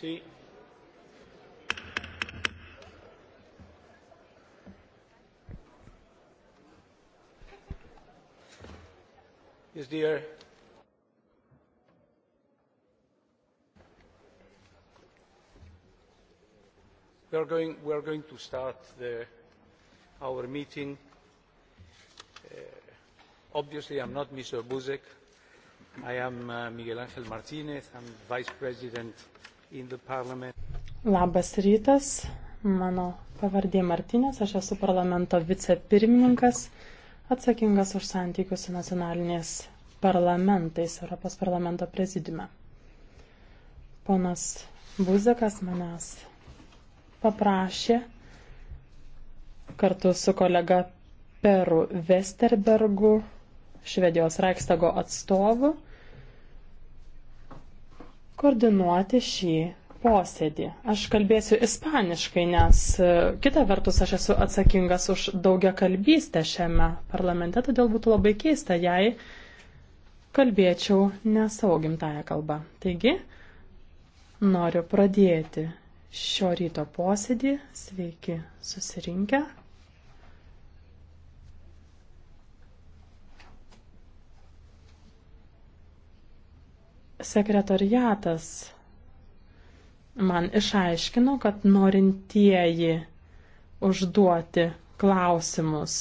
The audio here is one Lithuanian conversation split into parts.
Sí. Yes, dear. We are going, we are going to start the, our meeting. Uh, obviously, I'm not Mr. Buzek. I am uh, Miguel Ángel Martínez. I'm Vice President Labas rytas, mano pavardė Martinės, aš esu parlamento vicepirmininkas, atsakingas už santykius su nacionalinės parlamentais Europos parlamento prezidiume. Ponas Buzekas manęs paprašė kartu su kolega Peru Westerbergu, Švedijos Raikstago atstovu, koordinuoti šį posėdį. Aš kalbėsiu ispaniškai, nes e, kita vertus aš esu atsakingas už daugia kalbystę šiame parlamente, todėl būtų labai keista, jei kalbėčiau ne savo gimtają kalbą. Taigi, noriu pradėti šio ryto posėdį. Sveiki susirinkę. sekretariatas man išaiškino, kad norintieji užduoti klausimus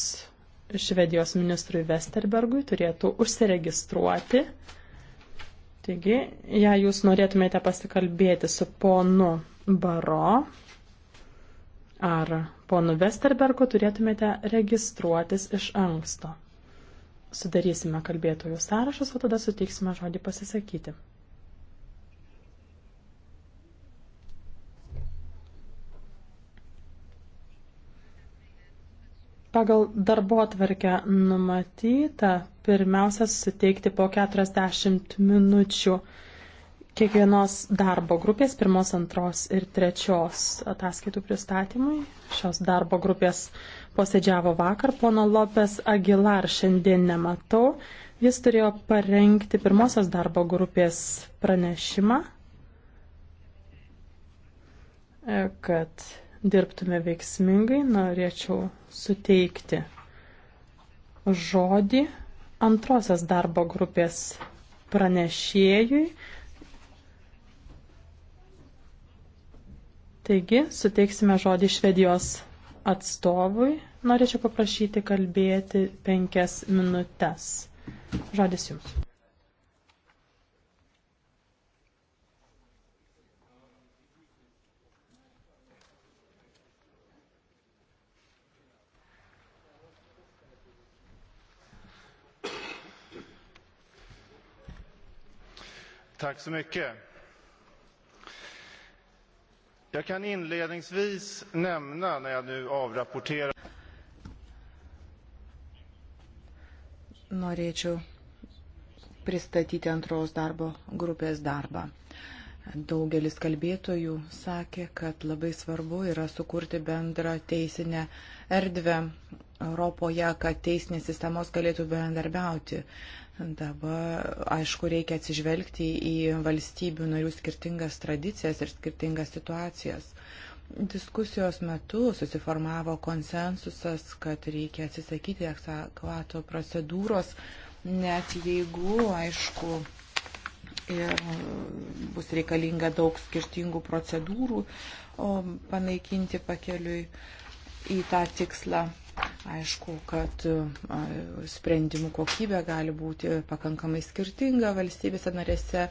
Švedijos ministrui Westerbergui turėtų užsiregistruoti. Taigi, jei jūs norėtumėte pasikalbėti su ponu Baro ar ponu Westerbergu, turėtumėte registruotis iš anksto sudarysime kalbėtojų sąrašus, o tada suteiksime žodį pasisakyti. Pagal darbo atverkę numatyta pirmiausia suteikti po 40 minučių kiekvienos darbo grupės, pirmos, antros ir trečios ataskaitų pristatymui. Šios darbo grupės uh, posėdžiavo vakar, pono Lopes Agilar šiandien nematau. Jis turėjo parengti pirmosios darbo grupės pranešimą, e, kad dirbtume veiksmingai. Norėčiau suteikti žodį antrosios darbo grupės pranešėjui. Taigi, suteiksime žodį Švedijos atstovui Norėčiau paprašyti kalbėti penkias minutes. Žodis jums. Tack så mycket. Jag kan inledningsvis nämna när jag nu avrapporterar norėčiau pristatyti antros darbo grupės darbą. Daugelis kalbėtojų sakė, kad labai svarbu yra sukurti bendrą teisinę erdvę Europoje, kad teisinės sistemos galėtų bendarbiauti. Dabar, aišku, reikia atsižvelgti į valstybių narių skirtingas tradicijas ir skirtingas situacijas. Diskusijos metu susiformavo konsensusas, kad reikia atsisakyti eksekvato procedūros, net jeigu, aišku, ir bus reikalinga daug skirtingų procedūrų panaikinti pakeliui į tą tikslą. Aišku, kad sprendimų kokybė gali būti pakankamai skirtinga valstybėse narėse.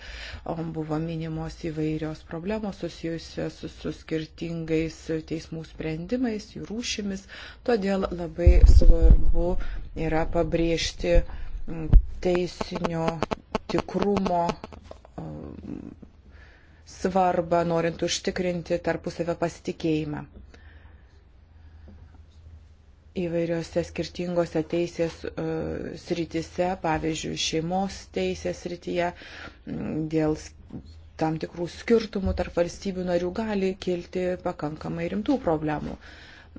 Buvo minimos įvairios problemos susijusios su, su skirtingais teismų sprendimais, jų rūšimis. Todėl labai svarbu yra pabrėžti teisinio tikrumo svarbą, norint užtikrinti tarpusavio pasitikėjimą įvairiose skirtingose teisės e, sritise, pavyzdžiui, šeimos teisės srityje, dėl tam tikrų skirtumų tarp valstybių narių gali kilti pakankamai rimtų problemų.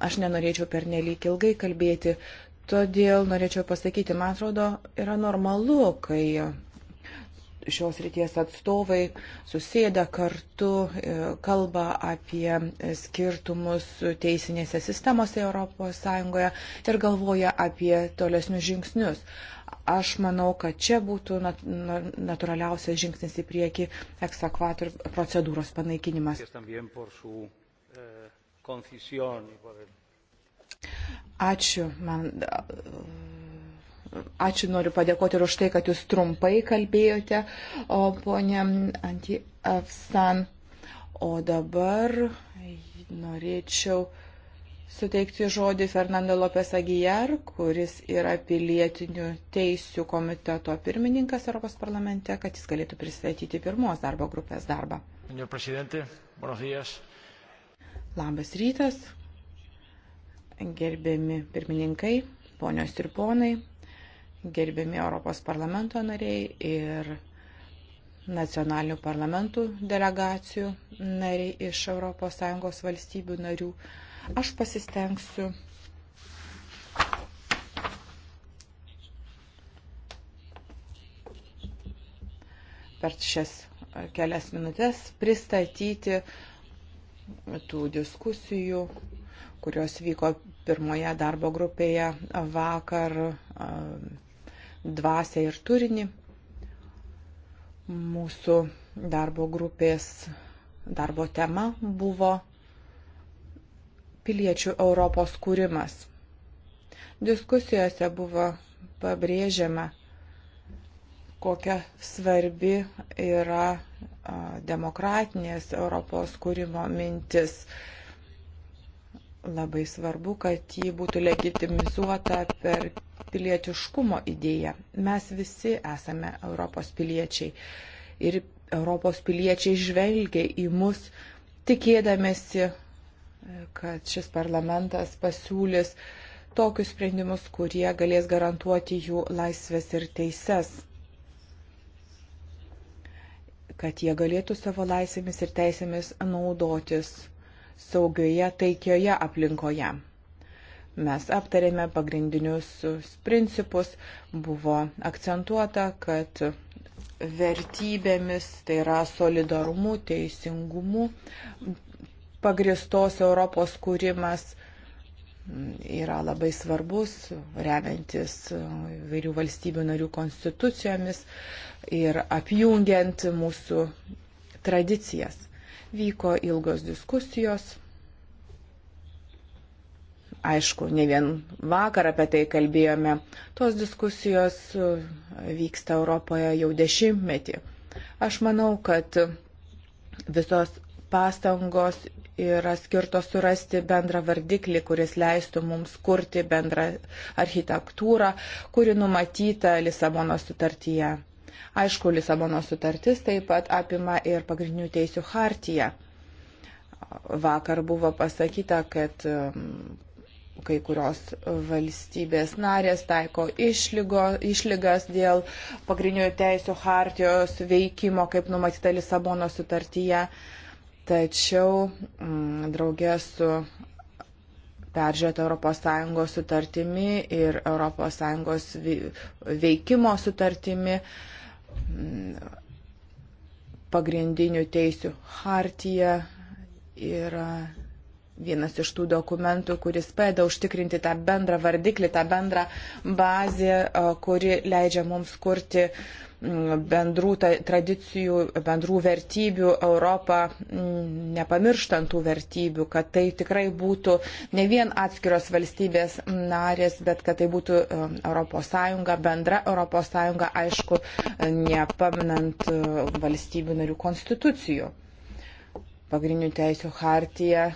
Aš nenorėčiau pernelyg ilgai kalbėti, todėl norėčiau pasakyti, man atrodo, yra normalu, kai šios ryties atstovai susėda kartu, e, kalba apie e, skirtumus teisinėse sistemose ES ir galvoja apie tolesnius žingsnius aš manau, kad čia būtų nat natūraliausias žingsnis į priekį eksekvator procedūros panaikinimas. Eh, Ačiū man Ačiū noriu padėkoti ir už tai, kad jūs trumpai kalbėjote, o ponė Anti Afsan. O dabar norėčiau suteikti žodį Fernando Lopes Aguilar, kuris yra pilietinių teisių komiteto pirmininkas Europos parlamente, kad jis galėtų pristatyti pirmos darbo grupės darbą. Labas rytas, gerbiami pirmininkai, ponios ir ponai, gerbiami Europos parlamento nariai ir nacionalinių parlamentų delegacijų nariai iš ES valstybių narių. Aš pasistengsiu per šias kelias minutės pristatyti tų diskusijų, kurios vyko pirmoje darbo grupėje vakar dvasę ir turinį. Mūsų darbo grupės darbo tema buvo piliečių Europos kūrimas. Diskusijose buvo pabrėžiama, kokia svarbi yra demokratinės Europos kūrimo mintis. Labai svarbu, kad ji būtų legitimizuota per pilietiškumo idėja. Mes visi esame Europos piliečiai ir Europos piliečiai žvelgia į mus, tikėdamėsi, kad šis parlamentas pasiūlys tokius sprendimus, kurie galės garantuoti jų laisvės ir teises kad jie galėtų savo laisvėmis ir teisėmis naudotis saugioje, taikioje aplinkoje. Mes aptarėme pagrindinius principus, buvo akcentuota, kad vertybėmis, tai yra solidarumu, teisingumu, pagristos Europos kūrimas yra labai svarbus, remiantis vairių valstybių narių konstitucijomis ir apjungiant mūsų tradicijas. Vyko ilgos diskusijos Aišku, ne vien vakar apie tai kalbėjome. Tos diskusijos e, vyksta Europoje jau dešimtmetį. Aš manau, kad visos pastangos yra skirtos surasti bendrą vardiklį, kuris leistų mums kurti bendrą architektūrą, kuri numatyta Lisabono sutartyje. Aišku, Lisabono sutartis taip pat apima ir pagrindinių teisių hartiją. Vakar buvo pasakyta, kad kai kurios valstybės narės taiko išlygo, išlygas dėl pagrindinių teisų hartijos veikimo, kaip numatyta Lisabono sutartyje. Tačiau m, mm, draugė su peržiūrėta ES sutartimi ir ES veikimo sutartimi m, mm, pagrindinių teisų hartija yra vienas iš tų dokumentų, kuris padeda užtikrinti tą bendrą vardiklį, tą bendrą bazę, kuri leidžia mums kurti bendrų tradicijų, bendrų vertybių Europą, nepamirštant tų vertybių, kad tai tikrai būtų ne vien atskiros valstybės narės, bet kad tai būtų ES, bendra ES, aišku, nepaminant valstybių narių konstitucijų. Pagrindinių teisų hartija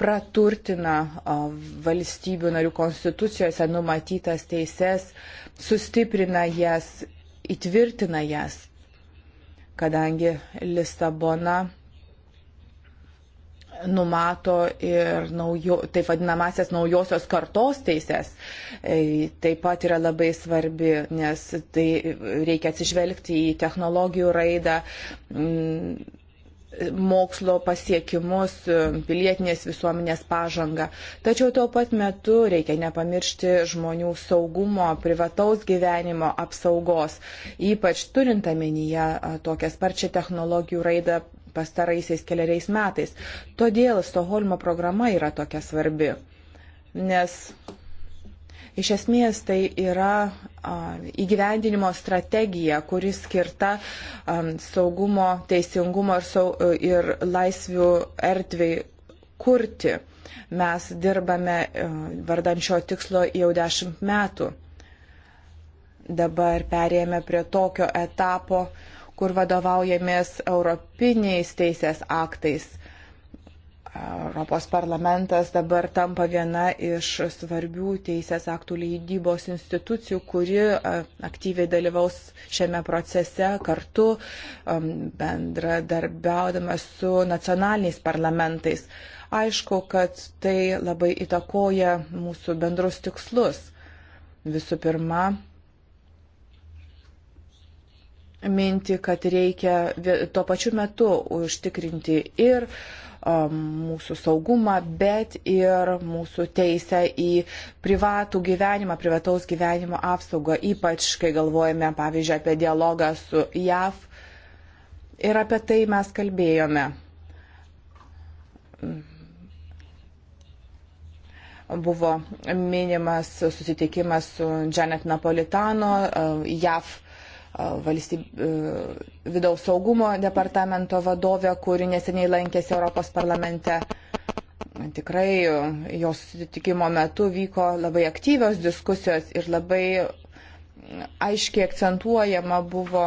praturtina valstybių narių konstitucijose numatytas teises, sustiprina jas, įtvirtina jas, kadangi Lisabona numato ir naujo, taip vadinamasias naujosios kartos teises. E, taip pat yra labai svarbi, nes tai reikia atsižvelgti į technologijų raidą. M, mokslo pasiekimus, pilietinės visuomenės pažangą. Tačiau tuo pat metu reikia nepamiršti žmonių saugumo, privataus gyvenimo apsaugos, ypač turint amenyje tokią sparčią technologijų raidą pastaraisiais keliariais metais. Todėl Stoholmo programa yra tokia svarbi, nes Iš esmės tai yra įgyvendinimo strategija, kuri skirta saugumo, teisingumo ir, sau, ir laisvių erdviai kurti. Mes dirbame vardančio tikslo jau dešimt metų. Dabar perėjame prie tokio etapo, kur vadovaujamės europiniais teisės aktais – Europos parlamentas dabar tampa viena iš svarbių teisės aktų leidybos institucijų, kuri aktyviai dalyvaus šiame procese kartu um, bendradarbiaudama su nacionaliniais parlamentais. Aišku, kad tai labai įtakoja mūsų bendrus tikslus. Visų pirma, minti, kad reikia tuo pačiu metu užtikrinti ir uh, Um, mūsų saugumą, bet ir mūsų teisę į privatų gyvenimą, privataus gyvenimo apsaugą, ypač kai galvojame, pavyzdžiui, apie dialogą su JAV. Ir apie tai mes kalbėjome. Buvo minimas susitikimas su Janet Napolitano, uh, JAV valstyb... E, vidaus saugumo departamento vadovę, kuri neseniai lankėsi Europos parlamente. Tikrai jos sutikimo metu vyko labai aktyvios diskusijos ir labai aiškiai akcentuojama buvo,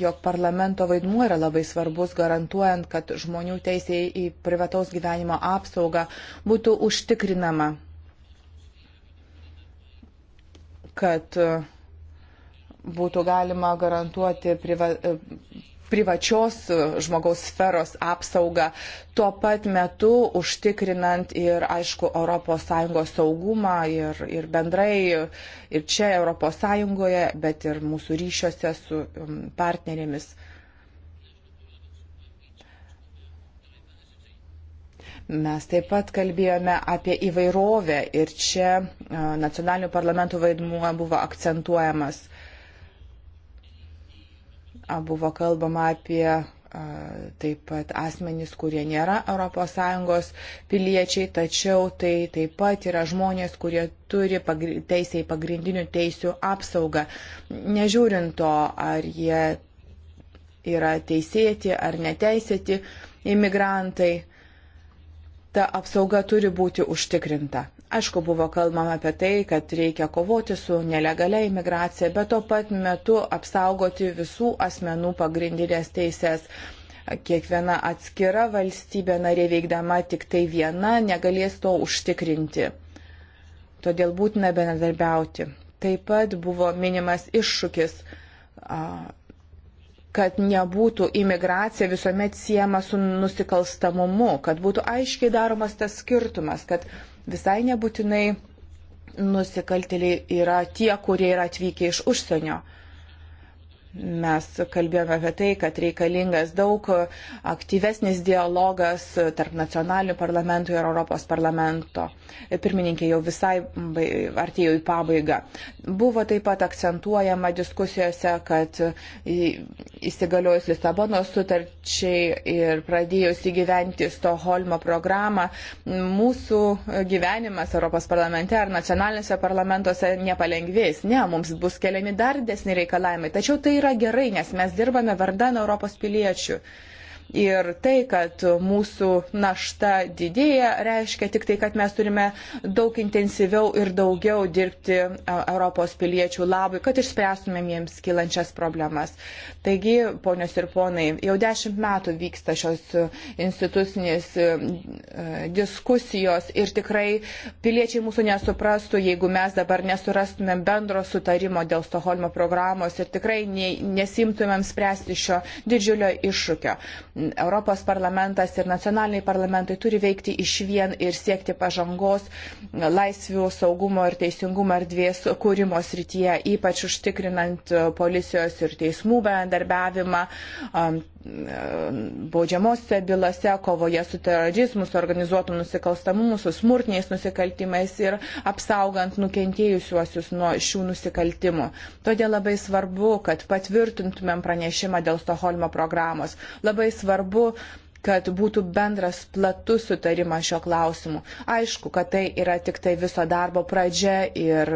jog parlamento vaidmuo yra labai svarbus, garantuojant, kad žmonių teisė į privataus gyvenimo apsaugą būtų užtikrinama. Kad uh, būtų galima garantuoti priva, privačios žmogaus sferos apsaugą, tuo pat metu užtikrinant ir, aišku, ES saugumą ir, ir bendrai ir čia ES, bet ir mūsų ryšiuose su um, partnerėmis. Mes taip pat kalbėjome apie įvairovę ir čia uh, nacionalinių parlamentų vaidmuo buvo akcentuojamas buvo kalbama apie taip pat asmenys, kurie nėra ES piliečiai, tačiau tai taip pat yra žmonės, kurie turi teisę į pagrindinių teisių apsaugą. Nežiūrint to, ar jie yra teisėti ar neteisėti imigrantai, ta apsauga turi būti užtikrinta. Aišku, buvo kalbama apie tai, kad reikia kovoti su nelegalia imigracija, bet tuo pat metu apsaugoti visų asmenų pagrindinės teisės. Kiekviena atskira valstybė narė veikdama tik tai viena negalės to užtikrinti. Todėl būtina bendradarbiauti. Taip pat buvo minimas iššūkis kad nebūtų imigracija visuomet siejama su nusikalstamumu, kad būtų aiškiai daromas tas skirtumas, kad Visai nebūtinai nusikaltėliai yra tie, kurie yra atvykę iš užsienio. Mes kalbėjome apie tai, kad reikalingas daug aktyvesnis dialogas tarp nacionalinių parlamentų ir Europos parlamento. Pirmininkė jau visai artėjo į pabaigą. Buvo taip pat akcentuojama diskusijose, kad įsigaliojus Lisabonos sutarčiai ir pradėjus įgyventi Stoholmo programą, mūsų gyvenimas Europos parlamente ar nacionalinėse parlamentuose nepalengvės. Ne, mums bus keliami dar desni reikalavimai. Tačiau tai yra gerai, nes mes dirbame vardan Europos piliečių. Uh, Ir tai, kad mūsų našta didėja, reiškia tik tai, kad mes turime daug intensyviau ir daugiau dirbti e, Europos piliečių labui, kad išspręstumėm jiems kilančias problemas. Taigi, ponios ir ponai, jau dešimt metų vyksta šios institucinės e, diskusijos ir tikrai piliečiai mūsų nesuprastų, jeigu mes dabar nesurastumėm bendro sutarimo dėl Stoholmo programos ir tikrai nesimtumėm spręsti šio didžiulio iššūkio. Europos parlamentas ir nacionaliniai parlamentai turi veikti iš vien ir siekti pažangos laisvių, saugumo ir teisingumo erdvės kūrimo srityje, ypač užtikrinant policijos ir teismų bendarbiavimą, baudžiamosiose bylose, kovoje su terorizmu, su organizuotu nusikalstamumu, su smurtiniais nusikaltimais ir apsaugant nukentėjusiuosius nuo šių nusikaltimų. Todėl labai svarbu, kad patvirtintumėm pranešimą dėl Stoholmo programos. Labai svarbu, kad būtų bendras platus sutarimas šio klausimu. Aišku, kad tai yra tik tai viso darbo pradžia ir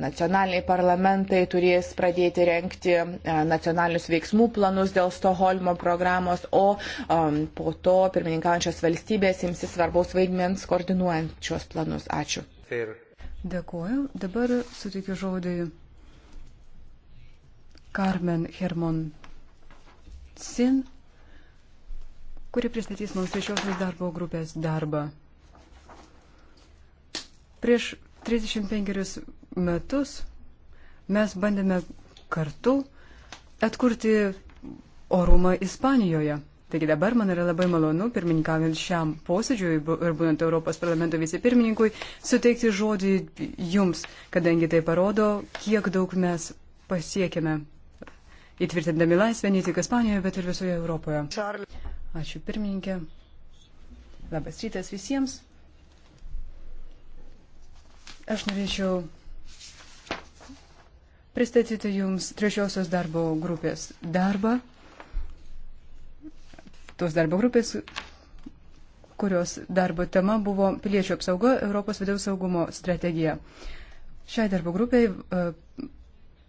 Nacionaliniai parlamentai turės pradėti renkti e, nacionalinius veiksmų planus dėl Stoholmo programos, o um, po to pirmininkaujančios valstybės imsis svarbaus vaidmens koordinuojant šios planus. Ačiū. Ir. Dėkuoju. Dabar sutikiu žodį Carmen Hermon Sin, kuri pristatys mums trečiosios darbo grupės darbą. Prieš 35 metus mes bandėme kartu atkurti orumą Ispanijoje. Taigi dabar man yra labai malonu, pirmininkavint šiam posėdžiui ir būnant Europos parlamento vicepirmininkui, suteikti žodį jums, kadangi tai parodo, kiek daug mes pasiekėme įtvirtindami laisvę ne tik Ispanijoje, bet ir visoje Europoje. Ačiū pirmininkė. Labas rytas visiems. Aš norėčiau pristatyti Jums trečiosios darbo grupės darbą. Tos darbo grupės, kurios darbo tema buvo piliečių apsauga Europos vidaus saugumo strategija. Šiai darbo grupiai e,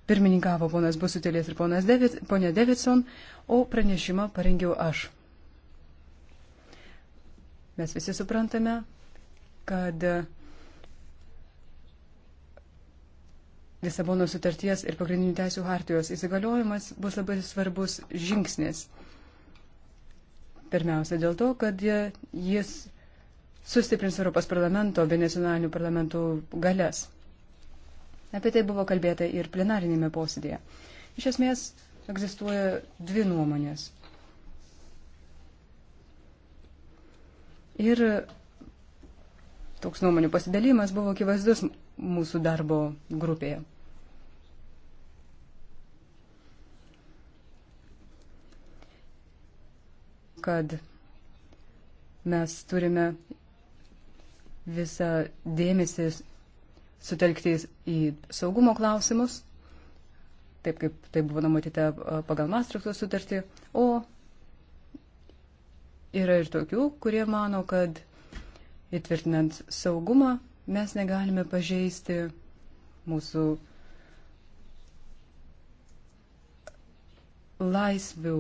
pirmininkavo ponas Busutėlės ir ponas David, ponė Davidson, o pranešimą parengiau aš. Mes visi suprantame, kad Lisabono sutarties ir pagrindinių teisų hartijos įsigaliojimas bus labai svarbus žingsnis. Pirmiausia dėl to, kad jis sustiprins Europos parlamento bei nacionalinių parlamentų galias. Apie tai buvo kalbėta ir plenarinėme posėdėje. Iš esmės egzistuoja dvi nuomonės. Ir Toks nuomonių pasidalymas buvo akivaizdus mūsų darbo grupėje. Kad mes turime visą dėmesį sutelkti į saugumo klausimus, taip kaip tai buvo numatyta pagal Mastrichto sutartį, o yra ir tokių, kurie mano, kad įtvirtinant saugumą, mes negalime pažeisti mūsų laisvių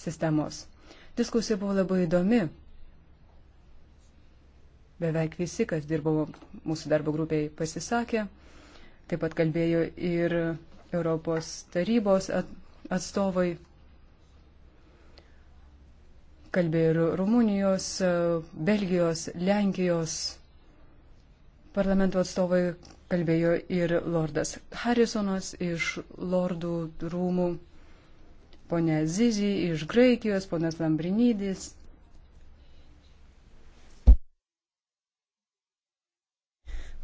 sistemos. Diskusija buvo labai įdomi. Beveik visi, kas dirbo mūsų darbo grupiai, pasisakė. Taip pat kalbėjo ir Europos tarybos atstovai kalbėjo ir Rumunijos, Belgijos, Lenkijos parlamento atstovai, kalbėjo ir Lordas Harrisonas iš Lordų rūmų, ponė Zizi iš Graikijos, ponas Lambrinydis.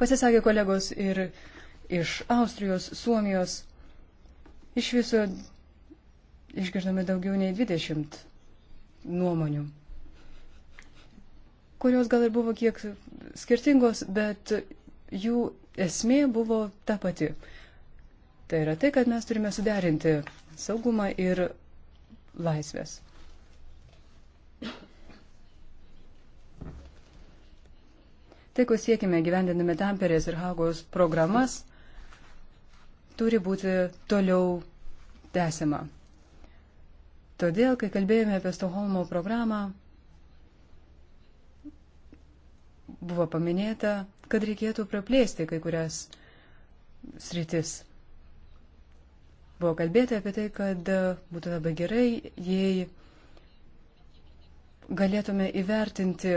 Pasisakė kolegos ir iš Austrijos, Suomijos. Iš viso išgirdome daugiau nei 20 nuomonių, kurios gal ir buvo kiek skirtingos, bet jų esmė buvo ta pati. Tai yra tai, kad mes turime suderinti saugumą ir laisvės. Tai, ko siekime gyvendinami Tamperės ir Hagos programas, turi būti toliau tęsiama. Todėl, kai kalbėjome apie Stoholmo programą, buvo paminėta, kad reikėtų praplėsti kai kurias sritis. Buvo kalbėta apie tai, kad būtų labai gerai, jei galėtume įvertinti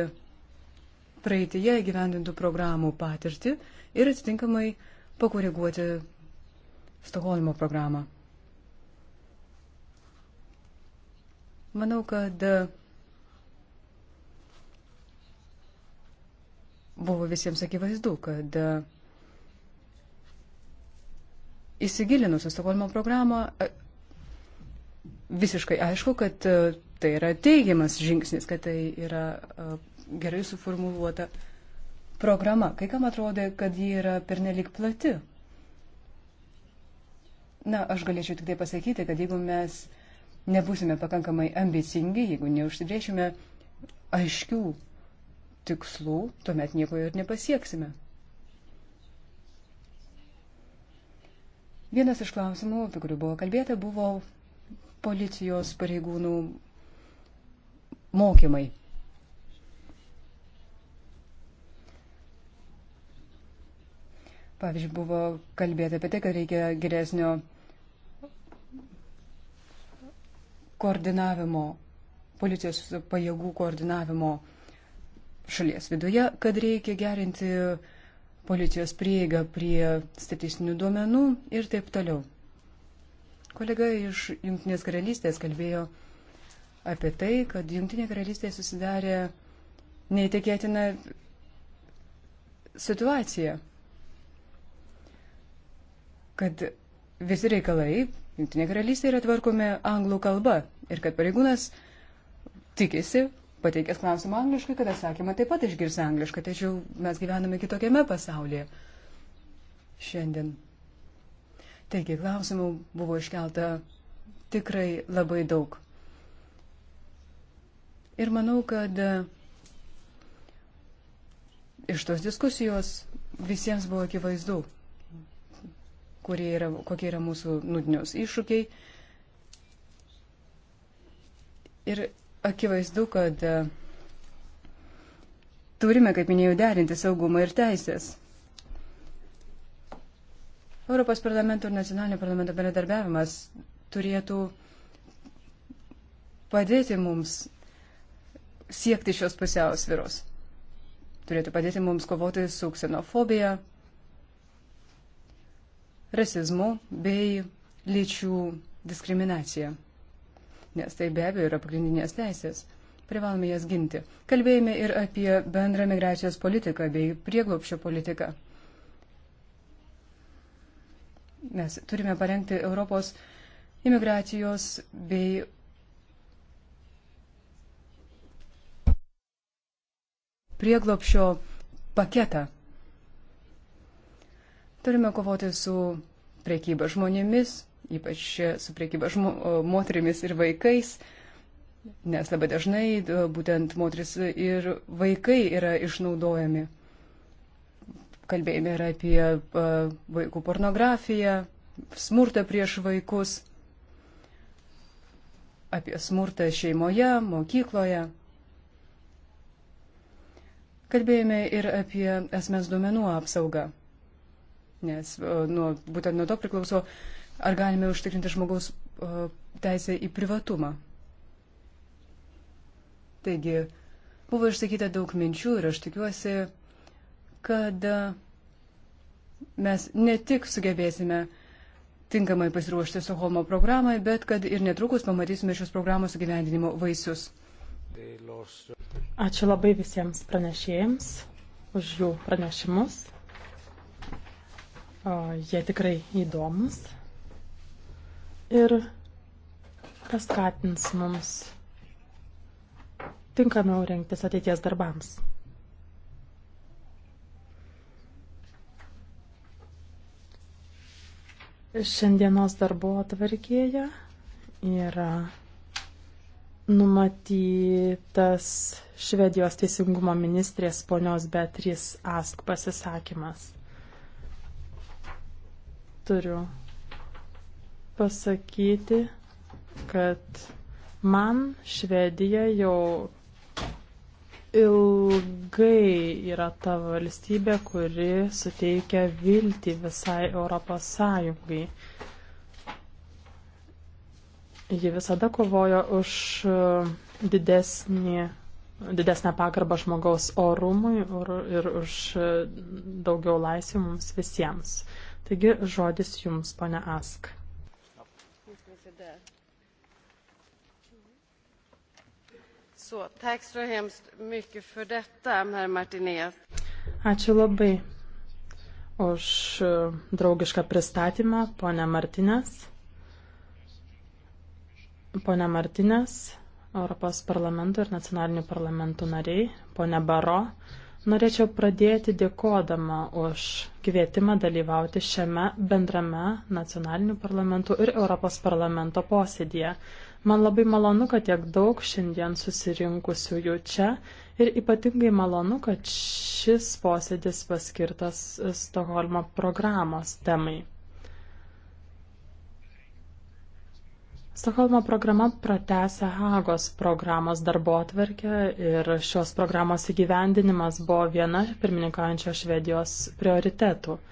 praeitėje įgyvendintų programų patirtį ir atitinkamai pakoreguoti Stokholmo programą. Manau, kad e, buvo visiems akivaizdu, kad e, įsigilinus į Stokholmo programą e, visiškai aišku, kad tai yra teigiamas žingsnis, kad tai yra gerai suformuluota programa. Kai kam atrodė, kad ji yra pernelik plati. Na, aš galėčiau tik tai pasakyti, kad jeigu mes uh, nebūsime pakankamai ambicingi, jeigu neužsibrėšime aiškių tikslų, tuomet nieko ir nepasieksime. Vienas iš klausimų, apie kurį buvo kalbėta, buvo policijos pareigūnų mokymai. Pavyzdžiui, buvo kalbėta apie tai, kad reikia geresnio koordinavimo, policijos pajėgų koordinavimo šalies viduje, kad reikia gerinti policijos prieigą prie statistinių duomenų ir taip toliau. Kolega iš Junktinės karalystės kalbėjo apie tai, kad Junktinė karalystė susidarė neįtikėtina situacija, kad visi reikalai Junktinė karalystė yra tvarkomi anglų kalba ir kad pareigūnas tikisi, pateikęs klausimą angliškai, kad atsakymą taip pat išgirs angliškai, tačiau mes gyvename kitokiame pasaulyje šiandien. Taigi, klausimų buvo iškelta tikrai labai daug. Ir manau, kad e, iš tos diskusijos visiems buvo akivaizdu, yra, kokie yra mūsų nudnios iššūkiai Ir akivaizdu, kad e, turime, kaip minėjau, derinti saugumą ir teisės. Europos parlamento ir nacionalinio parlamento bendradarbiavimas turėtų padėti mums siekti šios pusiausviros. Turėtų padėti mums kovoti su ksenofobija, rasizmu bei lyčių diskriminacija nes tai be abejo yra pagrindinės teisės. Privalome jas ginti. Kalbėjome ir apie bendrą migracijos politiką bei prieglopščio politiką. Mes turime parengti Europos imigracijos bei prieglopščio paketą. Turime kovoti su priekyba žmonėmis, ypač su priekyba moterimis ir vaikais, nes labai dažnai būtent moteris ir vaikai yra išnaudojami. Kalbėjome ir apie vaikų pornografiją, smurtą prieš vaikus, apie smurtą šeimoje, mokykloje. Kalbėjome ir apie asmens duomenų apsaugą, nes nuo, būtent nuo to priklauso uh, Ar galime užtikrinti žmogaus teisę į privatumą? Taigi, buvo išsakyta daug minčių ir aš tikiuosi, kad e, mes ne tik sugebėsime tinkamai pasiruošti Soholmo programai, bet kad ir netrukus pamatysime šios programos gyvendinimo vaisius. Ačiū labai visiems pranešėjams už jų pranešimus. O, jie tikrai įdomus ir paskatins mums tinkamiau rengtis ateities darbams. Šiandienos darbo atvarkėje yra numatytas Švedijos teisingumo ministrės ponios Beatrice Ask pasisakymas. Turiu pasakyti, kad man Švedija jau ilgai yra ta valstybė, kuri suteikia viltį visai Europos Sąjungai. Ji visada kovojo už didesnį, didesnę pagarbą žmogaus orumui ir, ir už daugiau laisvių mums visiems. Taigi žodis jums, ponia Ask. Så, tack så hemskt mycket för detta, herr Martinez. Ačiū labai už e, draugišką pristatymą, ponė Martinės. Pone Martinės, Europos parlamento ir nacionalinių parlamentų nariai, pone Baro, norėčiau pradėti dėkodama už kvietimą dalyvauti šiame bendrame nacionalinių parlamentų ir Europos parlamento posėdėje. Man labai malonu, kad tiek daug šiandien susirinkusiųjų čia ir ypatingai malonu, kad šis posėdis paskirtas Stokholmo programos temai. Stokholmo programa pratęsė Hagos programos darbo atverkę ir šios programos įgyvendinimas buvo viena pirmininkaujančio Švedijos prioritetų.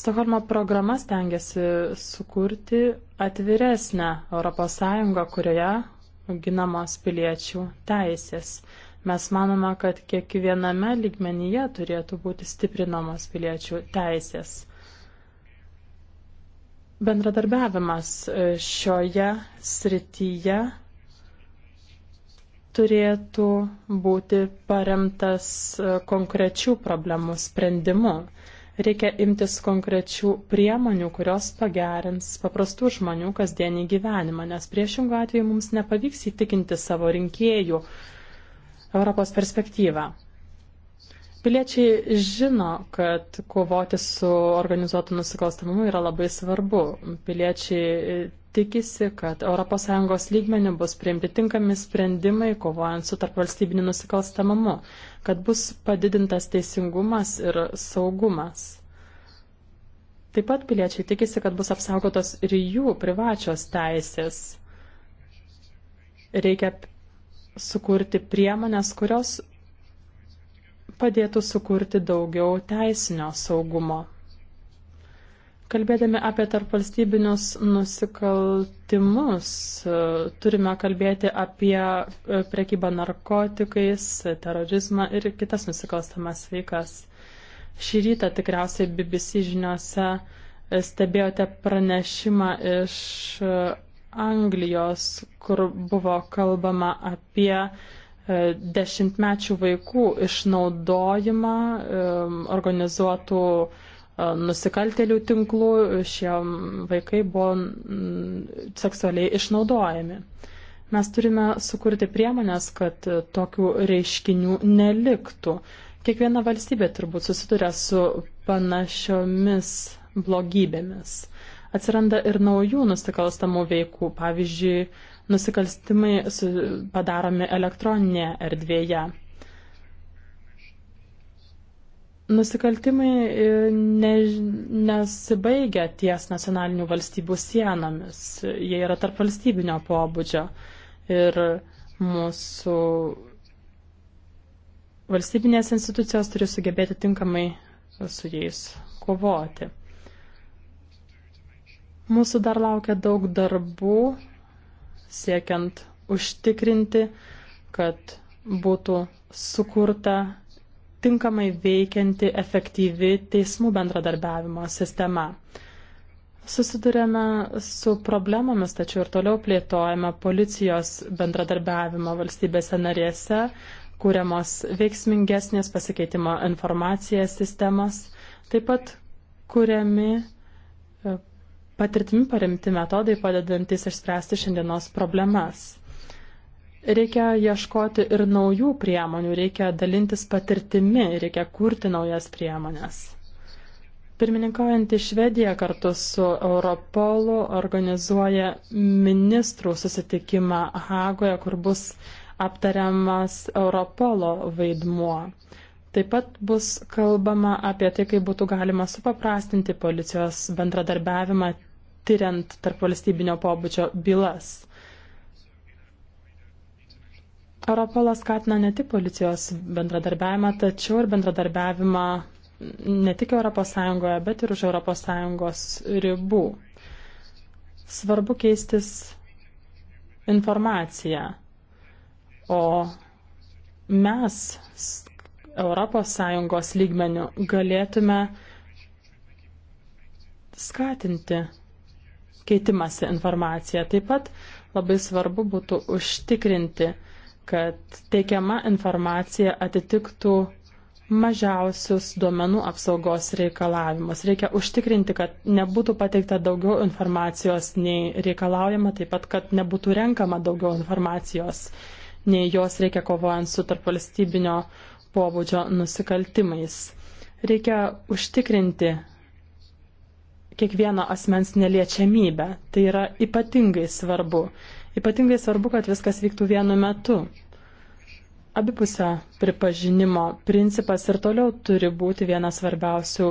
Stokholmo programa stengiasi sukurti atviresnę ES, kurioje ginamos piliečių teisės. Mes manome, kad kiekviename lygmenyje turėtų būti stiprinamos piliečių teisės. Bendradarbiavimas e, šioje srityje turėtų būti paremtas e, konkrečių problemų sprendimu. Reikia imtis konkrečių priemonių, kurios pagerins paprastų žmonių kasdienį gyvenimą, nes priešingų atveju mums nepavyks įtikinti savo rinkėjų Europos perspektyvą. Piliečiai žino, kad kovoti su organizuotu nusikalstamumu yra labai svarbu. Piliečiai tikisi, kad ES lygmenių bus priimti tinkami sprendimai, kovojant su tarpvalstybiniu nusikalstamamu, kad bus padidintas teisingumas ir saugumas. Taip pat piliečiai tikisi, kad bus apsaugotos ir jų privačios teisės. Reikia sukurti priemonės, kurios padėtų sukurti daugiau teisinio saugumo. Kalbėdami apie tarpvalstybinius nusikaltimus, turime kalbėti apie e, prekybą narkotikais, terorizmą ir kitas nusikalstamas veikas. Šį rytą tikriausiai BBC žiniuose e, stebėjote pranešimą iš e, Anglijos, kur buvo kalbama apie dešimtmečių vaikų išnaudojimą organizuotų E, nusikaltelių tinklų, šie vaikai buvo mm, seksualiai išnaudojami. Mes turime sukurti priemonės, kad tokių reiškinių neliktų. Kiekviena valstybė turbūt susiduria su panašiomis blogybėmis. Atsiranda ir naujų nusikalstamų veikų, pavyzdžiui, nusikalstimai padaromi elektroninėje erdvėje. Nusikaltimai e, ne, nesibaigia ties nacionalinių valstybių sienomis, jie yra tarp valstybinio pobūdžio ir mūsų valstybinės institucijos turi sugebėti tinkamai su jais kovoti. Mūsų dar laukia daug darbų siekiant užtikrinti, kad būtų sukurta tinkamai veikianti efektyvi teismų bendradarbiavimo sistema. Susidurėme su problemomis, tačiau ir toliau plėtojame policijos bendradarbiavimo valstybėse narėse, kūriamos veiksmingesnės pasikeitimo informacija sistemas, taip pat kuriami e, patirtimi paremti metodai padedantis išspręsti šiandienos problemas. Reikia ieškoti ir naujų priemonių, reikia dalintis patirtimi, reikia kurti naujas priemonės. Pirmininkaujantį Švediją kartu su Europolu organizuoja ministrų susitikimą Hagoje, kur bus aptariamas Europolo vaidmuo. Taip pat bus kalbama apie tai, kaip būtų galima supaprastinti policijos bendradarbiavimą tyriant tarp valstybinio pobūdžio bylas. Europolas skatina ne tik policijos bendradarbiavimą, tačiau ir bendradarbiavimą ne tik ES, bet ir už ES ribų. Svarbu keistis informaciją, o mes ES lygmenių galėtume skatinti keitimąsi informaciją. Taip pat labai svarbu būtų užtikrinti, kad teikiama informacija atitiktų mažiausius duomenų apsaugos reikalavimus. Reikia užtikrinti, kad nebūtų pateikta daugiau informacijos nei reikalaujama, taip pat, kad nebūtų renkama daugiau informacijos nei jos reikia kovojant su tarpvalstybinio pobūdžio nusikaltimais. Reikia užtikrinti kiekvieno asmens neliečiamybę. Tai yra ypatingai svarbu. Ypatingai svarbu, kad viskas vyktų vienu metu. Abipusio pripažinimo principas ir toliau turi būti vienas svarbiausių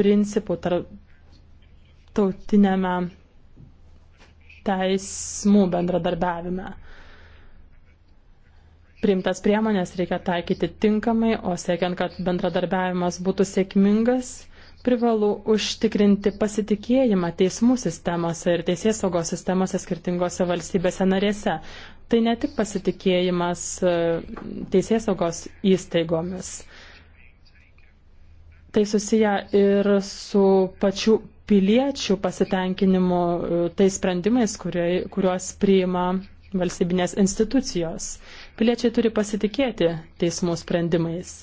principų tarptautinėme teismų bendradarbiavime. Priimtas priemonės reikia taikyti tinkamai, o siekiant, kad bendradarbiavimas būtų sėkmingas, Privalu užtikrinti pasitikėjimą teismų sistemose ir teisės saugos sistemose skirtingose valstybėse narėse. Tai ne tik pasitikėjimas e, teisės saugos įstaigomis. Tai susiję ir su pačių piliečių pasitenkinimu tai sprendimais, kurie, kuriuos priima valstybinės institucijos. Piliečiai turi pasitikėti teismų sprendimais.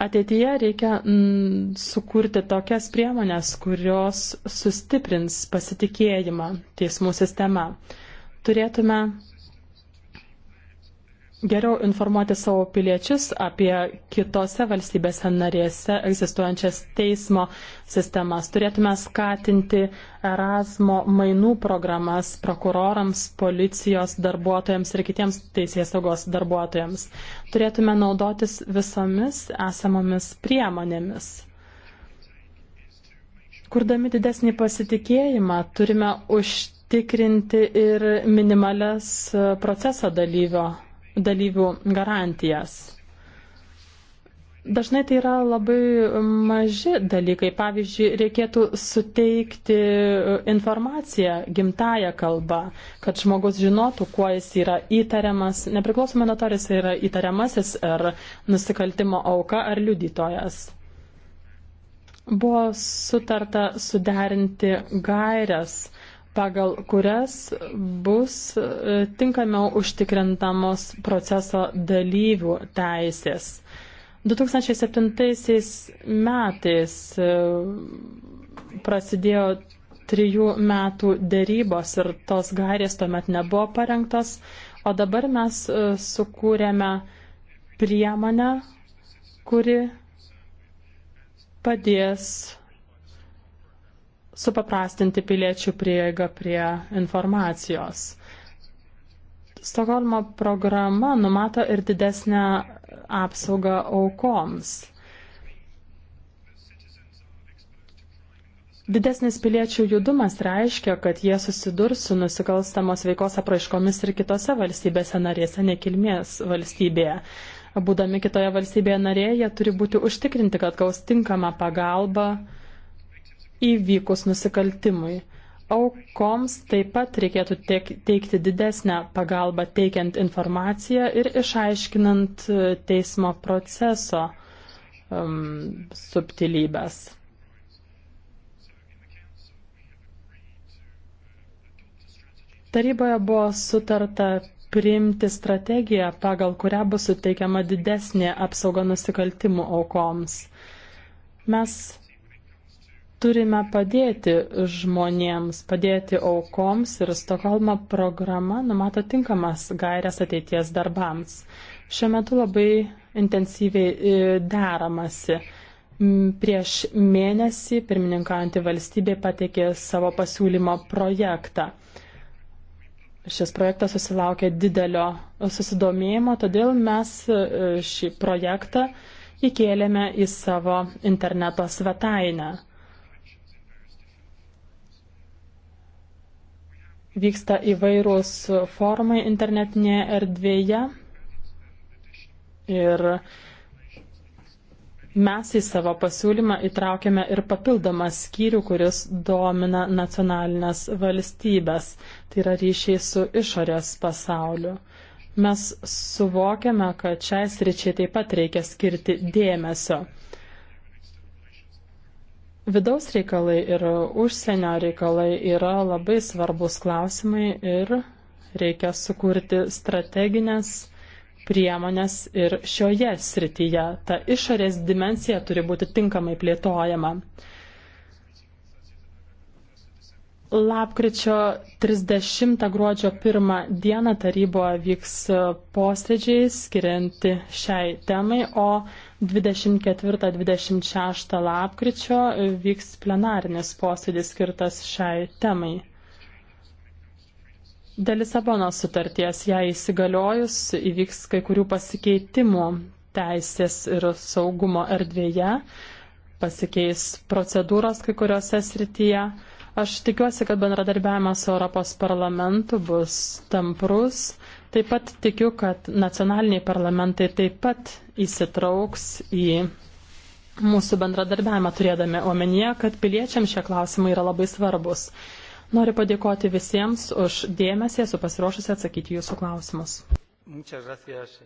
Ateityje reikia mm, sukurti tokias priemonės, kurios sustiprins pasitikėjimą teismų sistema. Turėtume geriau informuoti savo piliečius apie kitose valstybėse narėse egzistuojančias teismo sistemas. Turėtume skatinti Erasmo mainų programas prokurorams, policijos darbuotojams ir kitiems teisės saugos darbuotojams. Turėtume naudotis visomis esamomis priemonėmis. Kurdami didesnį pasitikėjimą turime užtikrinti ir minimales proceso dalyvio dalyvių garantijas. Dažnai tai yra labai maži dalykai. Pavyzdžiui, reikėtų suteikti e, informaciją gimtają kalbą, kad žmogus žinotų, kuo jis yra įtariamas, nepriklausomai nuo to, ar jis yra įtariamasis, ar nusikaltimo auka, ar liudytojas. Buvo sutarta suderinti gairias pagal kurias bus e, tinkamiau užtikrintamos proceso dalyvių teisės. 2007 metais e, prasidėjo trijų metų dėrybos ir tos gairės tuomet nebuvo parengtos, o dabar mes e, sukūrėme priemonę, kuri padės supaprastinti piliečių prieigą prie informacijos. Stokholmo programa numato ir didesnę apsaugą aukoms. Didesnis piliečių judumas reiškia, kad jie susidurs su nusikalstamos veikos apraiškomis ir kitose valstybėse narėse, nekilmės valstybėje. Būdami kitoje valstybėje narėje, jie turi būti užtikrinti, kad gaus tinkamą pagalbą įvykus nusikaltimui. Aukoms taip pat reikėtų teikti didesnę pagalbą teikiant informaciją ir išaiškinant e, teismo proceso um, subtilybės. Taryboje buvo sutarta priimti strategiją, pagal kurią bus suteikiama didesnė apsauga nusikaltimų aukoms. Mes turime padėti žmonėms, padėti aukoms ir Stokholmo programa numato tinkamas gairias ateities darbams. Šiuo metu labai intensyviai e, deramasi. Prieš mėnesį pirmininkaujantį valstybė pateikė savo pasiūlymo projektą. Šis projektas susilaukė didelio susidomėjimo, todėl mes e, šį projektą įkėlėme į savo interneto svetainę. vyksta įvairūs forumai internetinėje erdvėje. Ir mes į savo pasiūlymą įtraukėme ir papildomą skyrių, kuris domina nacionalinės valstybės, tai yra ryšiai su išorės pasauliu. Mes suvokiame, kad šiais ryčiai taip pat reikia skirti dėmesio. Vidaus reikalai ir užsienio reikalai yra labai svarbus klausimai ir reikia sukurti strateginės priemonės ir šioje srityje. Ta išorės dimensija turi būti tinkamai plėtojama. Lapkričio 30 gruodžio 1 dieną taryboje vyks posėdžiai skirianti šiai temai, o 24-26 lapkričio vyks plenarinis posėdis skirtas šiai temai. Dėl Lisabonos sutarties, jai įsigaliojus, įvyks kai kurių pasikeitimų teisės ir saugumo erdvėje, pasikeis procedūros kai kuriuose srityje. Aš tikiuosi, kad bendradarbiavimas su Europos parlamentu bus tamprus Taip pat tikiu, kad nacionaliniai parlamentai taip pat įsitrauks į mūsų bendradarbiavimą turėdami omenyje, kad piliečiams šie klausimai yra labai svarbus. Noriu padėkoti visiems už dėmesį, esu pasiruošusi atsakyti jūsų klausimus. Gracias,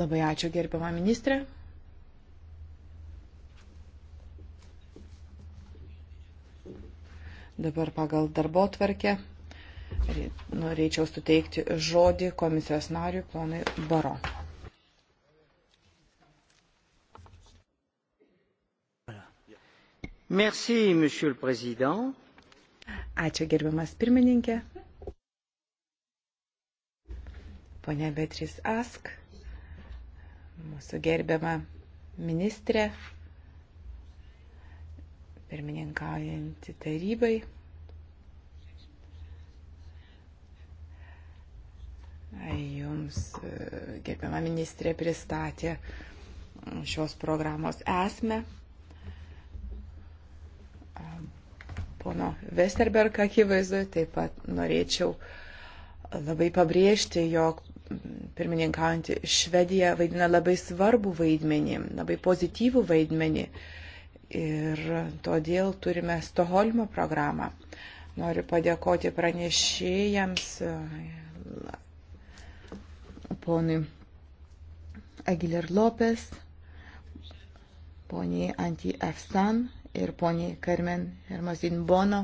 labai ačiū, gerbiama ministrė. Dabar pagal darbo tvarkę Norėčiau suteikti žodį komisijos nariui planui Baro. Merci, monsieur le président. Ačiū gerbiamas pirmininkė. Pone Betris Ask, mūsų gerbiama ministrė, pirmininkaujantį tarybai. Jums, gerbiama ministrė, pristatė šios programos esmę. Pono Westerberg akivaizdu, taip pat norėčiau labai pabrėžti, jog pirmininkaujantį Švediją vaidina labai svarbų vaidmenį, labai pozityvų vaidmenį. Ir todėl turime Stoholmo programą. Noriu padėkoti pranešėjams ponui Aguilar Lopes, poniai Anti Efsan ir poniai Carmen Hermosin Bono.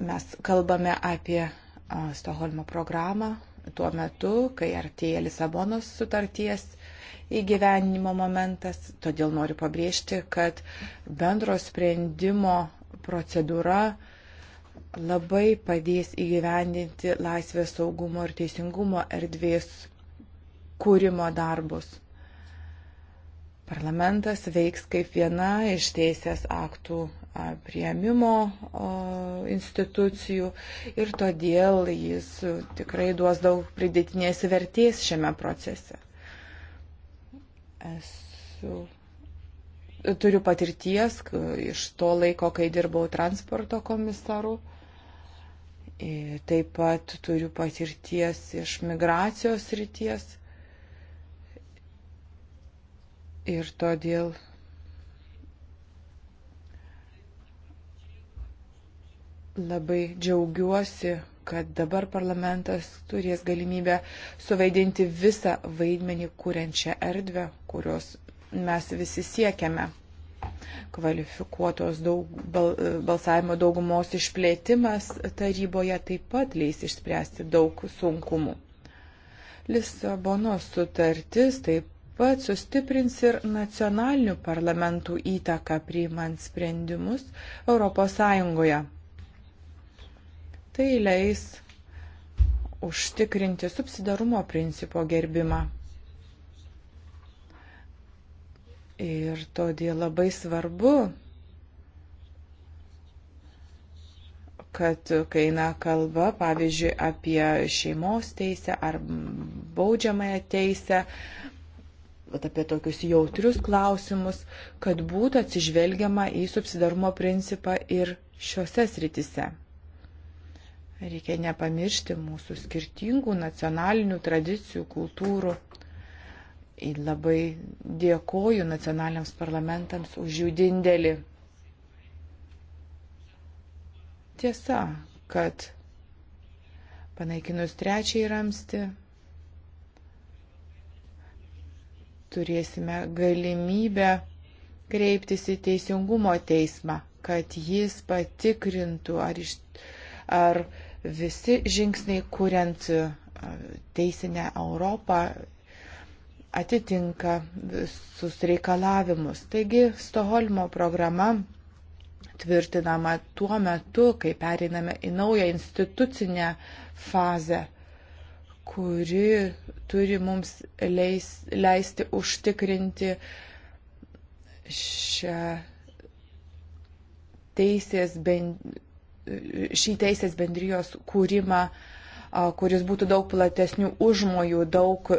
Mes kalbame apie Stoholmo programą tuo metu, kai artėja Lisabonos sutarties įgyvenimo momentas. Todėl noriu pabrėžti, kad bendro sprendimo procedūra uh, labai padės įgyvendinti laisvės saugumo ir teisingumo erdvės kūrimo darbus. Parlamentas veiks kaip viena iš teisės aktų prieimimo institucijų ir todėl jis tikrai duos daug pridėtinės vertės šiame procese. Esu turiu patirties iš to laiko, kai dirbau transporto komisaru. E, taip pat turiu patirties iš migracijos ryties. Ir todėl labai džiaugiuosi, kad dabar parlamentas turės galimybę suvaidinti visą vaidmenį kūrenčią erdvę, kurios mes visi siekiame kvalifikuotos daug, bal, balsavimo daugumos išplėtimas taryboje taip pat leis išspręsti daug sunkumų. Lisabonos sutartis taip pat sustiprins ir nacionalinių parlamentų įtaką priimant sprendimus ES. Tai leis užtikrinti subsidarumo principo gerbimą. Ir todėl labai svarbu, kad kai eina kalba, pavyzdžiui, apie šeimos teisę ar baudžiamąją teisę, apie tokius jautrius klausimus, kad būtų atsižvelgiama į subsidarumo principą ir šiuose sritise. Reikia nepamiršti mūsų skirtingų nacionalinių tradicijų, kultūrų. Ir labai dėkoju nacionaliniams parlamentams už jų dindėlį. Tiesa, kad panaikinus trečiai ramsti turėsime galimybę kreiptis į teisingumo teismą, kad jis patikrintų, ar, iš, ar visi žingsniai, kuriant e, teisinę Europą, atitinka visus reikalavimus. Taigi Stoholmo programa tvirtinama tuo metu, kai pereiname į naują institucinę fazę, kuri turi mums leis, leisti užtikrinti šią teisės bend, šį teisės bendrijos kūrimą, kuris būtų daug platesnių užmojų, daug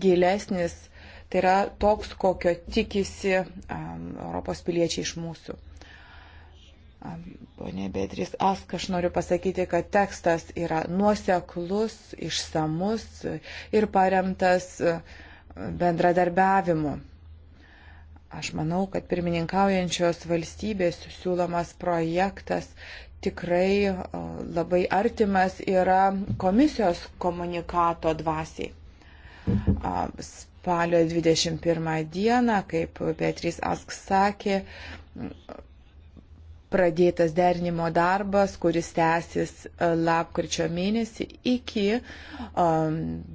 gilesnis, tai yra toks, kokio tikisi um, Europos piliečiai iš mūsų. Pone Beatriz Ask, aš noriu pasakyti, kad tekstas yra nuoseklus, išsamus ir paremtas e, bendradarbiavimu. Aš manau, kad pirmininkaujančios valstybės siūlomas projektas tikrai e, labai artimas yra komisijos komunikato dvasiai. Spalio 21 dieną, kaip Beatrys Ask sakė, pradėtas derinimo darbas, kuris tęsis e, lapkričio mėnesį iki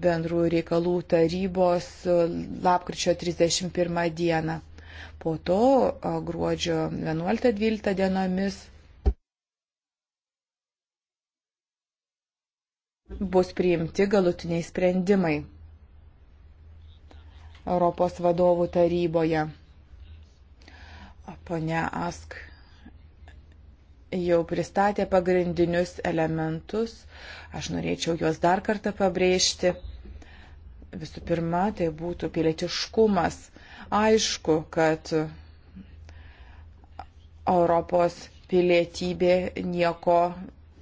bendrų reikalų tarybos e, lapkričio 31 dieną. Po to gruodžio 11-12 dienomis bus priimti galutiniai sprendimai. Europos vadovų taryboje. Pone Ask jau pristatė pagrindinius elementus. Aš norėčiau juos dar kartą pabrėžti. Visų pirma, tai būtų pilietiškumas. Aišku, kad Europos pilietybė nieko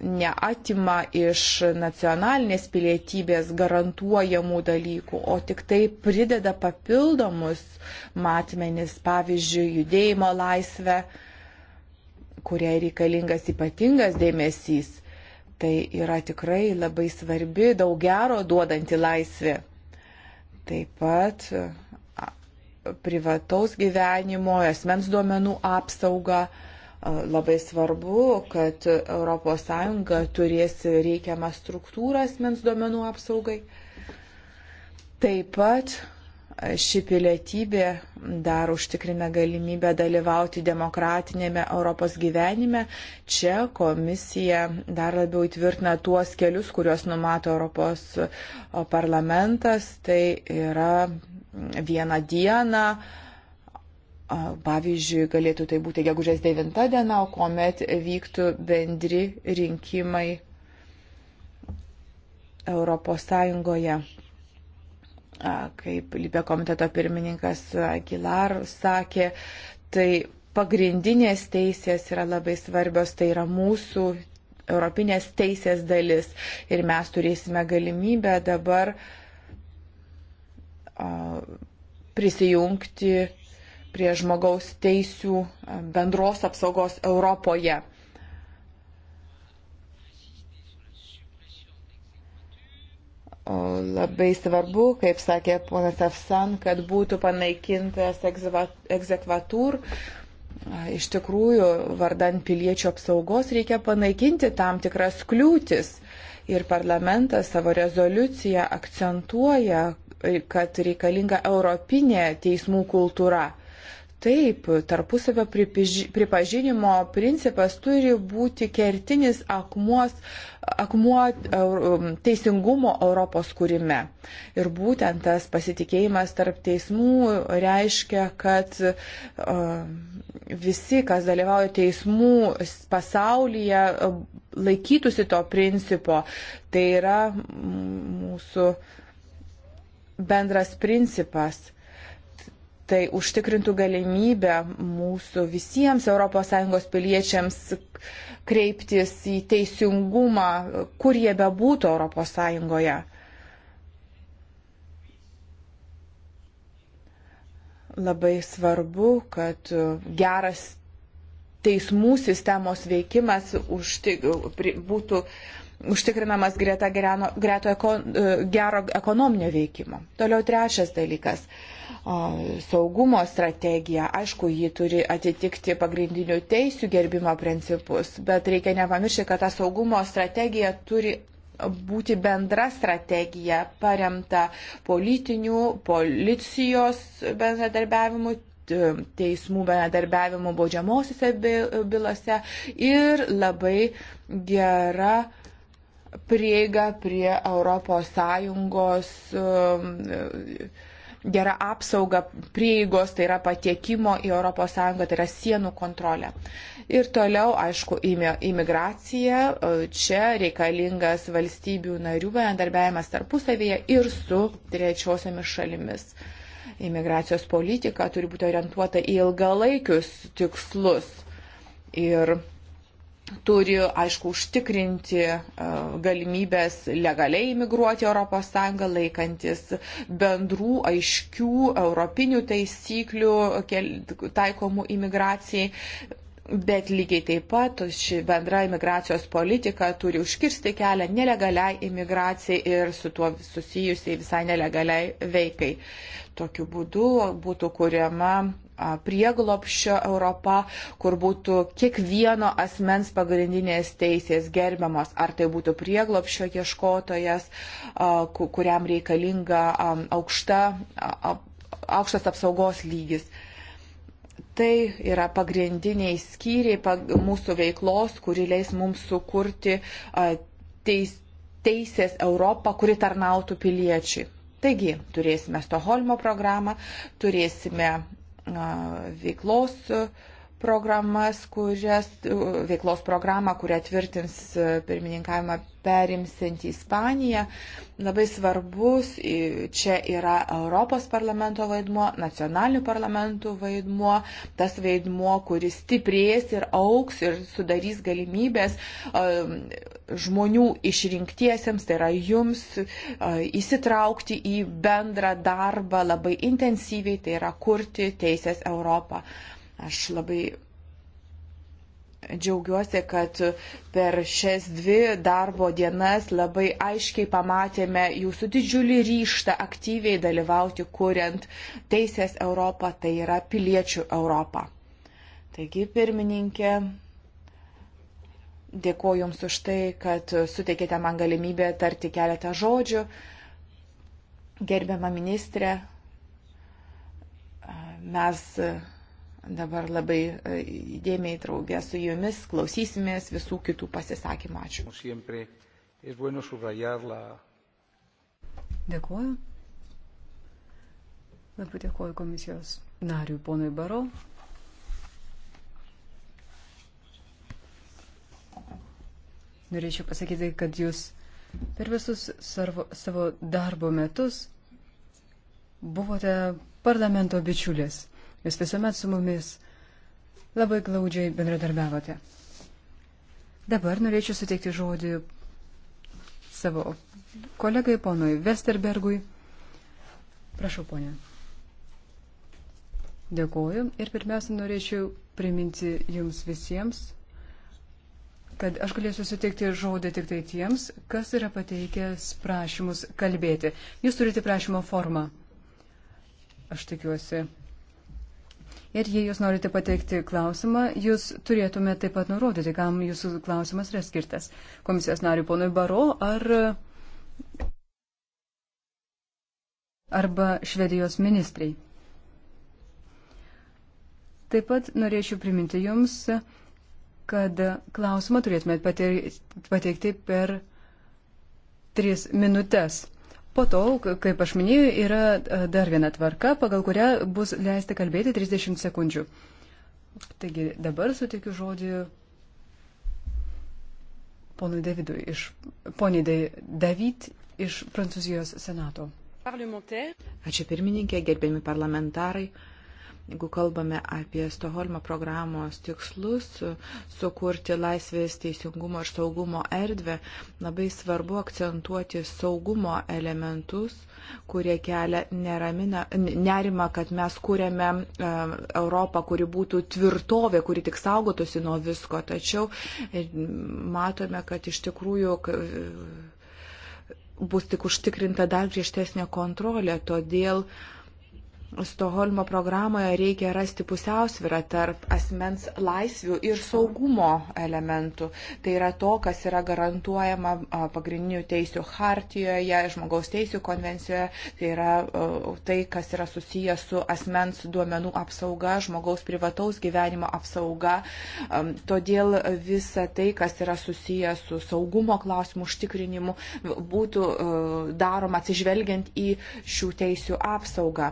neatima iš nacionalinės pilietybės garantuojamų dalykų, o tik tai prideda papildomus matmenis, pavyzdžiui, judėjimo laisvę, kuriai reikalingas ypatingas dėmesys. Tai yra tikrai labai svarbi, daug gero duodanti laisvė. Taip pat privataus gyvenimo, esmens duomenų apsauga Labai svarbu, kad ES turės reikiamą struktūrą asmens duomenų apsaugai. Taip pat ši pilietybė dar užtikrina galimybę dalyvauti demokratinėme Europos gyvenime. Čia komisija dar labiau įtvirtina tuos kelius, kuriuos numato Europos parlamentas. Tai yra vieną dieną Pavyzdžiui, galėtų tai būti gegužės 9 diena, kuomet vyktų bendri rinkimai Europos Sąjungoje. Kaip Libė komiteto pirmininkas Aguilar sakė, tai pagrindinės teisės yra labai svarbios, tai yra mūsų europinės teisės dalis ir mes turėsime galimybę dabar prisijungti prie žmogaus teisų e, bendros apsaugos Europoje. O labai svarbu, kaip sakė ponas Afsan, kad būtų panaikintas egzekvatūr. Iš tikrųjų, vardan piliečio apsaugos reikia panaikinti tam tikras kliūtis. Ir parlamentas savo rezoliuciją akcentuoja, kad reikalinga europinė teismų kultūra. Taip, tarpusavio pripažinimo principas turi būti kertinis akmuos, akmuo um, teisingumo Europos kūrime. Ir būtent tas pasitikėjimas tarp teismų reiškia, kad um, visi, kas dalyvauja teismų pasaulyje, laikytųsi to principo. Tai yra mūsų bendras principas tai užtikrintų galimybę mūsų visiems ES piliečiams kreiptis į teisingumą, kur jie bebūtų ES. Labai svarbu, kad geras teismų sistemos veikimas užtik, būtų uh, užtikrinamas greta gerano, greto eko, e, gero ekonominio veikimo. Toliau trečias dalykas - saugumo strategija. Aišku, ji turi atitikti pagrindinių teisių gerbimo principus, bet reikia nepamiršti, kad ta saugumo strategija turi būti bendra strategija paremta politinių, policijos bendradarbiavimu, teismų bendradarbiavimu baudžiamosiose bylose ir labai gera uh, prieigą prie ES gerą apsaugą prieigos, tai yra patiekimo į ES, tai yra sienų kontrolę. Ir toliau, aišku, imigracija. Čia reikalingas valstybių narių bendarbiavimas tarpusavėje ir su trečiosiamis šalimis. Imigracijos politika turi būti orientuota į ilgalaikius tikslus. Ir turi, aišku, užtikrinti e, galimybės legaliai imigruoti ES, laikantis bendrų, aiškių europinių taisyklių taikomų imigracijai. Bet lygiai taip pat ši bendra imigracijos politika turi užkirsti kelią nelegaliai imigracijai ir su tuo susijusiai visai nelegaliai veikai. Tokiu būdu būtų kuriama prieglopščio Europa, kur būtų kiekvieno asmens pagrindinės teisės gerbiamos, ar tai būtų prieglopščio ieškotojas, kuriam reikalinga aukšta, aukštas apsaugos lygis. Tai yra pagrindiniai skyriai mūsų veiklos, kuri leis mums sukurti teis, teisės Europą, kuri tarnautų piliečiui. Taigi, turėsime Stoholmo programą, turėsime veiklos programas, kurias, veiklos programą, kurią tvirtins e, pirmininkavimą perimsinti Ispaniją. Labai svarbus čia yra Europos parlamento vaidmuo, nacionalinių parlamentų vaidmuo, tas vaidmuo, kuris stiprės ir auks ir sudarys galimybės e, žmonių išrinktiesiems, tai yra jums, e, įsitraukti į bendrą darbą labai intensyviai, tai yra kurti teisės Europą. Aš labai džiaugiuosi, kad per šias dvi darbo dienas labai aiškiai pamatėme jūsų didžiulį ryštą aktyviai dalyvauti, kuriant Teisės Europą, tai yra piliečių Europą. Taigi, pirmininkė, dėkuoju Jums už tai, kad suteikėte man galimybę tarti keletą žodžių. Gerbiama ministrė, mes dabar labai e, įdėmiai draugę su jumis klausysimės visų kitų pasisakymų. Ačiū. Dėkuoju. Labai dėkuoju komisijos nariui ponui Barau. Norėčiau pasakyti, kad jūs per visus savo, savo darbo metus buvote parlamento bičiulis. Jūs visuomet su mumis labai glaudžiai bendradarbiavote. Dabar norėčiau suteikti žodį savo kolegai ponui Westerbergui. Prašau, ponė. Dėkoju ir pirmiausia norėčiau priminti jums visiems, kad aš galėsiu suteikti žodį tik tai tiems, kas yra pateikęs prašymus kalbėti. Jūs turite prašymo formą. Aš tikiuosi, Ir jei jūs norite pateikti klausimą, jūs turėtumėte taip pat nurodyti, kam jūsų klausimas yra skirtas. Komisijos nariu ponui Baro ar arba Švedijos ministrai. Taip pat norėčiau priminti Jums, kad klausimą turėtumėte pateikti per tris minutės. Po to, kaip aš minėjau, yra e, dar viena tvarka, pagal kurią bus leisti kalbėti 30 sekundžių. Taigi dabar suteikiu žodį ponui Davidui iš, poniai David iš Prancūzijos senato. Ačiū pirmininkė, gerbiami parlamentarai. Jeigu kalbame apie Stoholmo programos tikslus, sukurti laisvės teisingumo ir saugumo erdvę, labai svarbu akcentuoti saugumo elementus, kurie kelia neramina, nerima, kad mes kūrėme e, Europą, kuri būtų tvirtovė, kuri tik saugotusi nuo visko. Tačiau e, matome, kad iš tikrųjų e, bus tik užtikrinta dar griežtesnė kontrolė. Todėl uh, Stoholmo programoje reikia rasti pusiausvyrą tarp asmens laisvių ir saugumo elementų. Tai yra to, kas yra garantuojama pagrindinių teisių hartijoje, žmogaus teisių konvencijoje, tai yra tai, kas yra susijęs su asmens duomenų apsauga, žmogaus privataus gyvenimo apsauga. Todėl visa tai, kas yra susijęs su saugumo klausimų užtikrinimu, būtų daroma atsižvelgiant į šių teisių apsaugą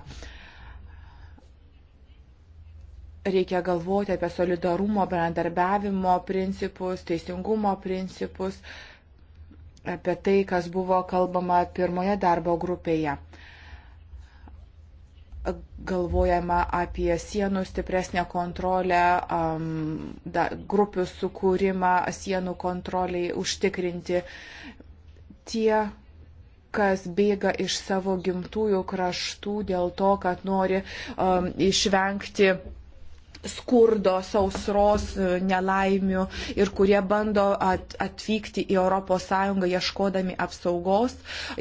reikia galvoti apie solidarumo, bendarbiavimo principus, teisingumo principus, apie tai, kas buvo kalbama pirmoje darbo grupėje. Galvojama apie sienų stipresnę kontrolę, um, da, grupių sukūrimą, sienų kontroliai užtikrinti. Tie kas bėga iš savo gimtųjų kraštų dėl to, kad nori um, išvengti skurdo, sausros, e, nelaimių ir kurie bando at, atvykti į ES ieškodami apsaugos,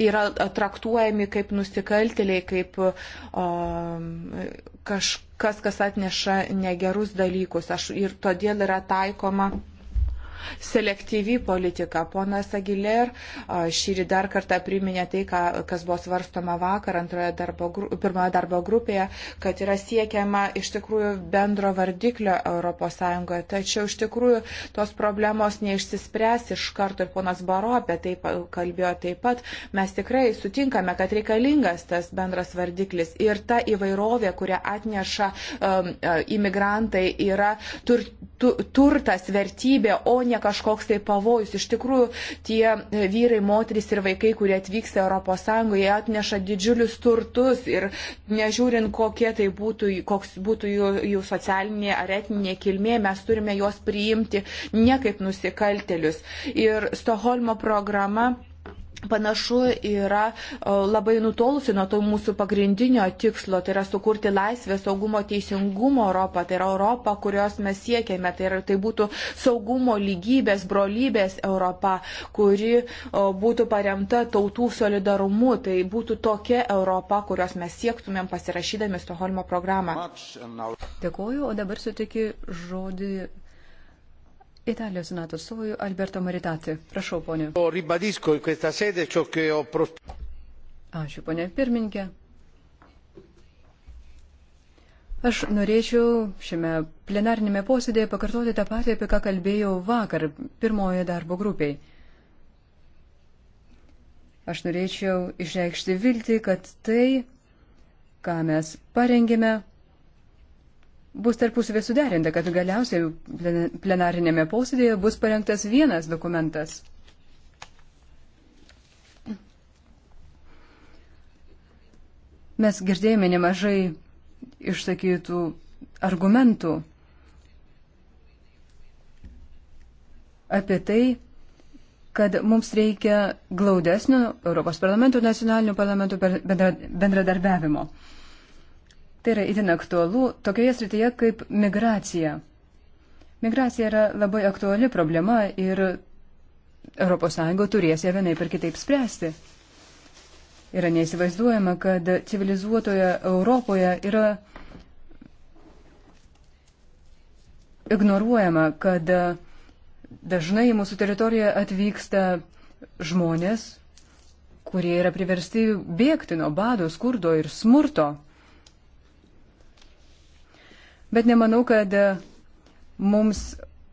yra traktuojami kaip nusikaltėliai, kaip o, kažkas, kas atneša negerus dalykus. Aš, ir todėl yra taikoma selektyvi politika. Ponas Agiler šį dar kartą priminė tai, ką, kas buvo svarstoma vakar antroje darbo, pirmoje darbo grupėje, kad yra siekiama iš tikrųjų bendro vardiklio ES. Tačiau iš tikrųjų tos problemos neišsispręs iš karto ir ponas Baro apie tai kalbėjo taip pat. Mes tikrai sutinkame, kad reikalingas tas bendras vardiklis ir ta įvairovė, kurią atneša um, imigrantai, yra tur, tu, turtas, vertybė, o ne kažkoks tai pavojus. Iš tikrųjų, tie e, vyrai, moteris ir vaikai, kurie atvyksta ES, jie atneša didžiulius turtus ir nežiūrint, kokie tai būtų, koks būtų jų, jų socialinė ar etinė kilmė, mes turime juos priimti ne kaip nusikaltelius. Ir Stoholmo programa panašu yra e, labai nutolusi nuo to mūsų pagrindinio tikslo, tai yra sukurti laisvę, saugumo, teisingumo Europą, tai yra Europą, kurios mes siekiame, tai, yra, tai būtų saugumo lygybės, brolybės Europa, kuri e, būtų paremta tautų solidarumu, tai būtų tokia Europa, kurios mes siektumėm pasirašydami Stoholmo programą. Dėkuoju, o dabar sutikiu žodį Italijos senato atstovui Alberto Maritati. Prašau, ponė. Ačiū, ponė pirmininkė. Aš norėčiau šiame plenarnėme posėdėje pakartoti tą patį, apie ką kalbėjau vakar pirmoje darbo grupiai. Aš norėčiau išreikšti viltį, kad tai, ką mes parengėme, bus tarpusavė suderinta, kad galiausiai plenarinėme posėdėje bus parengtas vienas dokumentas. Mes girdėjome nemažai išsakytų argumentų apie tai, kad mums reikia glaudesnio Europos parlamento ir nacionalinių parlamentų bendradarbiavimo. Bendra Tai yra itin aktualu tokioje srityje kaip migracija. Migracija yra labai aktuali problema ir ES turės ją vienaip ir kitaip spręsti. Yra neįsivaizduojama, kad civilizuotoje Europoje yra ignoruojama, kad dažnai į mūsų teritoriją atvyksta žmonės, kurie yra priversti bėgti nuo bado, skurdo ir smurto bet nemanau, kad e, mums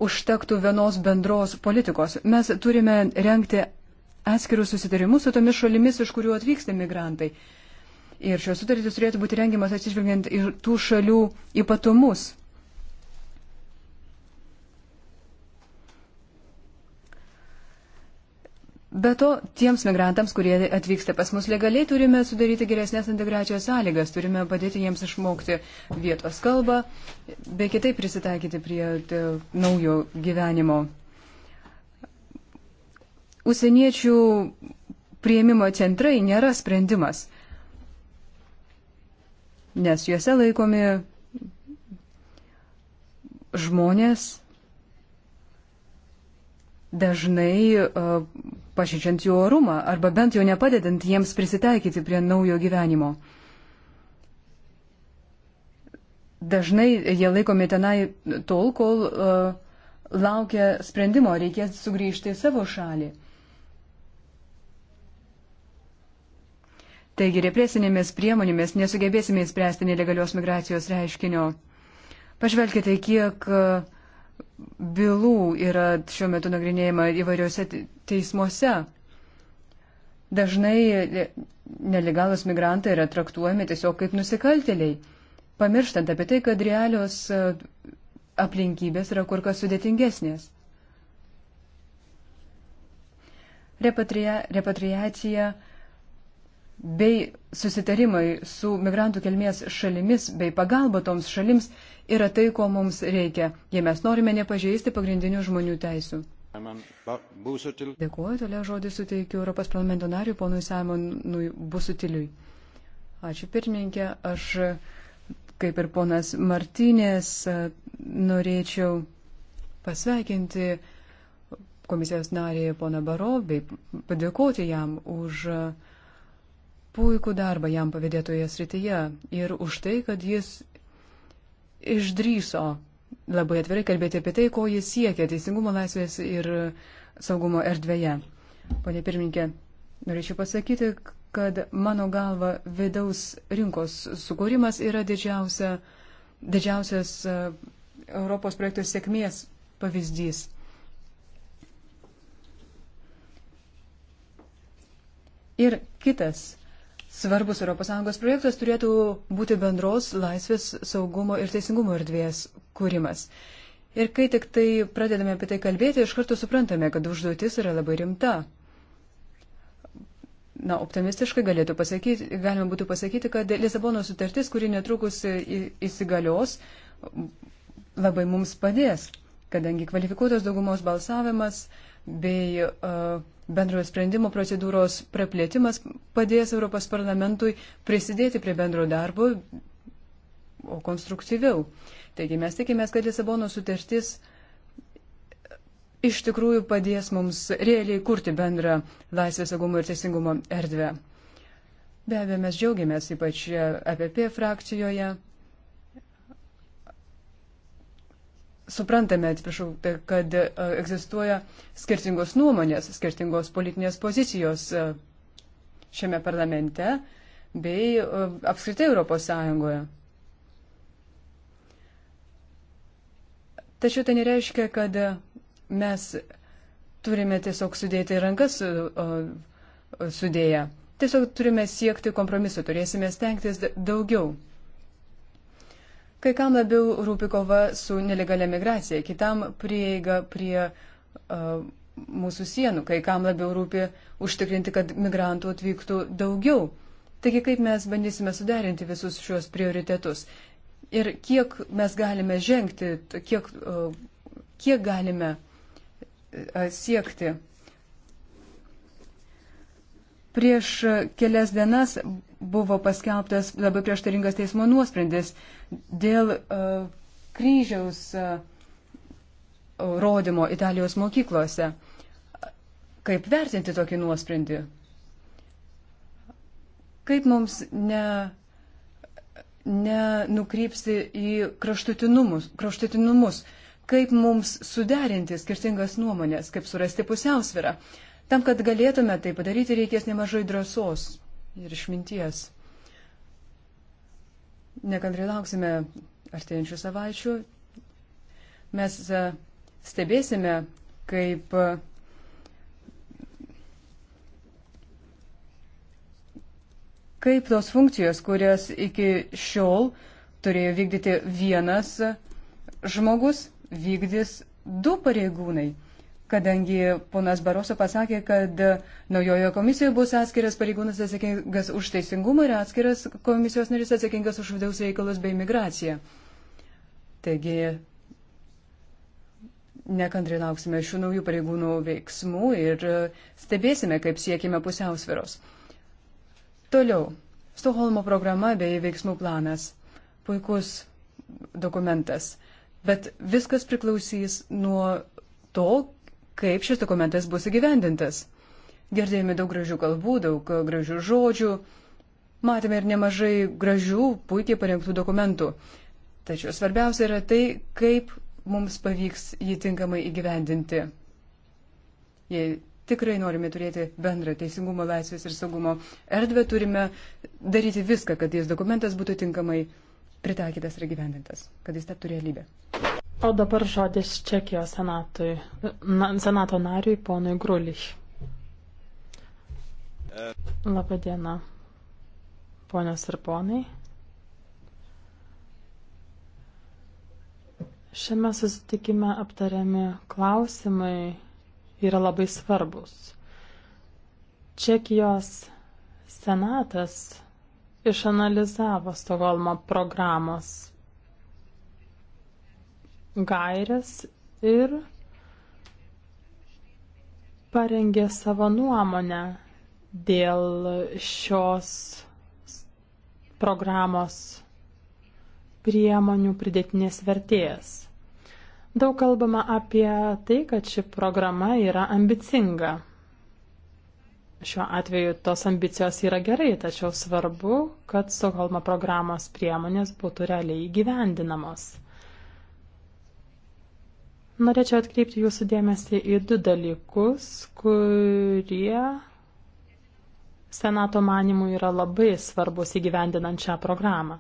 užtektų vienos bendros politikos. Mes turime renkti atskirus susitarimus su tomis šalimis, iš kurių atvyksta migrantai. Ir šios sutartys turėtų būti rengiamas atsižvelgiant į tų šalių ypatumus. Be to, tiems migrantams, kurie atvyksta pas mus legaliai, turime sudaryti geresnės integracijos sąlygas, turime padėti jiems išmokti vietos kalbą, bei kitaip prisitaikyti prie tė, e, naujo gyvenimo. Užsieniečių prieimimo centrai nėra sprendimas, nes juose laikomi žmonės, dažnai e, pažydžiant jų orumą arba bent jau nepadedant jiems prisitaikyti prie naujo gyvenimo. Dažnai jie laikomi tenai tol, kol uh, laukia sprendimo, reikės sugrįžti į savo šalį. Taigi represinėmis priemonėmis nesugebėsime įspręsti nelegalios migracijos reiškinio. Pažvelkite, kiek uh, bylų yra šiuo metu nagrinėjama įvairiuose teismuose. Dažnai e, nelegalus migrantai yra traktuojami tiesiog kaip nusikaltėliai, pamirštant apie tai, kad realios e, aplinkybės yra kur kas sudėtingesnės. Repatria, repatriacija bei susitarimai su migrantų kelmės šalimis bei pagalba toms šalims yra tai, ko mums reikia, jei mes norime nepažeisti pagrindinių žmonių teisų. Dėkuoju, toliau žodį suteikiu Europos parlamento nariui ponui Simonui Busutiliui. Ačiū pirmininkė, aš kaip ir ponas Martinės norėčiau pasveikinti komisijos narį poną Baro bei padėkoti jam už puikų darbą jam pavydėtoje srityje ir už tai, kad jis išdryso labai atvirai kalbėti apie tai, ko jis siekia teisingumo laisvės ir saugumo erdvėje. Pone pirmininkė, norėčiau pasakyti, kad mano galva vidaus rinkos sukūrimas yra didžiausia, didžiausias e, Europos projektų sėkmės pavyzdys. Ir kitas svarbus ES projektas turėtų būti bendros laisvės, saugumo ir teisingumo erdvės kūrimas. Ir kai tik tai pradedame apie tai kalbėti, iš karto suprantame, kad užduotis yra labai rimta. Na, optimistiškai galėtų pasakyti, galima būtų pasakyti, kad Lisabono sutartis, kuri netrukus įsigalios, labai mums padės, kadangi kvalifikuotos daugumos balsavimas bei uh, Bendrojo sprendimo procedūros praplėtimas padės Europos parlamentui prisidėti prie bendro darbo, o konstruktyviau. Taigi mes tikimės, kad Lisabono sutartis iš tikrųjų padės mums realiai kurti bendrą laisvės saugumo ir teisingumo erdvę. Be abejo, mes džiaugiamės ypač APP e frakcijoje suprantame, atsiprašau, tai kad e, egzistuoja skirtingos nuomonės, skirtingos politinės pozicijos e, šiame parlamente bei e, apskritai Europos Sąjungoje. Tačiau tai nereiškia, kad mes turime tiesiog sudėti rankas sudėję. Tiesiog turime siekti kompromiso, turėsime stengtis daugiau. Kai kam labiau rūpi kova su nelegalia migracija, kitam prieiga prie uh, mūsų sienų, kai kam labiau rūpi užtikrinti, kad migrantų atvyktų daugiau. Taigi, kaip mes bandysime suderinti visus šios prioritetus ir kiek mes galime žengti, kiek, uh, kiek galime uh, siekti. Prieš kelias dienas buvo paskelbtas labai prieštaringas teismo nuosprendis dėl uh, kryžiaus uh, rodymo Italijos mokyklose. Kaip vertinti tokį nuosprendį? Kaip mums ne, nenukrypsti į kraštutinumus, kraštutinumus? Kaip mums suderinti skirtingas nuomonės? Kaip surasti pusiausvirą? Tam, kad galėtume tai padaryti, reikės nemažai drąsos ir išminties. Nekantrai lauksime artėjančių savaičių. Mes e, stebėsime, kaip e, kaip tos funkcijos, kurias iki šiol turėjo vykdyti vienas žmogus, vykdys du pareigūnai kadangi ponas Baroso pasakė, kad naujojo komisijoje bus atskiras pareigūnas atsakingas už teisingumą ir atskiras komisijos narys atsakingas už vidaus reikalus bei migraciją. Taigi, nekantrai lauksime šių naujų pareigūnų veiksmų ir stebėsime, kaip siekime pusiausviros. Toliau. Stoholmo programa bei veiksmų planas. Puikus dokumentas. Bet viskas priklausys nuo to, kaip šis dokumentas bus įgyvendintas. Girdėjome daug gražių kalbų, daug gražių žodžių, matėme ir nemažai gražių, puikiai parengtų dokumentų. Tačiau svarbiausia yra tai, kaip mums pavyks jį tinkamai įgyvendinti. Jei tikrai norime turėti bendrą teisingumo, laisvės ir saugumo erdvę, turime daryti viską, kad jis dokumentas būtų tinkamai pritaikytas ir gyvendintas, kad jis taptų realybė. O dabar žodis Čekijos senatui, na, senato nariui ponui Grulich. Labadiena, ponios ir ponai. Šiame susitikime aptariami klausimai yra labai svarbus. Čekijos senatas išanalizavo Stokholmo programos gairias ir parengė savo nuomonę dėl šios programos priemonių pridėtinės vertės. Daug kalbama apie tai, kad ši programa yra ambicinga. Šiuo atveju tos ambicijos yra gerai, tačiau svarbu, kad Stokholmo programos priemonės būtų realiai įgyvendinamos. Norėčiau atkreipti jūsų dėmesį į du dalykus, kurie Senato manimų yra labai svarbus įgyvendinant šią programą.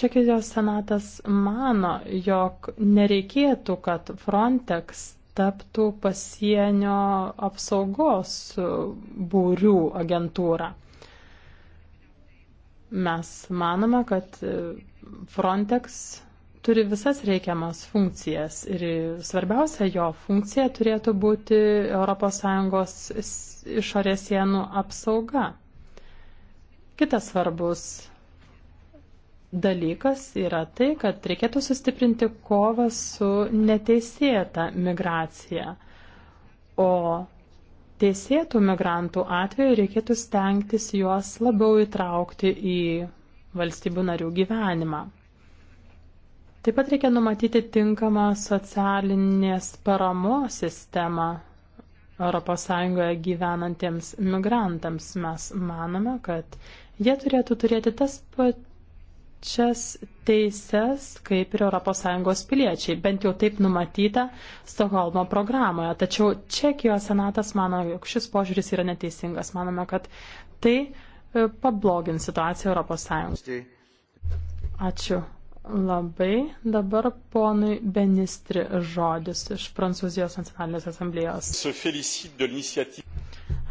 Čekijos senatas mano, jog nereikėtų, kad Frontex taptų pasienio apsaugos būrių agentūra. Mes manome, kad Frontex turi visas reikiamas funkcijas ir svarbiausia jo funkcija turėtų būti ES išorės sienų apsauga. Kitas svarbus dalykas yra tai, kad reikėtų sustiprinti kovą su neteisėta migracija, o teisėtų migrantų atveju reikėtų stengtis juos labiau įtraukti į valstybių narių gyvenimą. Taip pat reikia numatyti tinkamą socialinės paramos sistemą ES gyvenantiems migrantams. Mes manome, kad jie turėtų turėti tas pačias teises kaip ir ES piliečiai, bent jau taip numatyta Stokholmo programoje. Tačiau Čekijos senatas mano, jog šis požiūris yra neteisingas. Manome, kad tai e, pablogins situaciją ES. Ačiū labai. Dabar ponui Benistri žodis iš Prancūzijos nacionalinės asamblėjos.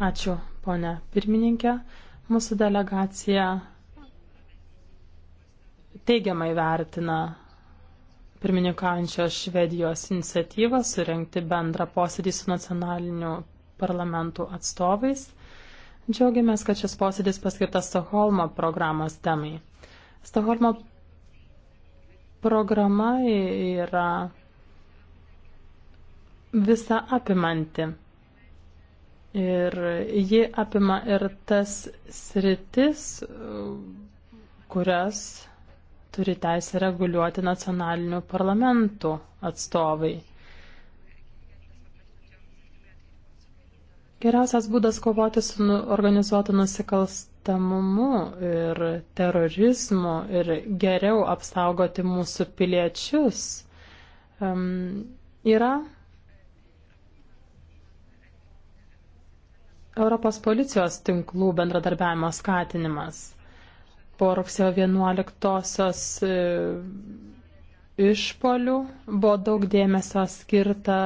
Ačiū, ponė pirmininkė. Mūsų delegacija teigiamai vertina pirmininkaujančios Švedijos iniciatyvą surenkti bendrą posėdį su nacionaliniu parlamentų atstovais. Džiaugiamės, kad šis posėdis paskirtas Stokholmo programos temai. Stokholmo programa yra visa apimanti. Ir ji apima ir tas sritis, kurias turi teisę reguliuoti nacionalinių parlamentų atstovai. Geriausias būdas kovoti su nu, organizuotu nusikalstamumu ir terorizmu ir geriau apsaugoti mūsų piliečius um, yra Europos policijos tinklų bendradarbiavimo skatinimas. Po rugsėjo 11-osios e, išpolių buvo daug dėmesio skirta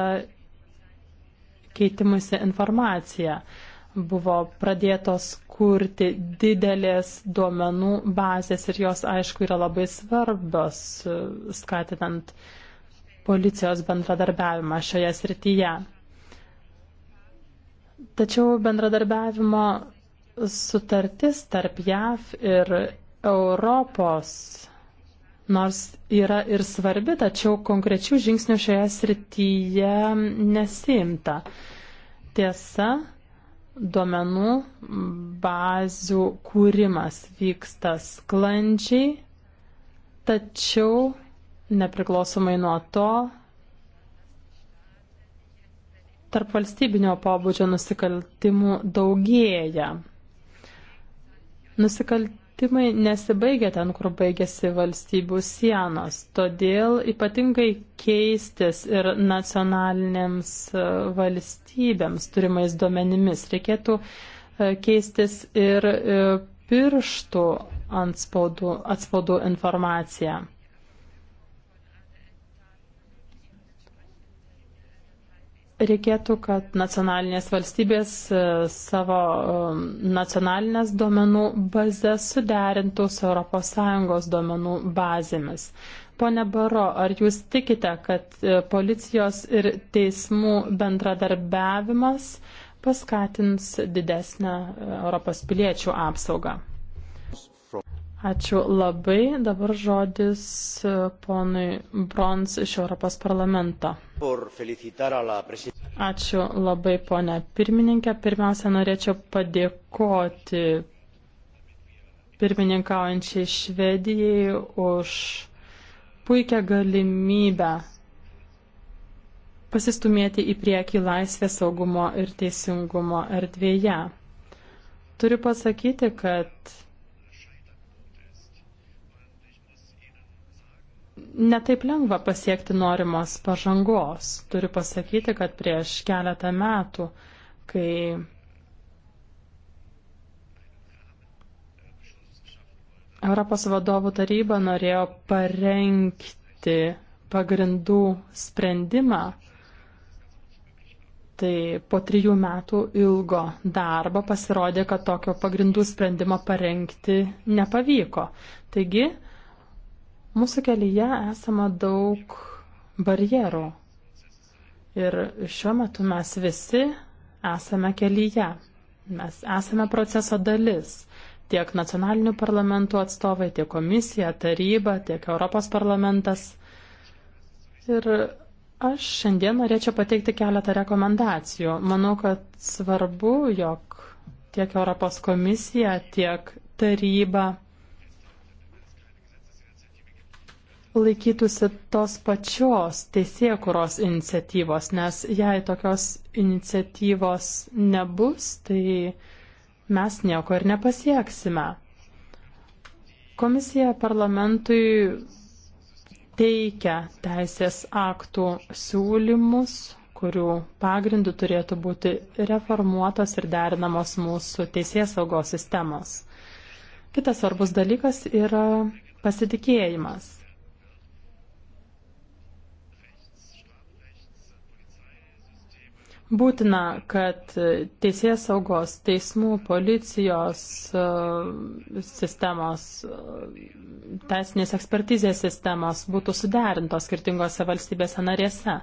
keitimusi informacija. Buvo pradėtos kurti didelės duomenų bazės ir jos, aišku, yra labai svarbios, e, skatinant policijos bendradarbiavimą šioje srityje. Tačiau bendradarbiavimo sutartis tarp JAV ir Europos nors yra ir svarbi, tačiau konkrečių žingsnių šioje srityje nesimta. Tiesa, duomenų bazių kūrimas vyksta sklandžiai, tačiau nepriklausomai nuo to, tarp valstybinio pobūdžio nusikaltimų daugėja. Nusikalt Pakeitimai nesibaigia ten, kur baigėsi valstybių sienos, todėl ypatingai keistis ir nacionalinėms e, valstybėms turimais duomenimis reikėtų e, keistis ir e, pirštų atspaudų, atspaudų informaciją. reikėtų, kad nacionalinės valstybės e, savo e, nacionalinės duomenų bazės suderintų su ES duomenų bazėmis. Pone Baro, ar jūs tikite, kad e, policijos ir teismų bendradarbiavimas paskatins didesnę Europos piliečių apsaugą? Ačiū labai. Dabar žodis e, ponui Brons iš Europos parlamento. Ačiū labai, ponė pirmininkė. Pirmiausia, norėčiau padėkoti pirmininkaujančiai Švedijai už puikią galimybę pasistumėti į priekį laisvės saugumo ir teisingumo erdvėje. Turiu pasakyti, kad netaip lengva pasiekti norimos pažangos. Turiu pasakyti, kad prieš keletą metų, kai Europos vadovų taryba norėjo parengti pagrindų sprendimą, tai po trijų metų ilgo darbo pasirodė, kad tokio pagrindų sprendimo parengti nepavyko. Taigi, Mūsų kelyje esama daug barjerų. Ir šiuo metu mes visi esame kelyje. Mes esame proceso dalis. Tiek nacionalinių parlamentų atstovai, tiek komisija, taryba, tiek Europos parlamentas. Ir Aš šiandien norėčiau pateikti keletą rekomendacijų. Manau, kad svarbu, jog tiek Europos komisija, tiek taryba laikytųsi tos pačios teisėkuros iniciatyvos, nes jei tokios iniciatyvos nebus, tai mes nieko ir nepasieksime. Komisija parlamentui teikia teisės aktų siūlymus, kurių pagrindų turėtų būti reformuotos ir derinamos mūsų teisės saugos sistemos. Kitas svarbus dalykas yra pasitikėjimas. Būtina, kad teisės saugos, teismų, policijos e, sistemos, e, teisinės ekspertizės sistemos būtų suderintos skirtingose valstybėse narėse,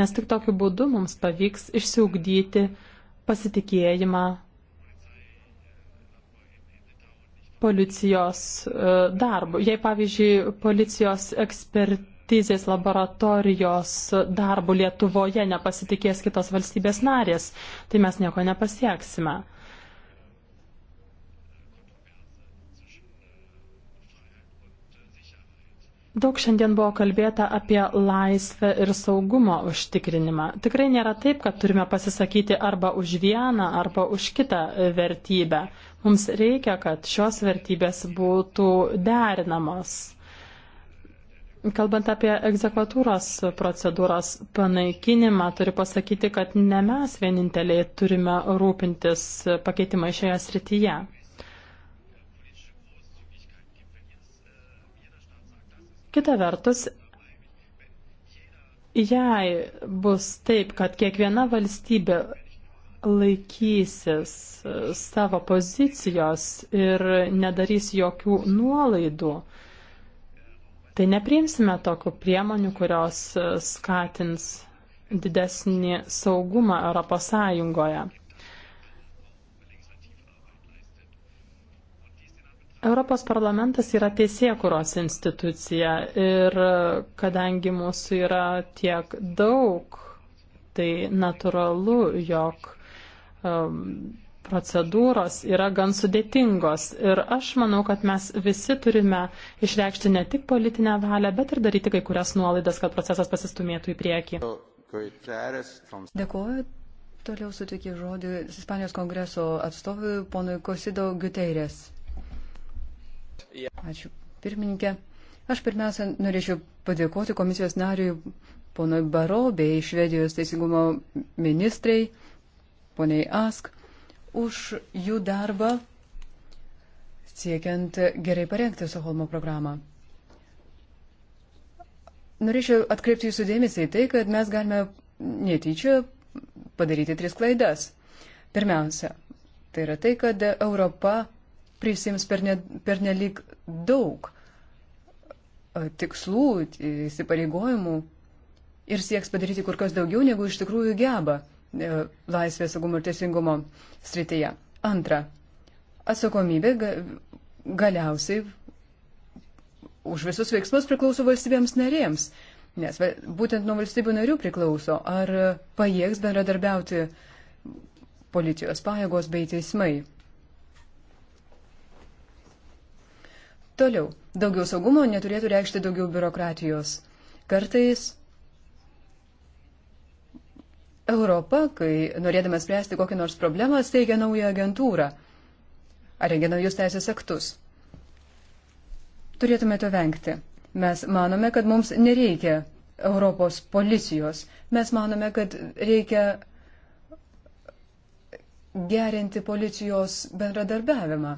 nes tik tokiu būdu mums pavyks išsiugdyti pasitikėjimą policijos e, darbu. Jei, pavyzdžiui, policijos ekspertizės ekspertizės laboratorijos darbu Lietuvoje nepasitikės kitos valstybės narės, tai mes nieko nepasieksime. Daug šiandien buvo kalbėta apie laisvę ir saugumo užtikrinimą. Tikrai nėra taip, kad turime pasisakyti arba už vieną, arba už kitą vertybę. Mums reikia, kad šios vertybės būtų derinamos. Kalbant apie egzekvatūros procedūros panaikinimą, turiu pasakyti, kad ne mes vieninteliai turime rūpintis pakeitimai šioje srityje. Kita vertus, jei bus taip, kad kiekviena valstybė laikysis savo pozicijos ir nedarys jokių nuolaidų, tai nepriimsime tokių priemonių, kurios e, skatins didesnį saugumą Europos Sąjungoje. Europos parlamentas yra teisėkuros institucija ir e, kadangi mūsų yra tiek daug, tai natūralu, jog um, procedūros yra gan sudėtingos ir aš manau, kad mes visi turime išreikšti ne tik politinę valią, bet ir daryti kai kurias nuolaidas, kad procesas pasistumėtų į priekį. Dėkuoju. Toliau sutikiu žodį Ispanijos kongreso atstovui ponui Kosido Guteirės. Ačiū, pirmininkė. Aš pirmiausia norėčiau padėkoti komisijos nariui ponui Baro bei Švedijos teisingumo ministrai, poniai Ask, už jų darbą siekiant gerai parengti Soholmo programą. Norėčiau atkreipti jūsų dėmesį į tai, kad mes galime netyčia padaryti tris klaidas. Pirmiausia, tai yra tai, kad Europa prisims pernelyg ne, per daug e, tikslų, įsipareigojimų ir sieks padaryti kur kas daugiau, negu iš tikrųjų geba. E, laisvės, saugumo ir teisingumo srityje. Antra, atsakomybė galiausiai už visus veiksmus priklauso valstybėms narėms, nes būtent nuo valstybių narių priklauso, ar pajėgs bendradarbiauti policijos pajėgos bei teismai. Toliau, daugiau saugumo neturėtų reikšti daugiau biurokratijos. Kartais Europa, kai norėdamas spręsti kokią nors problemą, steigia naują agentūrą ar rengia naujus teisės aktus. Turėtume to vengti. Mes manome, kad mums nereikia Europos policijos. Mes manome, kad reikia gerinti policijos bendradarbiavimą.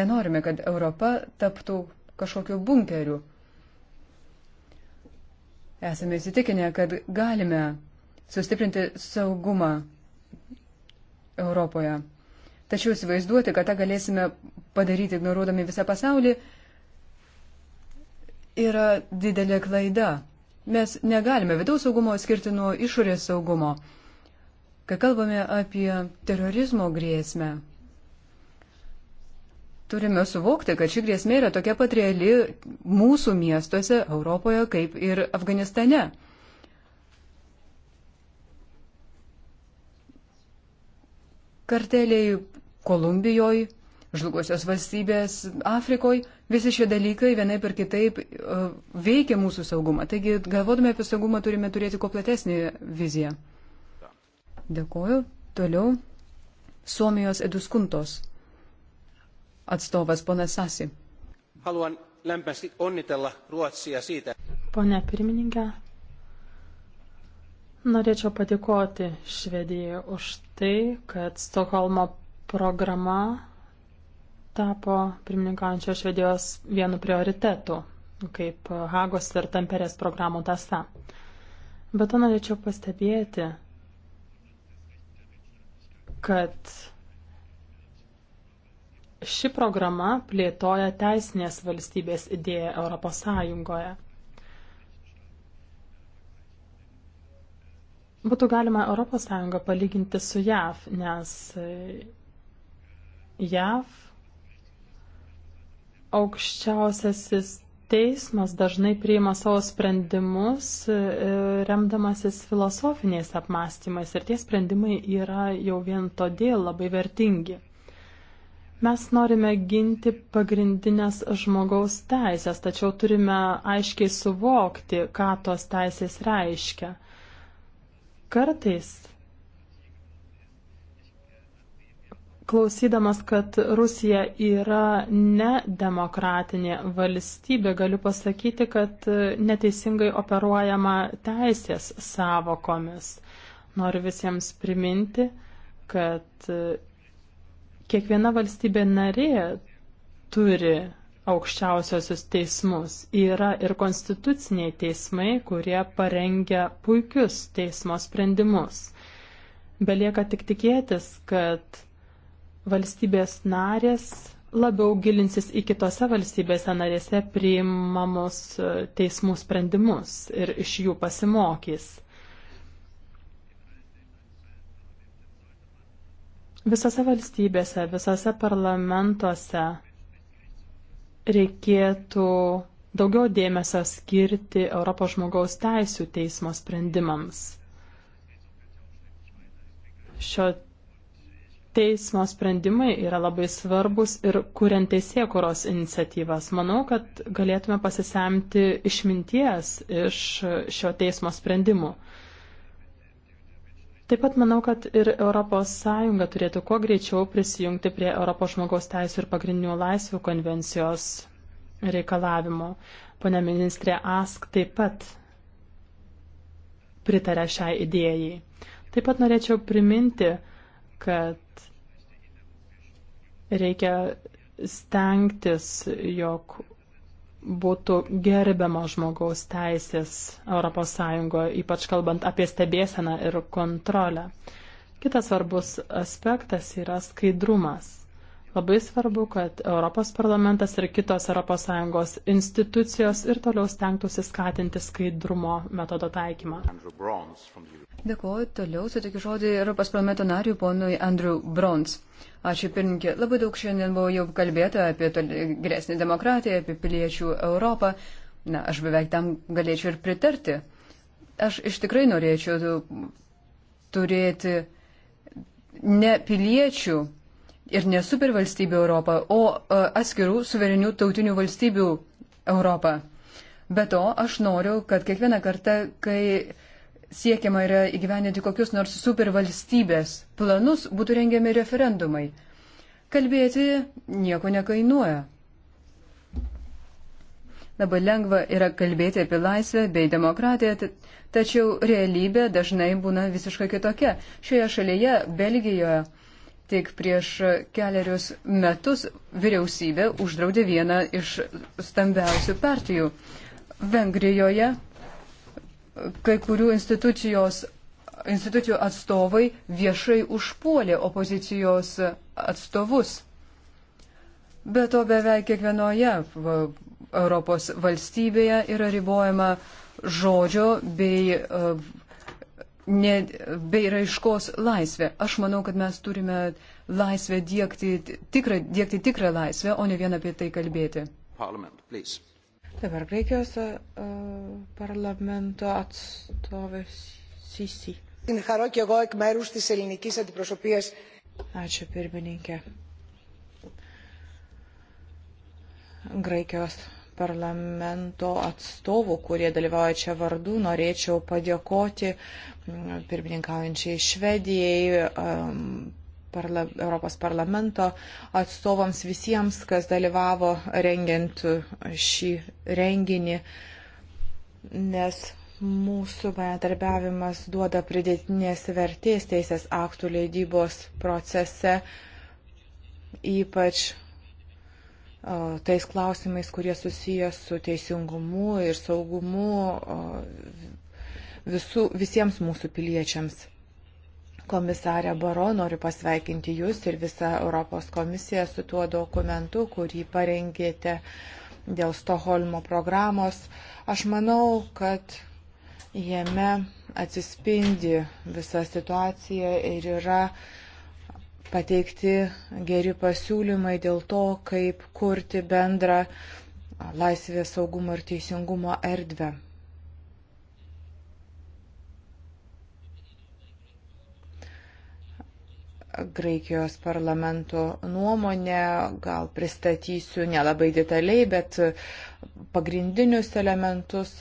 Nenorime, kad Europa taptų kažkokiu bunkeriu Esame įsitikinę, kad galime sustiprinti saugumą Europoje. Tačiau įsivaizduoti, kad tą galėsime padaryti ignoruodami visą pasaulį, yra didelė klaida. Mes negalime vidaus saugumo skirti nuo išorės saugumo. Kai kalbame apie terorizmo grėsmę, Turime suvokti, kad ši grėsmė yra tokia pat reali mūsų miestuose Europoje kaip ir Afganistane. Karteliai Kolumbijoje, žlugusios valstybės Afrikoje, visi šie dalykai vienai per kitaip e, veikia mūsų saugumą. Taigi, galvodami apie saugumą, turime turėti kuo platesnį viziją. Dėkoju. Toliau. Suomijos eduskuntos atstovas ponas Sasi. Haluan lämpimästi onnitella Ruotsia siitä. Pone pirmininkė, norėčiau padėkoti Švedijai už tai, kad Stokholmo programa tapo pirmininkančio Švedijos vienu prioritetu, kaip Hagos ir Tamperės programų tasa. Bet to norėčiau pastebėti, kad Ši programa plėtoja teisinės valstybės idėją Europos Sąjungoje. Būtų galima Europos Sąjungą palyginti su JAV, nes e, JAV aukščiausiasis teismas dažnai priima savo sprendimus e, remdamasis filosofiniais apmąstymais ir tie sprendimai yra jau vien todėl labai vertingi. Mes norime ginti pagrindinės žmogaus teisės, tačiau turime aiškiai suvokti, ką tos teisės reiškia. Kartais, klausydamas, kad Rusija yra nedemokratinė valstybė, galiu pasakyti, kad neteisingai operuojama teisės savokomis. Noriu visiems priminti, kad Kiekviena valstybė narė turi aukščiausiosius teismus. Yra ir konstituciniai teismai, kurie parengia puikius teismo sprendimus. Belieka tik tikėtis, kad valstybės narės labiau gilinsis į kitose valstybėse narėse priimamus teismų sprendimus ir iš jų pasimokys. Visose valstybėse, visose parlamentuose reikėtų daugiau dėmesio skirti Europos žmogaus teisų teismo sprendimams. Šio teismo sprendimai yra labai svarbus ir kuriant teisėkuros iniciatyvas. Manau, kad galėtume pasisemti išminties iš šio teismo sprendimų. Taip pat manau, kad ir ES turėtų kuo greičiau prisijungti prie Europos žmogaus teisų ir pagrindinių laisvių konvencijos reikalavimo. Pone ministrė Ask taip pat pritarė šiai idėjai. Taip pat norėčiau priminti, kad reikia stengtis, jog būtų gerbiama žmogaus teisės ES, ypač kalbant apie stebėseną ir kontrolę. Kitas svarbus aspektas yra skaidrumas. Labai svarbu, kad Europos parlamentas ir kitos ES institucijos ir toliau stengtųsi skatinti skaidrumo metodo taikymą. Dėkuoju, toliau sutikiu žodį Europos parlamento nariui ponui Andrew Brons. Ačiū pirmininkė. Labai daug šiandien buvo jau kalbėta apie geresnį demokratiją, apie piliečių Europą. Na, aš beveik tam galėčiau ir pritarti. Aš iš tikrai norėčiau turėti ne piliečių ir ne supervalstybių Europą, o e, atskirų suverenių tautinių valstybių Europą. Be to, aš noriu, kad kiekvieną kartą, kai siekiama yra įgyveninti kokius nors supervalstybės planus, būtų rengiami referendumai. Kalbėti nieko nekainuoja. Labai lengva yra kalbėti apie laisvę bei demokratiją, tačiau realybė dažnai būna visiškai kitokia. Šioje šalyje, Belgijoje, Tik prieš keliarius metus vyriausybė uždraudė vieną iš stambiausių partijų. Vengrijoje kai kurių institucijos, institucijų atstovai viešai užpuolė opozicijos atstovus. Be to beveik kiekvienoje Europos valstybėje yra ribojama žodžio bei e, bei raiškos laisvė. Aš manau, kad mes turime laisvę diegti tikrą, diegti tikrą laisvę, o ne vien apie tai kalbėti. Dabar Graikijos uh, parlamento atstovė Sisi. Ačiū pirmininkė. Graikijos parlamento atstovų, kurie dalyvauja čia vardu, norėčiau padėkoti mm, pirmininkaujančiai Švedijai, parla, Europos parlamento atstovams visiems, kas dalyvavo rengiant šį renginį, nes mūsų bendarbiavimas duoda pridėtinės vertės teisės aktų leidybos procese, ypač tais klausimais, kurie susijęs su teisingumu ir saugumu visų, visiems mūsų piliečiams. Komisarė Baro, noriu pasveikinti Jūs ir visą Europos komisiją su tuo dokumentu, kurį parengėte dėl Stoholmo programos. Aš manau, kad jame atsispindi visa situacija ir yra uh, pateikti geri pasiūlymai dėl to, kaip kurti bendrą laisvės saugumo ir teisingumo erdvę. Graikijos parlamento nuomonę, gal pristatysiu nelabai detaliai, bet pagrindinius elementus.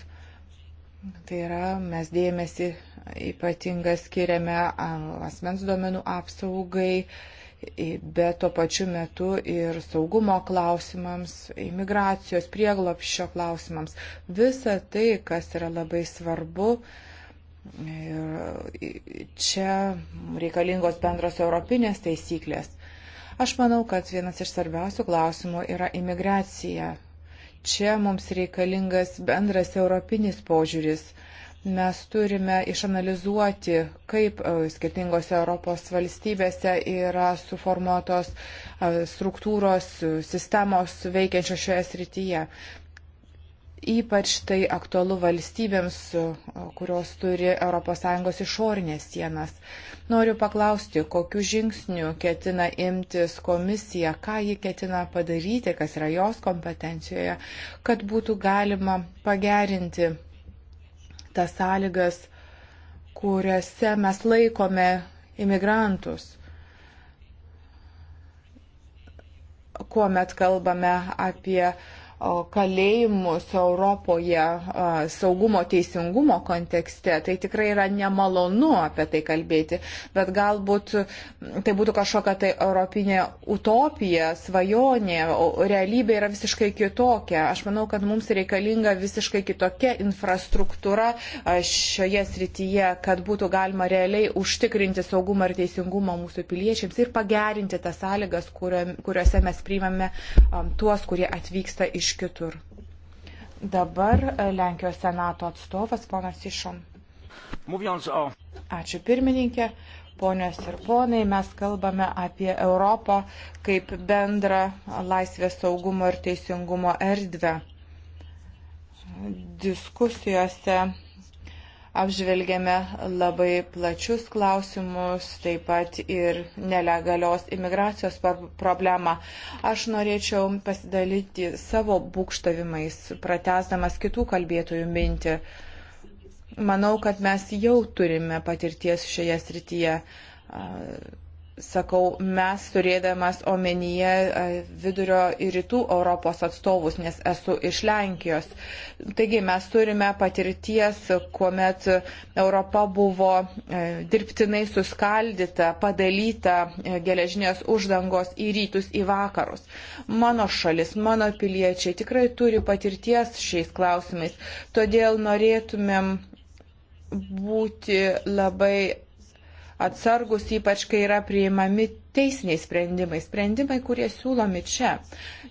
Tai yra, mes dėmesį ypatingą skiriame asmens duomenų apsaugai, bet tuo pačiu metu ir saugumo klausimams, imigracijos, prieglopščio klausimams. Visa tai, kas yra labai svarbu. Ir čia reikalingos bendros europinės taisyklės. Aš manau, kad vienas iš svarbiausių klausimų yra imigracija. Čia mums reikalingas bendras europinis požiūris mes turime išanalizuoti, kaip e, skirtingose Europos valstybėse yra suformuotos e, struktūros, e, sistemos veikiančios šioje srityje. Ypač tai aktualu valstybėms, kurios turi ES išorinės sienas. Noriu paklausti, kokiu žingsniu ketina imtis komisija, ką ji ketina padaryti, kas yra jos kompetencijoje, kad būtų galima pagerinti tas sąlygas, kuriuose mes laikome imigrantus, kuomet kalbame apie uh, kalėjimus Europoje saugumo teisingumo kontekste, tai tikrai yra nemalonu apie tai kalbėti, bet galbūt tai būtų kažkokia tai europinė utopija, svajonė, realybė yra visiškai kitokia. Aš manau, kad mums reikalinga visiškai kitokia infrastruktūra šioje srityje, kad būtų galima realiai užtikrinti saugumą ir teisingumą mūsų piliečiams ir pagerinti tas sąlygas, kuriuose mes priimame tuos, kurie atvyksta iš iš kitur. Dabar e, Lenkijos senato atstovas ponas Išom. Ačiū pirmininkė. Ponios ir ponai, mes kalbame apie Europą kaip bendrą laisvės saugumo ir teisingumo erdvę. Diskusijose apžvelgėme labai plačius klausimus, taip pat ir nelegalios imigracijos problemą. Aš norėčiau pasidalyti savo būkštavimais, pratesdamas kitų kalbėtojų mintį. Manau, kad mes jau turime patirties šioje srityje sakau mes turėdamas omenyje e, vidurio ir rytų Europos atstovus, nes esu iš Lenkijos. Taigi mes turime patirties, kuomet Europa buvo e, dirbtinai suskaldyta, padalyta e, geležinės uždangos į rytus, į vakarus. Mano šalis, mano piliečiai tikrai turi patirties šiais klausimais, todėl norėtumėm būti labai atsargus, ypač kai yra priimami teisiniai sprendimai, sprendimai, kurie siūlomi čia.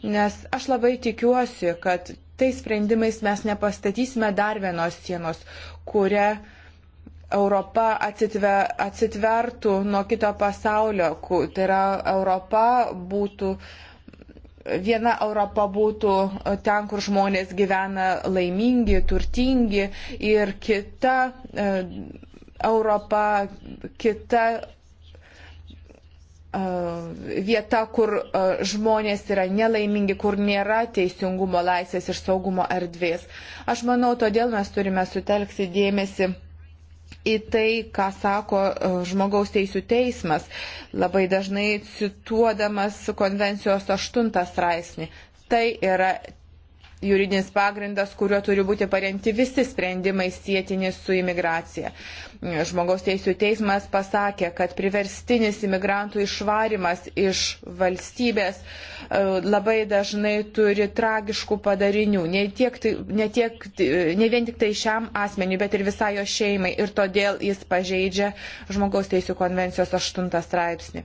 Nes aš labai tikiuosi, kad tais sprendimais mes nepastatysime dar vienos sienos, kuria Europa atsitver, atsitvertų nuo kito pasaulio. Tai yra Europa būtų viena Europa būtų ten, kur žmonės gyvena laimingi, turtingi ir kita e, Europa, kita vieta, kur žmonės yra nelaimingi, kur nėra teisingumo, laisvės ir saugumo erdvės. Aš manau, todėl mes turime sutelkti dėmesį į tai, ką sako žmogaus teisų teismas, labai dažnai cituodamas konvencijos aštuntą straipsnį. Tai yra juridinis pagrindas, kuriuo turi būti paremti visi sprendimai sėtini su imigracija. Žmogaus teisų teismas pasakė, kad priverstinis imigrantų išvarimas iš valstybės e, labai dažnai turi tragiškų padarinių. Ne, tiek, ne, tiek, ne vien tik tai šiam asmeniu, bet ir visai jo šeimai. Ir todėl jis pažeidžia žmogaus teisų konvencijos 8 straipsnį.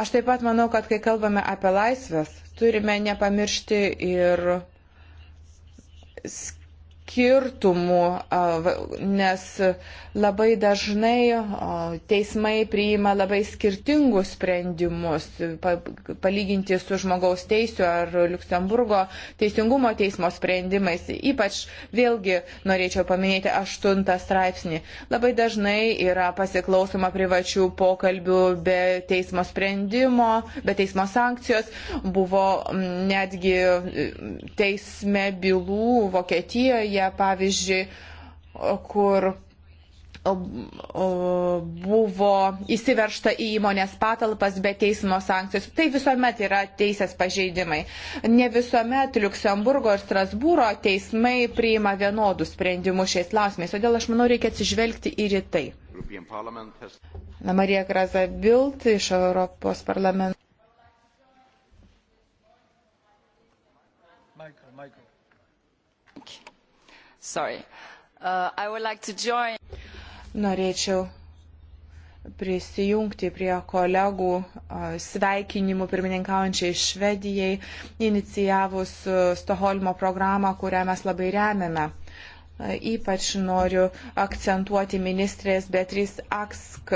Aš taip pat manau, kad kai kalbame apie laisvės, turime nepamiršti ir skirti skirtumų, nes labai dažnai teismai priima labai skirtingus sprendimus, palyginti su žmogaus teisų ar Luksemburgo teisingumo teismo sprendimais. Ypač vėlgi norėčiau paminėti aštuntą straipsnį. Labai dažnai yra pasiklausoma privačių pokalbių be teismo sprendimo, be teismo sankcijos. Buvo netgi teisme bylų Vokietijoje Airija, pavyzdžiui, kur buvo įsiveršta į įmonės patalpas be teismo sankcijos. Tai visuomet yra teisės pažeidimai. Ne visuomet Luksemburgo ir Strasbūro teismai priima vienodus sprendimus šiais klausimais, todėl aš manau reikia atsižvelgti ir į tai. Na, Marija Graza Bilt iš Europos parlamento. Sorry. Uh, I would like to join. Norėčiau prisijungti prie kolegų uh, sveikinimų pirmininkaujančiai Švedijai, inicijavus uh, Stoholmo programą, kurią mes labai remiame. Ypač noriu akcentuoti ministrės Beatrys Aksk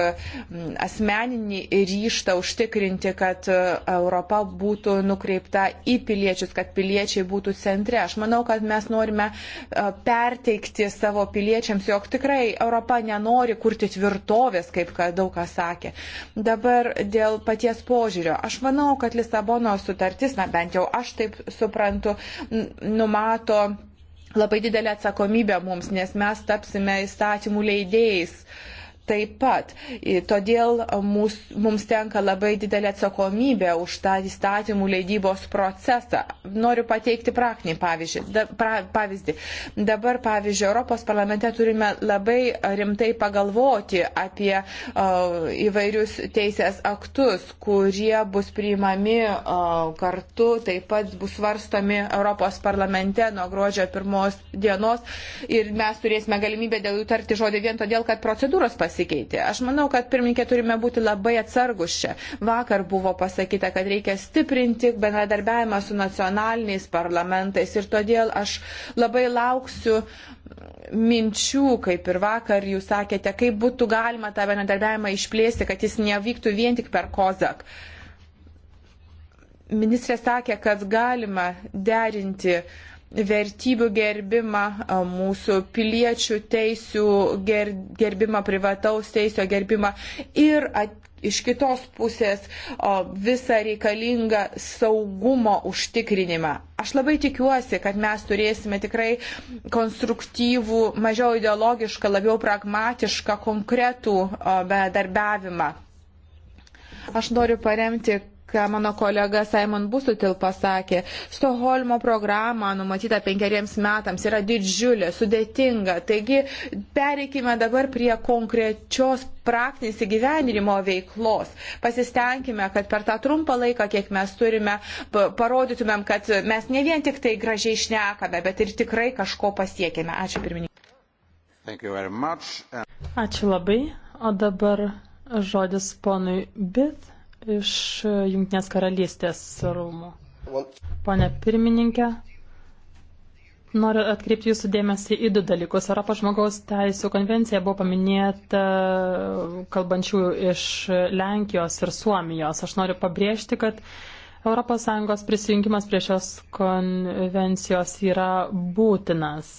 asmeninį ryštą užtikrinti, kad e, Europa būtų nukreipta į piliečius, kad piliečiai būtų centre. Aš manau, kad mes norime e, perteikti savo piliečiams, jog tikrai Europa nenori kurti tvirtovės, kaip daug kas sakė. Dabar dėl paties požiūrio. Aš manau, kad Lisabono sutartis, na bent jau aš taip suprantu, numato labai didelę atsakomybę mums, nes mes tapsime įstatymų leidėjais. Uh, taip pat. Todėl mūs, mums tenka labai didelė atsakomybė už tą įstatymų leidybos procesą. Noriu pateikti praktinį pavyzdį. Da, pra, pavyzdį. Dabar, pavyzdžiui, Europos parlamente turime labai rimtai pagalvoti apie uh, įvairius teisės aktus, kurie bus priimami uh, kartu, taip pat bus svarstomi Europos parlamente nuo gruodžio pirmos dienos ir mes turėsime galimybę dėl jų tarti žodį vien todėl, kad procedūros pasikeitė pasikeitė. Aš manau, kad pirmininkė turime būti labai atsargus čia. Vakar buvo pasakyta, kad reikia stiprinti bendradarbiavimą su nacionaliniais parlamentais ir todėl aš labai lauksiu minčių, kaip ir vakar jūs sakėte, kaip būtų galima tą bendradarbiavimą išplėsti, kad jis nevyktų vien tik per kozak. Ministrė sakė, kad galima derinti uh, vertybių gerbimą, mūsų piliečių teisių gerbimą, privataus teisio gerbimą ir at, iš kitos pusės visą reikalingą saugumo užtikrinimą. Aš labai tikiuosi, kad mes turėsime tikrai konstruktyvų, mažiau ideologišką, labiau pragmatišką, konkretų bendarbiavimą. Aš noriu paremti ką mano kolega Simon Busutil pasakė. Stoholmo programa numatyta penkeriems metams yra didžiulė, sudėtinga. Taigi pereikime dabar prie konkrečios praktinės įgyvendinimo veiklos. Pasistengime, kad per tą trumpą laiką, kiek mes turime, parodytumėm, kad mes ne vien tik tai gražiai šnekame, bet ir tikrai kažko pasiekėme. Ačiū pirmininkai. Ačiū labai. O dabar žodis ponui Bit iš Junktinės karalystės rūmų. Pone pirmininkė, noriu atkreipti jūsų dėmesį į du dalykus. Europos žmogaus teisų konvencija buvo paminėta kalbančiųjų iš Lenkijos ir Suomijos. Aš noriu pabrėžti, kad ES prisijungimas prie šios konvencijos yra būtinas.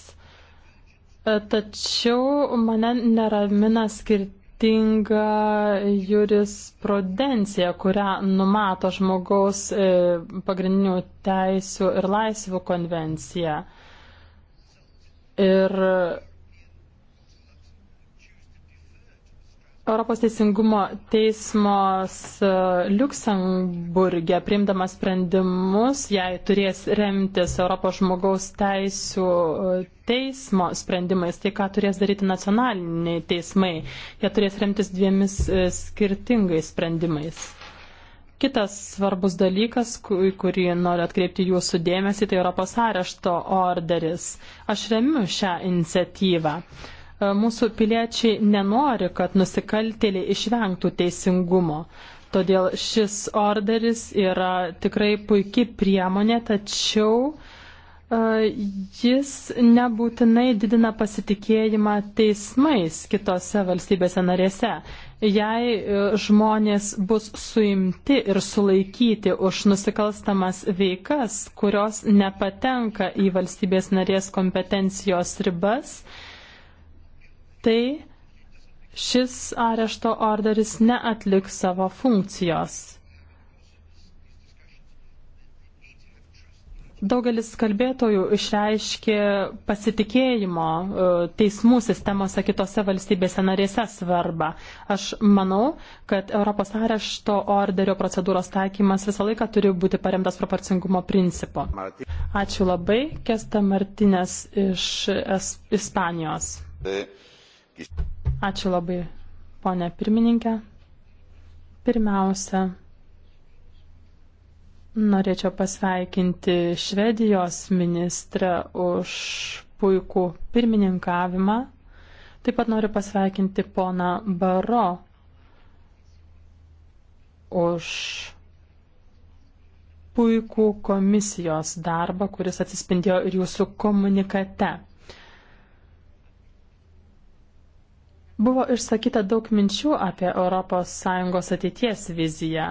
Tačiau mane neramina skirti sudėtinga jurisprudencija, kurią numato žmogaus e, pagrindinių teisių ir laisvų konvencija. Ir Europos teisingumo teismas e, Luksemburgė priimdamas sprendimus, jei turės remtis Europos žmogaus teisų e, teismo sprendimais, tai ką turės daryti nacionaliniai teismai, jie turės remtis dviemis e, skirtingais sprendimais. Kitas svarbus dalykas, kurį noriu atkreipti jūsų dėmesį, tai Europos arešto orderis. Aš remiu šią iniciatyvą. E, mūsų piliečiai nenori, kad nusikaltėliai išvengtų teisingumo. Todėl šis orderis yra tikrai puikiai priemonė, tačiau e, jis nebūtinai didina pasitikėjimą teismais kitose valstybėse narėse. Jei e, žmonės bus suimti ir sulaikyti už nusikalstamas veikas, kurios nepatenka į valstybės narės kompetencijos ribas, tai šis arešto orderis neatliks savo funkcijos. Daugelis kalbėtojų išreiškė pasitikėjimo e, teismų sistemose kitose valstybėse narėse svarbą. Aš manau, kad Europos arešto orderio procedūros taikymas visą laiką turi būti paremtas proporcingumo principu. Ačiū labai, Kesta Martinės iš Ispanijos. De. Ačiū labai, ponė pirmininkė. Pirmiausia, norėčiau pasveikinti Švedijos ministrą už puikų pirmininkavimą. Taip pat noriu pasveikinti poną Baro už puikų komisijos darbą, kuris atsispindėjo ir jūsų komunikate. Buvo išsakyta daug minčių apie ES ateities viziją.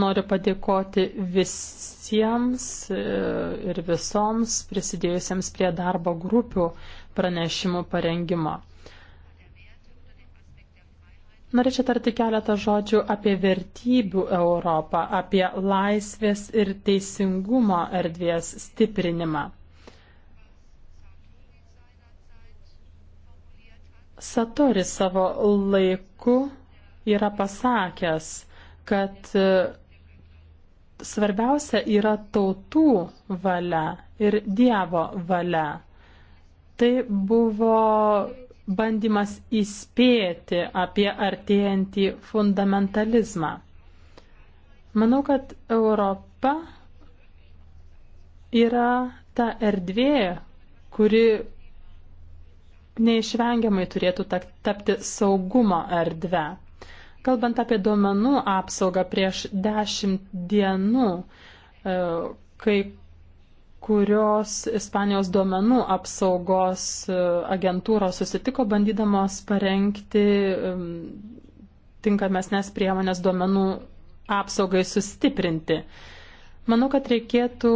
Noriu padėkoti visiems e, ir visoms prisidėjusiems prie darbo grupių pranešimų parengimo. Norėčiau tarti keletą žodžių apie vertybių Europą, apie laisvės ir teisingumo erdvės stiprinimą. Satori savo laiku yra pasakęs, kad e, svarbiausia yra tautų valia ir Dievo valia. Tai buvo bandymas įspėti apie artėjantį fundamentalizmą. Manau, kad Europa yra ta erdvė, kuri neišvengiamai turėtų tapti saugumo erdve. Kalbant apie duomenų apsaugą prieš dešimt dienų, e, kai kurios Ispanijos duomenų apsaugos e, agentūros susitiko bandydamos parengti e, tinkamesnės priemonės duomenų apsaugai sustiprinti. Manau, kad reikėtų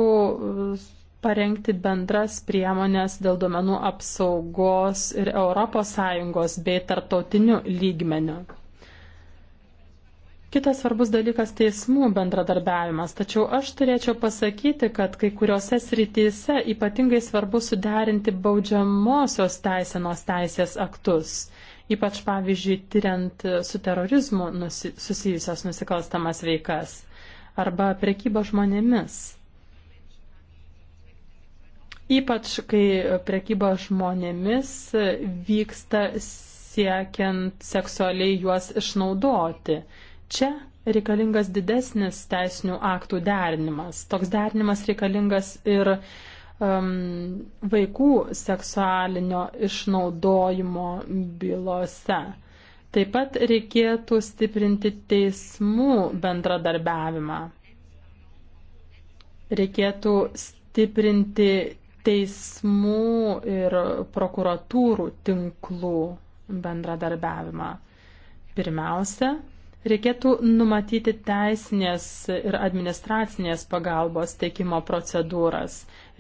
parengti bendras priemonės dėl duomenų apsaugos ir ES bei tarptautiniu lygmeniu. Kitas svarbus dalykas - teismų bendradarbiavimas. Tačiau aš turėčiau pasakyti, kad kai kuriuose srityse ypatingai svarbu suderinti baudžiamosios teisenos teisės aktus. Ypač, pavyzdžiui, tyriant su terorizmu nusi susijusias nusikalstamas veikas arba prekyba žmonėmis. Ypač, kai prekyba žmonėmis vyksta siekiant seksualiai juos išnaudoti. Čia reikalingas didesnis teisinių aktų derinimas. Toks derinimas reikalingas ir um, vaikų seksualinio išnaudojimo bylose. Taip pat reikėtų stiprinti teismų bendradarbiavimą. Reikėtų stiprinti teismų ir prokuratūrų tinklų bendradarbiavimą. Pirmiausia, reikėtų numatyti teisinės ir administracinės pagalbos teikimo procedūras.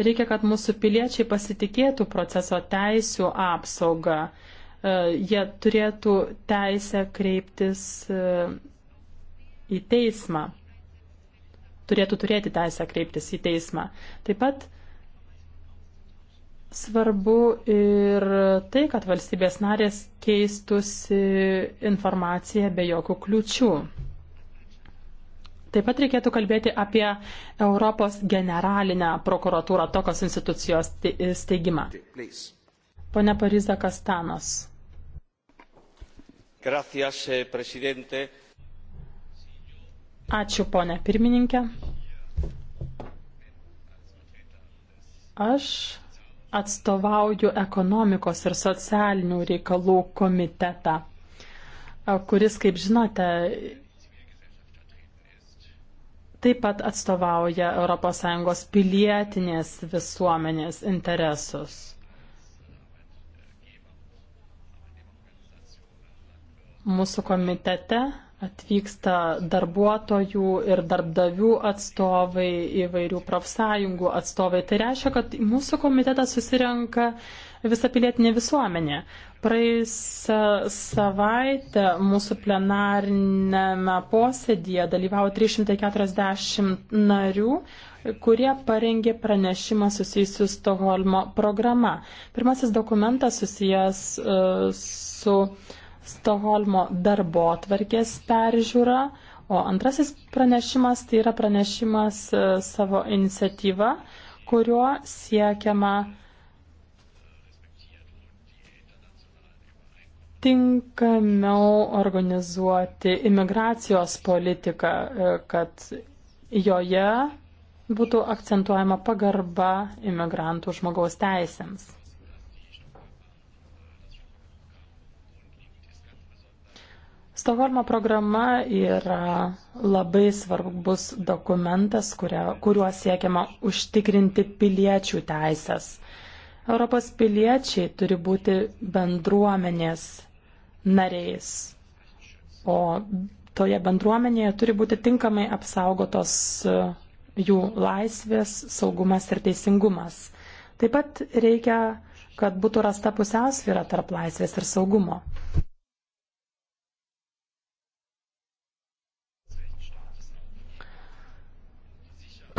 Reikia, kad mūsų piliečiai pasitikėtų proceso teisų apsaugą. E, jie turėtų teisę kreiptis e, į teismą. Turėtų turėti teisę kreiptis į teismą. Taip pat Svarbu ir tai, kad valstybės narės keistusi informaciją be jokių kliučių. Taip pat reikėtų kalbėti apie Europos generalinę prokuratūrą tokios institucijos steigimą. Pone Pariza Kastanas. Gracias, eh, presidente. Ačiū, ponė pirmininkė. Aš atstovauju ekonomikos ir socialinių reikalų komitetą, kuris, kaip žinote, taip pat atstovauja ES pilietinės visuomenės interesus. Mūsų komitete atvyksta darbuotojų ir darbdavių atstovai, įvairių profsąjungų atstovai. Tai reiškia, kad mūsų komitetas susirenka visą pilietinę visuomenę. Praėjusią savaitę mūsų plenarinėme posėdėje dalyvavo 340 narių, kurie parengė pranešimą susijusiu Stoholmo programa. Pirmasis dokumentas susijęs uh, su uh, Stoholmo darbo atvarkės peržiūra, o antrasis pranešimas tai yra pranešimas e, savo iniciatyva, kuriuo siekiama tinkamiau organizuoti imigracijos politiką, e, kad joje būtų akcentuojama pagarba imigrantų žmogaus teisėms. Stokholmo programa yra labai svarbus dokumentas, kuria, kuriuo siekiama užtikrinti piliečių teisės. Europos piliečiai turi būti bendruomenės nariais, o toje bendruomenėje turi būti tinkamai apsaugotos jų laisvės, saugumas ir teisingumas. Taip pat reikia, kad būtų rasta pusiausvyrą tarp laisvės ir saugumo.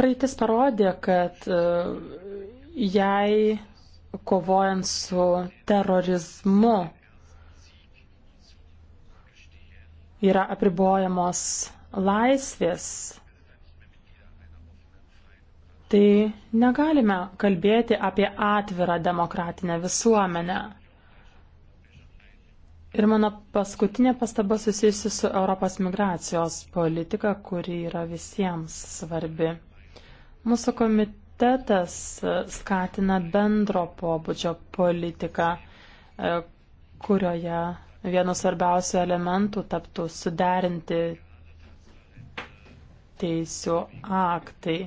Praeitis parodė, kad e, jei kovojant su terorizmu yra apribojamos laisvės, tai negalime kalbėti apie atvirą demokratinę visuomenę. Ir mano paskutinė pastaba susijusi su Europos migracijos politika, kuri yra visiems svarbi. Mūsų komitetas e, skatina bendro pobūdžio politiką, e, kurioje vienu svarbiausių elementų taptų suderinti teisų aktai.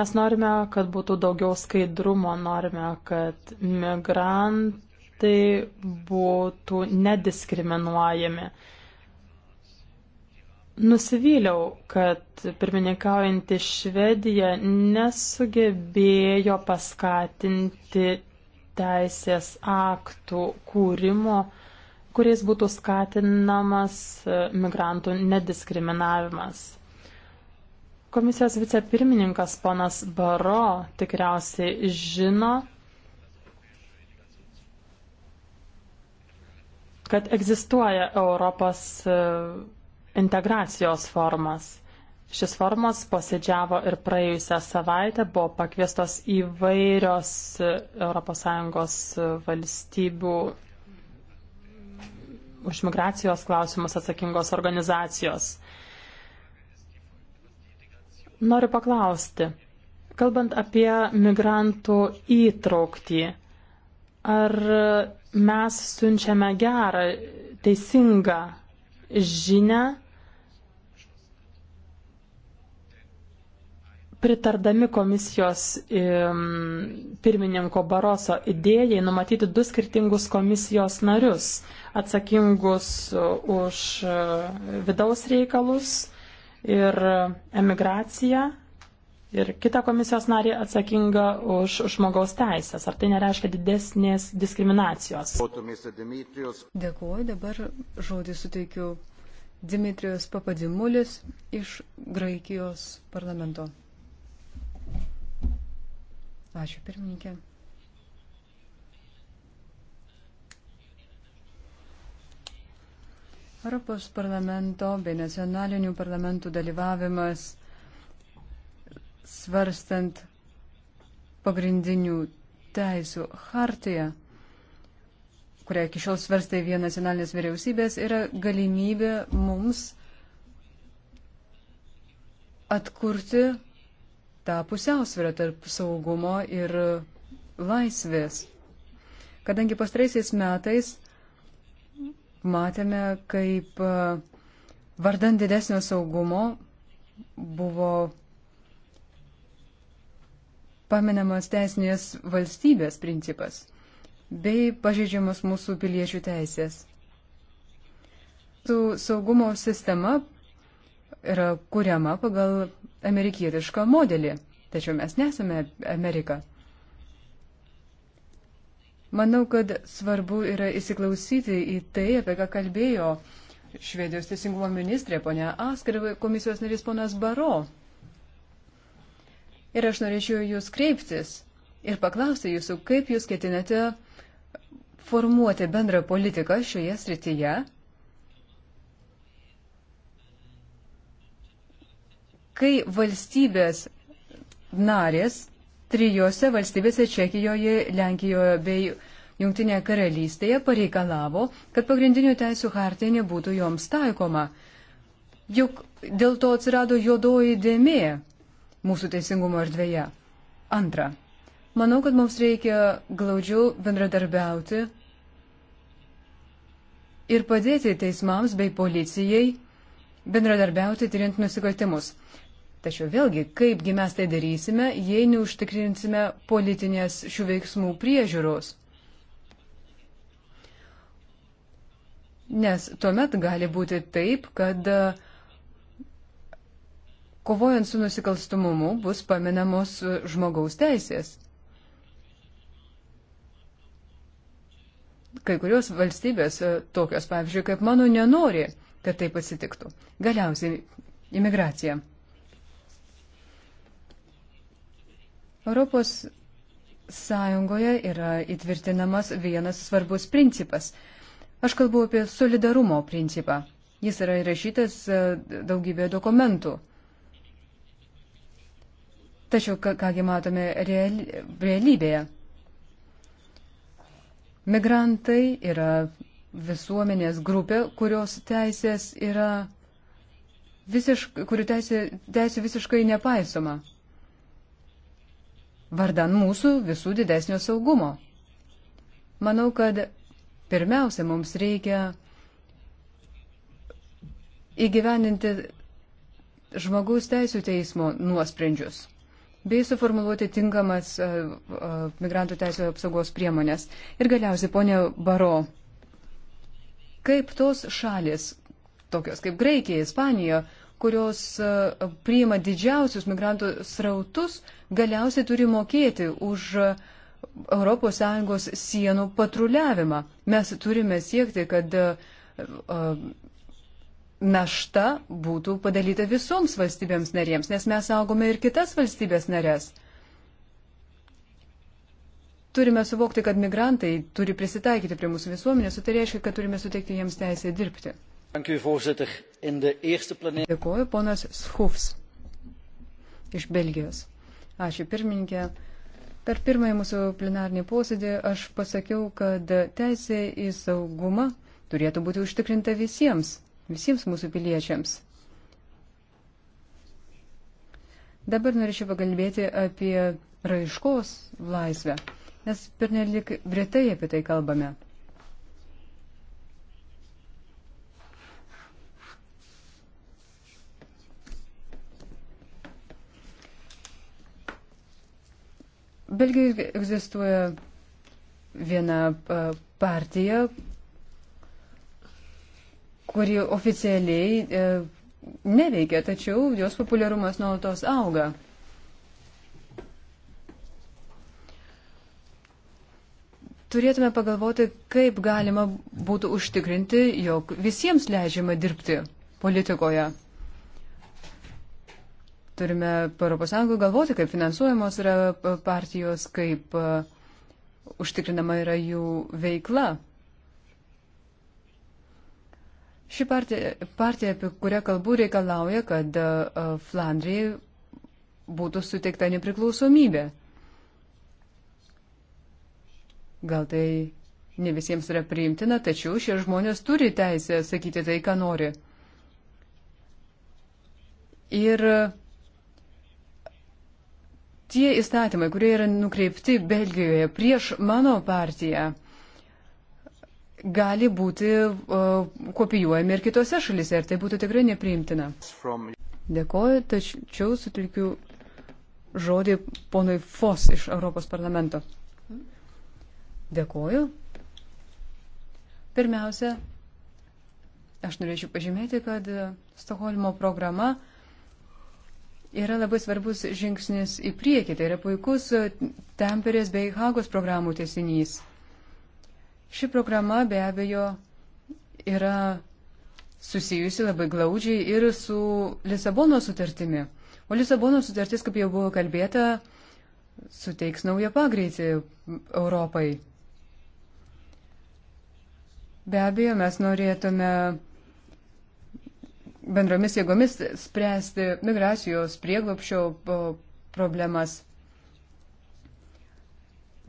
Mes norime, kad būtų daugiau skaidrumo, norime, kad migrantai būtų nediskriminuojami. Nusivyliau, kad pirmininkaujanti Švedija nesugebėjo paskatinti teisės aktų kūrimo, kuriais būtų skatinamas e, migrantų nediskriminavimas. Komisijos vicepirmininkas ponas Baro tikriausiai žino, kad egzistuoja Europos e, integracijos formas. Šis formas posėdžiavo ir praėjusią savaitę, buvo pakviestos įvairios ES valstybių už migracijos klausimus atsakingos organizacijos. Noriu paklausti, kalbant apie migrantų įtraukti, ar mes siunčiame gerą, teisingą žinę, pritardami komisijos pirmininko Baroso idėjai numatyti du skirtingus komisijos narius, atsakingus e, už e, vidaus reikalus ir e, emigraciją ir kitą komisijos narį atsakingą už žmogaus teisės. Ar tai nereiškia didesnės diskriminacijos? Dėkuoju, dabar žodį suteikiu Dimitrijos Papadimulis iš Graikijos parlamento. Ačiū, pirmininkė. Europos parlamento bei nacionalinių parlamentų dalyvavimas svarstant pagrindinių teisų hartiją, kurią iki šiol svarstė vien nacionalinės vyriausybės, yra galimybė mums atkurti tą pusiausvyrą tarp saugumo ir laisvės. Kadangi pastraisiais metais matėme, kaip vardan didesnio saugumo buvo paminamas teisinės valstybės principas bei pažeidžiamas mūsų piliečių teisės. Su saugumo sistema yra kuriama pagal amerikietišką modelį, tačiau mes nesame Amerika. Manau, kad svarbu yra įsiklausyti į tai, apie ką kalbėjo Švedijos teisingumo ministrė ponia Askar ir komisijos narys ponas Baro. Ir aš norėčiau jūs kreiptis ir paklausti jūsų, kaip jūs ketinate formuoti bendrą politiką šioje srityje. Kai valstybės narės trijose valstybėse Čekijoje, Lenkijoje bei Junktinėje karalystėje pareikalavo, kad pagrindinių teisų hartė nebūtų joms taikoma. Juk dėl to atsirado juodoji dėmė mūsų teisingumo erdvėje. Antra, manau, kad mums reikia glaudžiau bendradarbiauti ir padėti teismams bei policijai bendradarbiauti tyriant nusikaltimus. Tačiau vėlgi, kaipgi mes tai darysime, jei neužtikrinsime politinės šių veiksmų priežiūros. Nes tuomet gali būti taip, kad uh, kovojant su nusikalstumumu bus paminamos e, žmogaus teisės. Kai kurios valstybės, e, tokios pavyzdžiui kaip mano, nenori, kad tai pasitiktų. Galiausiai imigracija. Europos Sąjungoje yra įtvirtinamas vienas svarbus principas. Aš kalbu apie solidarumo principą. Jis yra įrašytas e, daugybė dokumentų. Tačiau kągi matome real, realybėje. Migrantai yra visuomenės grupė, kurios teisės yra visiškai, kurių teisė, teisė visiškai nepaisoma. Vardan mūsų visų didesnio saugumo. Manau, kad pirmiausia mums reikia įgyveninti žmogaus teisų teismo nuosprendžius bei suformuluoti tinkamas e, e, migrantų teisų apsaugos priemonės. Ir galiausiai, ponė Baro, kaip tos šalis, tokios kaip Graikija, Ispanija, kurios e, priima didžiausius migrantų srautus, galiausiai turi mokėti už ES sienų patruliavimą. Mes turime siekti, kad našta būtų padalyta visoms valstybėms narėms, nes mes saugome ir kitas valstybės narės. Turime suvokti, kad migrantai turi prisitaikyti prie mūsų visuomenės, o tai reiškia, kad turime suteikti jiems teisę dirbti. Dėkuoju, ponas Schufs iš Belgijos. Ačiū pirmininkė. Per pirmąjį mūsų plenarnį posėdį aš pasakiau, kad teisė į saugumą turėtų būti užtikrinta visiems visiems mūsų piliečiams. Dabar norėčiau pakalbėti apie raiškos laisvę, nes pernelik retai apie tai kalbame. Belgijoje egzistuoja viena partija, kuri oficialiai e, neveikia, tačiau jos populiarumas nuolatos auga. Turėtume pagalvoti, kaip galima būtų užtikrinti, jog visiems leidžiama dirbti politikoje. Turime Europos Sąjungoje galvoti, kaip finansuojamos yra partijos, kaip e, užtikrinama yra jų veikla. Ši partija, partija, apie kurią kalbu, reikalauja, kad e, e, Flandrijai būtų suteikta nepriklausomybė. Gal tai ne visiems yra priimtina, tačiau šie žmonės turi teisę sakyti tai, ką nori. Ir e, tie įstatymai, kurie yra nukreipti Belgijoje prieš mano partiją, gali būti uh, kopijuojami ir kitose šalise ir tai būtų tikrai nepriimtina. Dėkoju, tačiau sutilkiu žodį ponui Fos iš Europos parlamento. Dėkoju. Pirmiausia, aš norėčiau pažymėti, kad Stokholmo programa yra labai svarbus žingsnis į priekį. Tai yra puikus Temperės bei Hagos programų tiesinys. Ši programa be abejo yra susijusi labai glaudžiai ir su Lisabono sutartimi. O Lisabono sutartis, kaip jau buvo kalbėta, suteiks naują pagreitį Europai. Be abejo, mes norėtume bendromis jėgomis spręsti migracijos prieglopšio problemas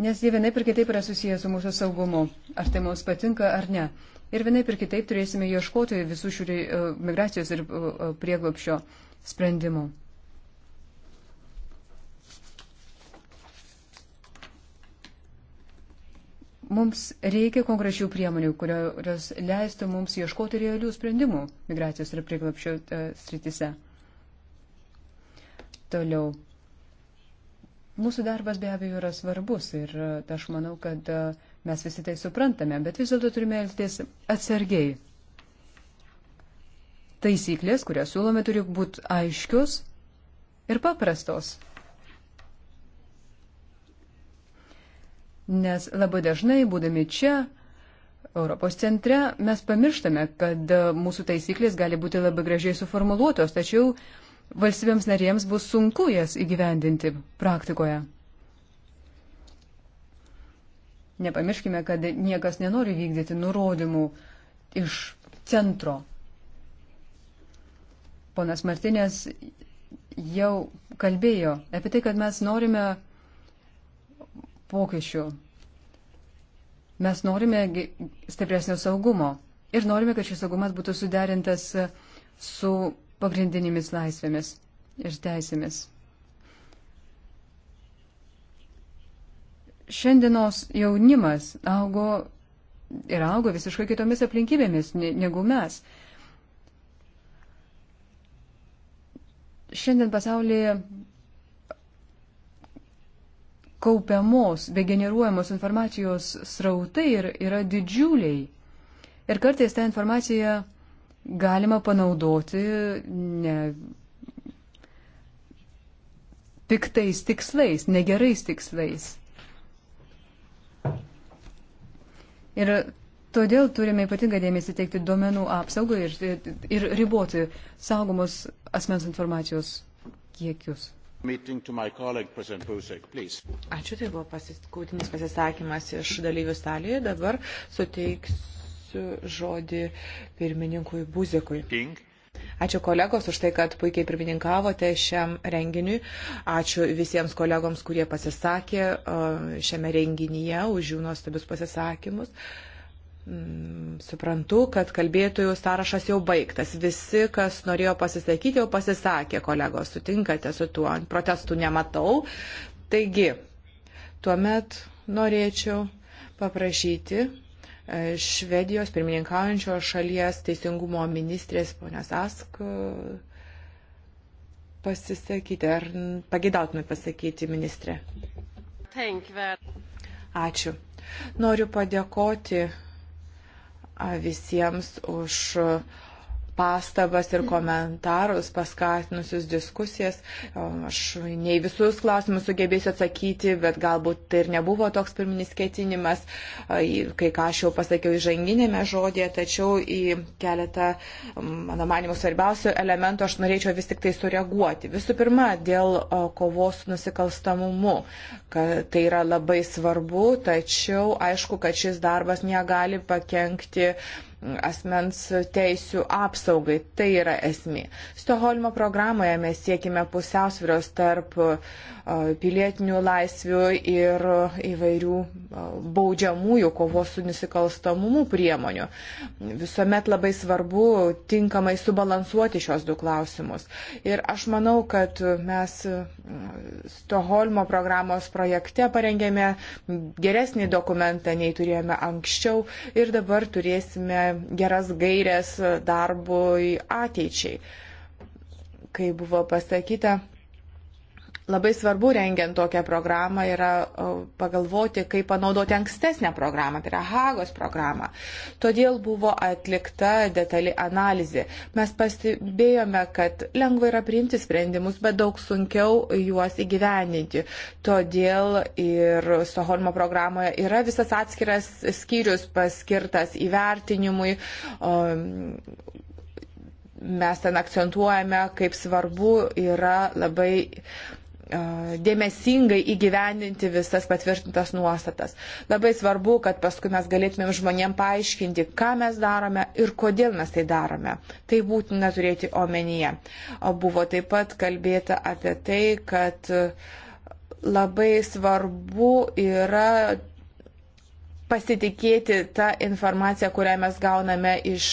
nes jie vienaip ir kitaip yra susijęs su mūsų saugumu, ar tai mums patinka ar ne. Ir vienaip ir kitaip turėsime ieškoti visų šių e, migracijos ir e, e, prieglopšio sprendimų. Mums reikia konkrečių priemonių, kurios leistų mums ieškoti realių sprendimų migracijos ir prieglopšio sritise. Toliau. Mūsų darbas be abejo yra svarbus ir e, aš manau, kad e, mes visi tai suprantame, bet vis dėlto turime elgtis atsargiai. Taisyklės, kurias siūlome, turi būti aiškius ir paprastos. Nes labai dažnai, būdami čia, Europos centre, mes pamirštame, kad e, mūsų taisyklės gali būti labai gražiai suformuluotos, tačiau uh, valstybėms narėms bus sunku jas įgyvendinti praktikoje. Nepamirškime, kad niekas nenori vykdyti nurodymų iš centro. Ponas Martinės jau kalbėjo apie tai, kad mes norime pokyčių. Mes norime stipresnio saugumo ir norime, kad šis saugumas būtų suderintas su pagrindinėmis laisvėmis ir teisėmis. Šiandienos jaunimas augo ir augo visiškai kitomis aplinkybėmis negu mes. Šiandien pasaulyje kaupiamos, degeneruojamos informacijos srautai yra, yra didžiuliai. Ir kartais ta informacija galima panaudoti ne piktais tikslais, negerais tikslais. Ir todėl turime ypatingą dėmesį teikti duomenų apsaugai ir, ir riboti saugomos asmens informacijos kiekius. Busek, Ačiū, tai buvo pasiskutinis pasisakymas iš dalyvių salėje. Dabar suteiksiu suteiksiu žodį pirmininkui Buzikui. King. Ačiū kolegos už tai, kad puikiai pirmininkavote šiam renginiui. Ačiū visiems kolegoms, kurie pasisakė e, šiame renginyje už jų nuostabius pasisakymus. Mm, suprantu, kad kalbėtojų sąrašas jau baigtas. Visi, kas norėjo pasisakyti, jau pasisakė, kolegos, sutinkate su tuo. Protestų nematau. Taigi, tuomet norėčiau paprašyti Švedijos pirmininkaujančios šalies teisingumo ministrės ponios Ask pasisakyti, ar pagėdautumėt pasakyti ministrė? Ačiū. Noriu padėkoti visiems už uh, pastabas ir komentarus, paskatinusius diskusijas. Ehm, aš ne visus klausimus sugebėsiu atsakyti, bet galbūt tai ir nebuvo toks pirminis ketinimas, kai ką aš jau pasakiau įžanginėme žodėje, tačiau į keletą, mano manimų, svarbiausių elementų aš norėčiau vis tik tai sureaguoti. Visų pirma, dėl kovos su nusikalstamumu, kad tai yra labai svarbu, tačiau aišku, kad šis darbas negali pakengti asmens teisių apsaugai. Tai yra esmė. Stoholmo programoje mes siekime pusiausvyros tarp e, pilietinių laisvių ir įvairių e, baudžiamųjų kovos su nusikalstamumu priemonių. Visuomet labai svarbu tinkamai subalansuoti šios du klausimus. Ir aš manau, kad mes e, Stoholmo programos projekte parengėme geresnį dokumentą, nei turėjome anksčiau ir dabar turėsime geras gairias darbui ateičiai. Kai buvo pasakyta, Labai svarbu rengiant tokią programą yra pagalvoti, kaip panaudoti ankstesnę programą, tai yra Hagos programą. Todėl buvo atlikta detali analizė. Mes pastebėjome, kad lengva yra priimti sprendimus, bet daug sunkiau juos įgyveninti. Todėl ir Stoholmo programoje yra visas atskiras skyrius paskirtas įvertinimui. Mes ten akcentuojame, kaip svarbu yra labai dėmesingai įgyvendinti visas patvirtintas nuostatas. Labai svarbu, kad paskui mes galėtumėm žmonėm paaiškinti, ką mes darome ir kodėl mes tai darome. Tai būtina turėti omenyje. Buvo taip pat kalbėta apie tai, kad labai svarbu yra pasitikėti tą informaciją, kurią mes gauname iš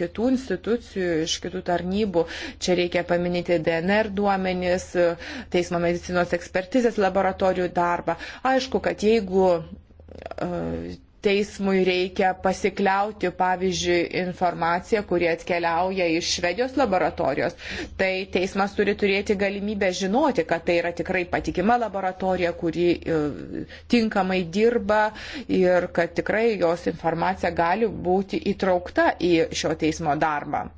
kitų institucijų, iš kitų tarnybų. Čia reikia paminėti DNR duomenis, teismo medicinos ekspertizės laboratorijų darbą. Aišku, kad jeigu e, teismui reikia pasikliauti, pavyzdžiui, informaciją, kurie atkeliauja iš Švedijos laboratorijos, tai teismas turi turėti galimybę žinoti, kad tai yra tikrai patikima laboratorija, kuri e, tinkamai dirba ir kad tikrai jos informacija gali būti įtraukta į šio teismo darbą.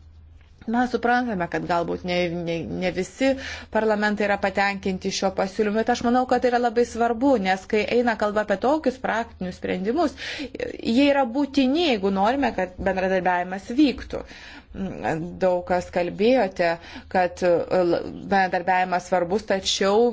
Mes suprantame, kad galbūt ne, ne, ne visi parlamentai yra patenkinti šio pasiūlymu, bet aš manau, kad tai yra labai svarbu, nes kai eina kalba apie tokius praktinius sprendimus, jie yra būtini, jeigu norime, kad bendradarbiavimas vyktų daug kas kalbėjote, kad e, bendarbiavimas svarbus, tačiau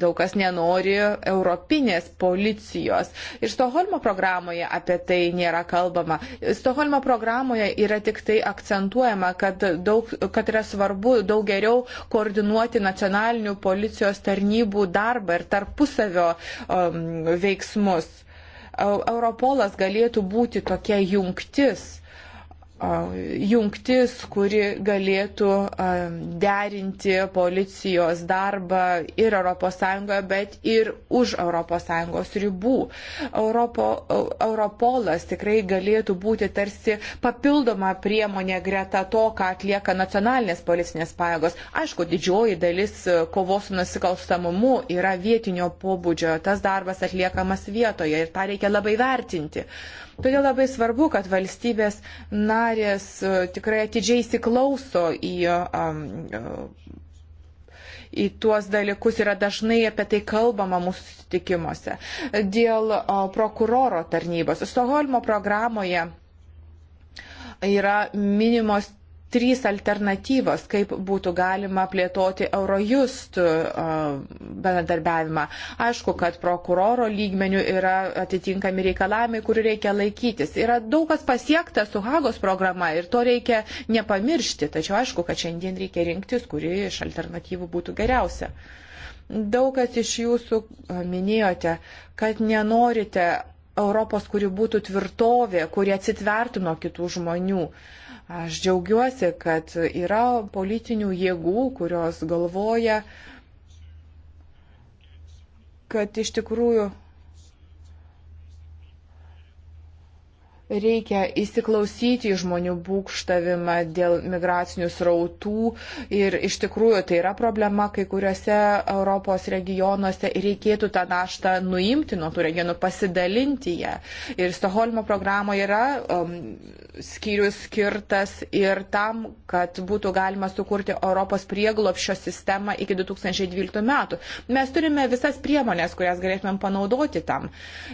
daug kas nenori europinės policijos. Ir Stoholmo programoje apie tai nėra kalbama. Stoholmo programoje yra tik tai akcentuojama, kad, daug, kad yra svarbu daug geriau koordinuoti nacionalinių policijos tarnybų darbą ir tarpusavio um, veiksmus. Europolas galėtų būti tokia jungtis jungtis, kuri galėtų derinti policijos darbą ir ES, bet ir už ES ribų. Europo, Europolas tikrai galėtų būti tarsi papildoma priemonė greta to, ką atlieka nacionalinės policinės pajėgos. Aišku, didžioji dalis kovos su nusikalstamumu yra vietinio pobūdžio, tas darbas atliekamas vietoje ir tą reikia labai vertinti. Uh, Todėl labai svarbu, kad valstybės narės e, tikrai atidžiai įsiklauso į. Um, į tuos dalykus yra dažnai apie tai kalbama mūsų susitikimuose. Dėl prokuroro tarnybos. Stoholmo programoje yra minimos trys alternatyvos, kaip būtų galima plėtoti Eurojust e, bendradarbiavimą. Aišku, kad prokuroro lygmenių yra atitinkami reikalavimai, kurių reikia laikytis. Yra daug kas pasiekta su Hagos programa ir to reikia nepamiršti. Tačiau aišku, kad šiandien reikia rinktis, kuri iš alternatyvų būtų geriausia. Daug kas iš jūsų e, minėjote, kad nenorite Europos, kuri būtų tvirtovė, kuri atsitvertų nuo kitų žmonių. Uh, Aš džiaugiuosi, kad yra politinių jėgų, kurios galvoja, kad iš tikrųjų Reikia įsiklausyti į žmonių būkštavimą dėl migracinių srautų ir iš tikrųjų tai yra problema kai kuriuose Europos regionuose ir reikėtų tą naštą nuimti nuo tų regionų, pasidalinti ją. Ir Stoholmo programoje yra um, skyrius skirtas ir tam, kad būtų galima sukurti Europos prieglopščio sistemą iki 2012 metų. Mes turime visas priemonės, kurias galėtumėm panaudoti tam.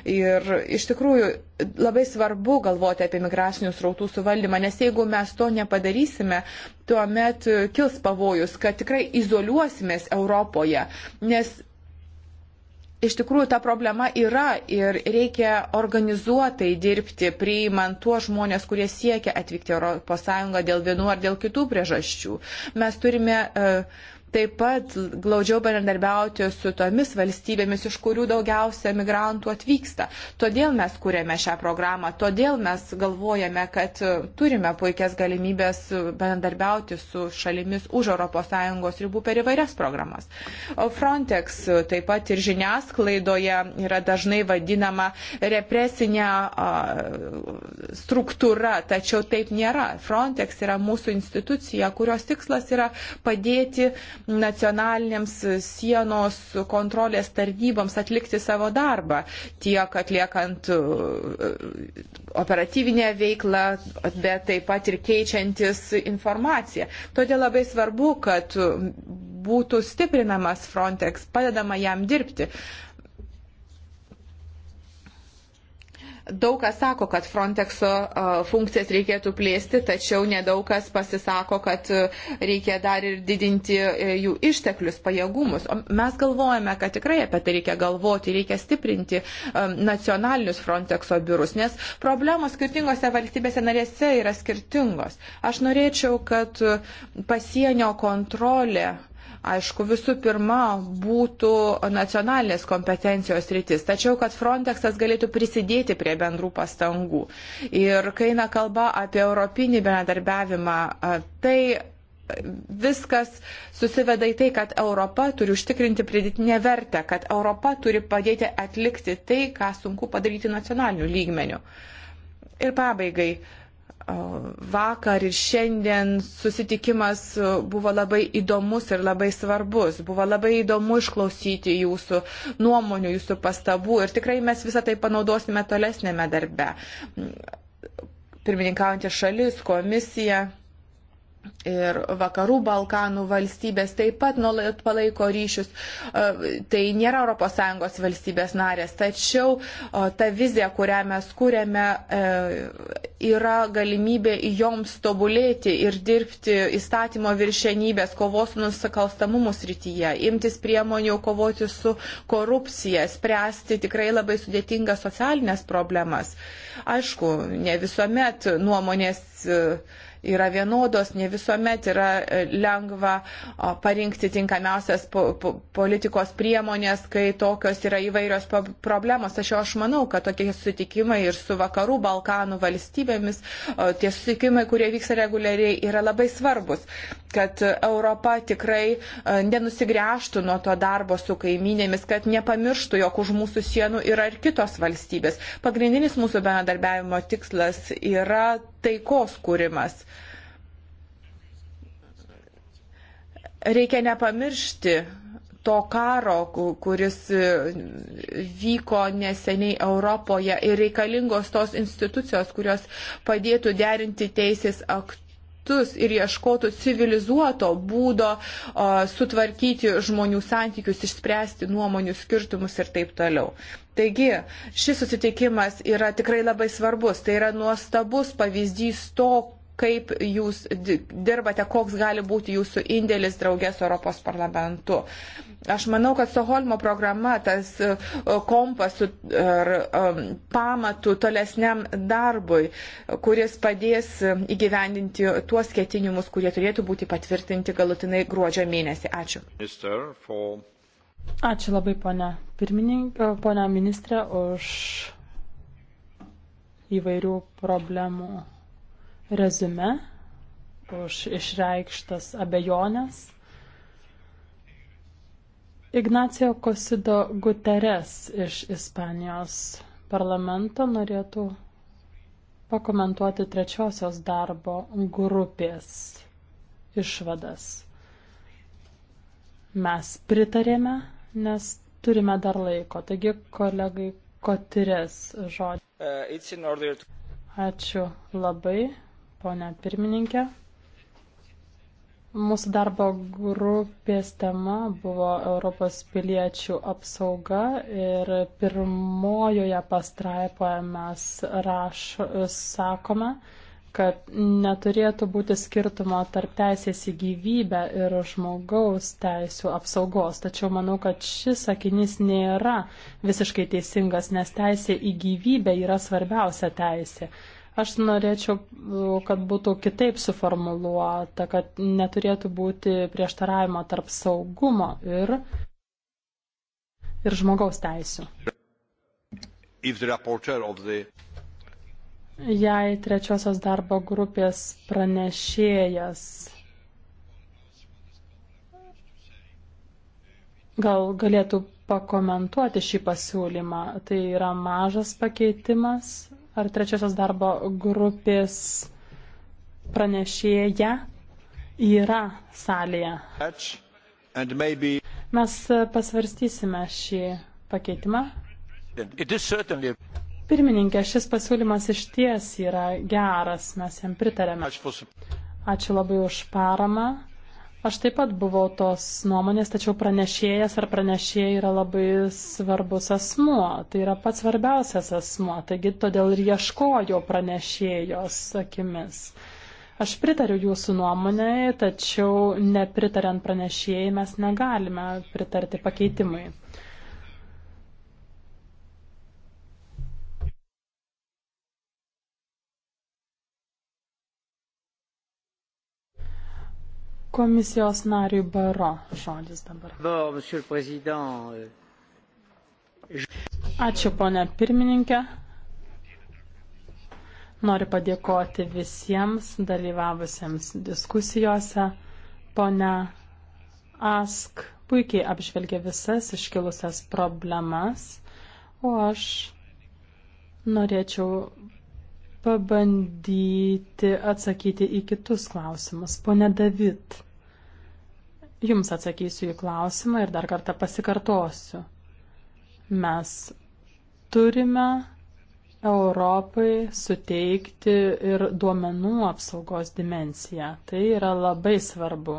Ir iš tikrųjų labai svarbu galvoti apie migracinių srautų suvaldymą, nes jeigu mes to nepadarysime, tuomet e, kils pavojus, kad tikrai izoliuosimės Europoje, nes iš tikrųjų ta problema yra ir reikia organizuotai dirbti, priimant tuos žmonės, kurie siekia atvykti ES dėl vienų ar dėl kitų priežasčių. Mes turime uh, taip pat glaudžiau bendradarbiauti su tomis valstybėmis, iš kurių daugiausia migrantų atvyksta. Todėl mes kūrėme šią programą, todėl mes galvojame, kad turime puikias galimybės bendradarbiauti su šalimis už ES ribų per įvairias programas. Frontex taip pat ir žiniasklaidoje yra dažnai vadinama represinė struktūra, tačiau taip nėra. Frontex yra mūsų institucija, kurios tikslas yra padėti nacionalinėms sienos kontrolės tarnyboms atlikti savo darbą, tiek atliekant uh, operatyvinę veiklą, bet taip pat ir keičiantis informaciją. Todėl labai svarbu, kad būtų stiprinamas Frontex, padedama jam dirbti. Daug kas sako, kad Frontexo funkcijas reikėtų plėsti, tačiau nedaug kas pasisako, kad reikia dar ir didinti e, jų išteklius, pajėgumus. O mes galvojame, kad tikrai apie tai reikia galvoti, reikia stiprinti nacionalinius Frontexo biurus, nes problemos skirtingose valstybėse narėse yra skirtingos. Aš norėčiau, kad pasienio kontrolė aišku, visų pirma būtų nacionalinės kompetencijos rytis, tačiau kad Frontexas galėtų prisidėti prie bendrų pastangų. Ir kai eina kalba apie europinį bendradarbiavimą, tai viskas susiveda į tai, kad Europa turi užtikrinti pridėtinę vertę, kad Europa turi padėti atlikti tai, ką sunku padaryti nacionaliniu lygmeniu. Ir pabaigai. Uh, vakar ir šiandien susitikimas buvo labai įdomus ir labai svarbus. Buvo labai įdomu išklausyti jūsų nuomonių, jūsų pastabų ir tikrai mes visą tai panaudosime tolesnėme darbe. Pirmininkaujantė šalis, komisija ir vakarų Balkanų valstybės taip pat nuolat palaiko ryšius. E, tai nėra ES valstybės narės, tačiau e, ta vizija, kurią mes kūrėme, e, yra galimybė joms tobulėti ir dirbti įstatymo viršenybės, kovos nusikalstamumus rytyje, imtis priemonių kovoti su korupcija, spręsti tikrai labai sudėtingas socialinės problemas. Aišku, ne visuomet nuomonės yra vienodos, ne visuomet yra e, lengva parinkti tinkamiausias politikos priemonės, kai tokios yra įvairios problemos. Aš jau aš manau, kad tokie sutikimai ir su vakarų Balkanų valstybėmis, tie sutikimai, kurie vyksta reguliariai, yra labai svarbus kad Europa tikrai e, nenusigręžtų nuo to darbo su kaiminėmis, kad nepamirštų, jog už mūsų sienų yra ir kitos valstybės. Pagrindinis mūsų bendradarbiavimo tikslas yra taikos kūrimas. Reikia nepamiršti to karo, kuris e, vyko neseniai Europoje ir reikalingos tos institucijos, kurios padėtų derinti teisės aktus kitus ir ieškotų civilizuoto būdo o, sutvarkyti žmonių santykius, išspręsti nuomonių skirtumus ir taip toliau. Taigi, šis susitikimas yra tikrai labai svarbus. Tai yra nuostabus pavyzdys to, kaip jūs dirbate, koks gali būti jūsų indėlis draugės Europos parlamentu. Aš manau, kad Stoholmo programa, tas e, kompas ir e, pamatų tolesniam darbui, kuris padės e, įgyvendinti tuos ketinimus, kurie turėtų būti patvirtinti galutinai gruodžio mėnesį. Ačiū. Minister, for... Ačiū labai, ponia, ponia ministrė, už įvairių problemų rezume už išreikštas abejonės. Ignacio Kosido Guterres iš Ispanijos parlamento norėtų pakomentuoti trečiosios darbo grupės išvadas. Mes pritarėme, nes turime dar laiko. Taigi, kolegai Kotirės žodį. Uh, Ačiū labai ponia pirmininkė. Mūsų darbo grupės tema buvo Europos piliečių apsauga ir pirmojoje pastraipoje mes raš, sakome, kad neturėtų būti skirtumo tarp teisės į gyvybę ir žmogaus teisų apsaugos. Tačiau manau, kad šis sakinys nėra visiškai teisingas, nes teisė į gyvybę yra svarbiausia teisė. Aš norėčiau, kad būtų kitaip suformuluota, kad neturėtų būti prieštaravimo tarp saugumo ir, ir žmogaus teisų. The... Jei trečiosios darbo grupės pranešėjas gal galėtų pakomentuoti šį pasiūlymą, tai yra mažas pakeitimas, ar trečiosios darbo grupės pranešėja yra salėje. Mes pasvarstysime šį pakeitimą. Pirmininkė, šis pasiūlymas iš ties yra geras, mes jam pritarėme. Ačiū labai už paramą. Aš taip pat buvau tos nuomonės, tačiau pranešėjas ar pranešėjai yra labai svarbus asmuo, tai yra pats svarbiausias asmuo, taigi todėl ir ieškojau pranešėjos akimis. Aš pritariu jūsų nuomonėje, tačiau nepritariant pranešėjai mes negalime pritarti pakeitimui. Komisijos nariui Baro žodis dabar. Euh, Ačiū, ponė pirmininkė. Noriu padėkoti visiems dalyvavusiems diskusijose. Pone Ask puikiai apžvelgė visas iškilusias problemas, o aš norėčiau pabandyti atsakyti į kitus klausimus. Pone David, jums atsakysiu į klausimą ir dar kartą pasikartosiu. Mes turime Europai suteikti ir duomenų apsaugos dimenciją. Tai yra labai svarbu.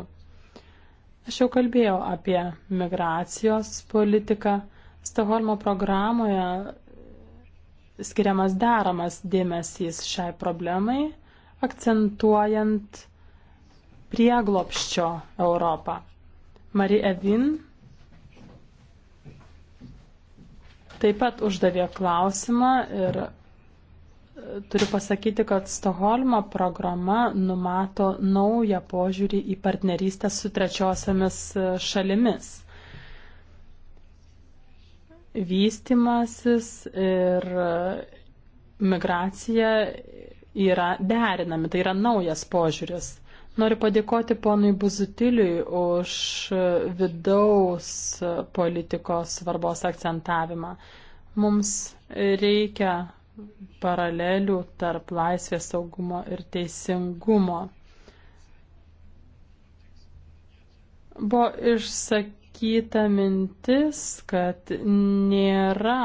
Aš jau kalbėjau apie migracijos politiką. Stokholmo programoje skiriamas deramas dėmesys šiai problemai, akcentuojant prieglopščio Europą. Marie Evin taip pat uždavė klausimą ir e, turiu pasakyti, kad Stoholmo programa numato naują požiūrį į partnerystę su trečiosiamis e, šalimis vystimasis ir migracija yra derinami, tai yra naujas požiūris. Noriu padėkoti ponui Buzutiliui už vidaus politikos svarbos akcentavimą. Mums reikia paralelių tarp laisvės saugumo ir teisingumo. Buvo išsakyti išsakyta mintis, kad nėra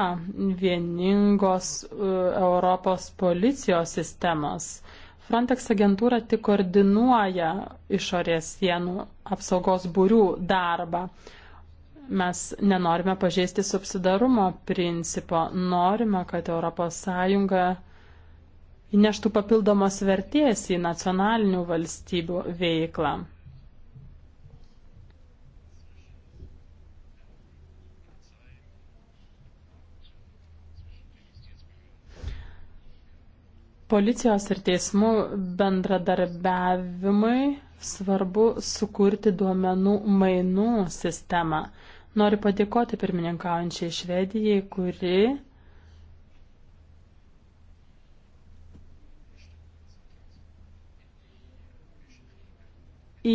vieningos e, Europos policijos sistemos. Frontex agentūra tik koordinuoja išorės sienų apsaugos būrių darbą. Mes nenorime pažeisti subsidarumo principo, norime, kad ES įneštų papildomos vertės į nacionalinių valstybių veiklą. Policijos ir teismų bendradarbiavimui svarbu sukurti duomenų mainų sistemą. Noriu padėkoti pirmininkaujančiai Švedijai, kuri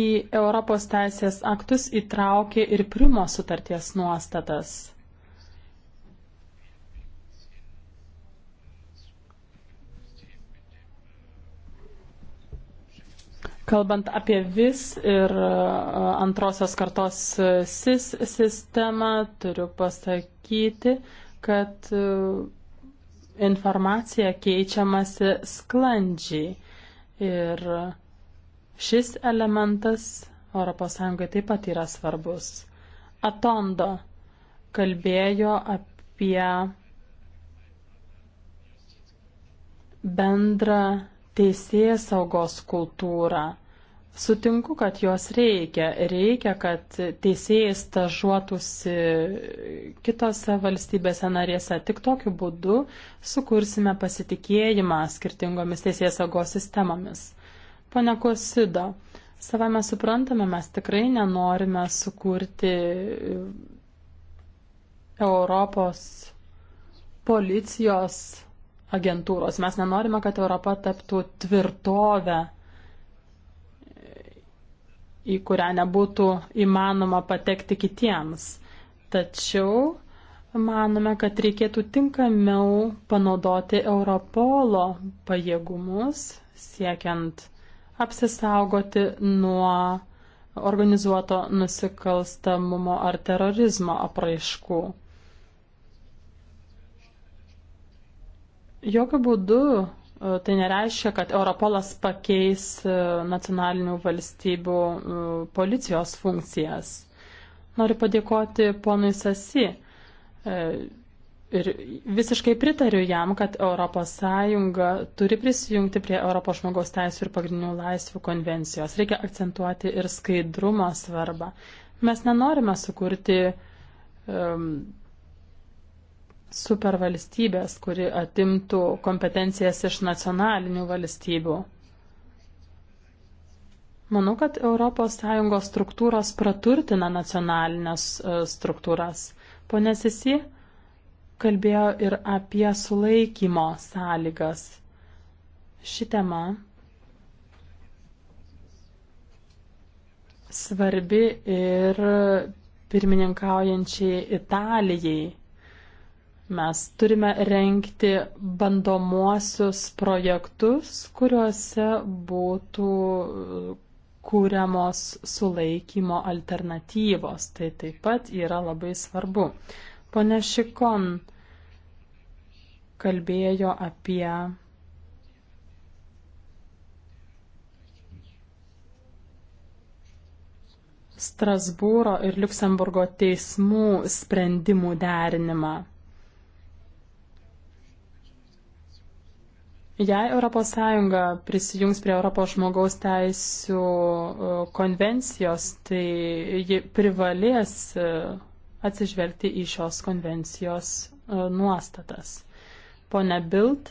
į Europos teisės aktus įtraukė ir Primo sutarties nuostatas. Kalbant apie vis ir e, antrosios kartos e, SIS sistemą, turiu pasakyti, kad e, informacija keičiamasi sklandžiai. Ir šis elementas ES taip pat yra svarbus. Atondo kalbėjo apie bendrą teisės saugos kultūrą. Sutinku, kad jos reikia. Reikia, kad teisėjai stažuotųsi kitose valstybėse narėse. Tik tokiu būdu sukursime pasitikėjimą skirtingomis teisės saugos sistemomis. Pane Kosido, savame suprantame, mes tikrai nenorime sukurti Europos policijos agentūros. Mes nenorime, kad Europa taptų tvirtovę, į kurią nebūtų įmanoma patekti kitiems. Tačiau manome, kad reikėtų tinkamiau panaudoti Europolo pajėgumus, siekiant apsisaugoti nuo organizuoto nusikalstamumo ar terorizmo apraiškų. Jokių būdų e, tai nereiškia, kad Europolas pakeis e, nacionalinių valstybių e, policijos funkcijas. Noriu padėkoti ponui Sasi. Ir visiškai pritariu jam, kad ES turi prisijungti prie Europos žmogaus teisų ir pagrindinių laisvių konvencijos. Reikia akcentuoti ir skaidrumo svarbą. Mes nenorime sukurti um, supervalstybės, kuri atimtų kompetencijas iš nacionalinių valstybių. Manau, kad ES struktūros praturtina nacionalinės e, struktūras. Pone Sisi kalbėjo ir apie sulaikymo sąlygas. Ši tema svarbi ir pirmininkaujančiai Italijai. Mes turime renkti bandomuosius projektus, kuriuose būtų uh, kūriamos sulaikymo alternatyvos. Tai taip pat yra labai svarbu. Pone Šikon kalbėjo apie Strasbūro ir Luksemburgo teismų sprendimų derinimą. Jei ES prisijungs prie Europos žmogaus teisų e, konvencijos, tai ji privalės e, atsižvelgti į šios konvencijos e, nuostatas. Pone Bild,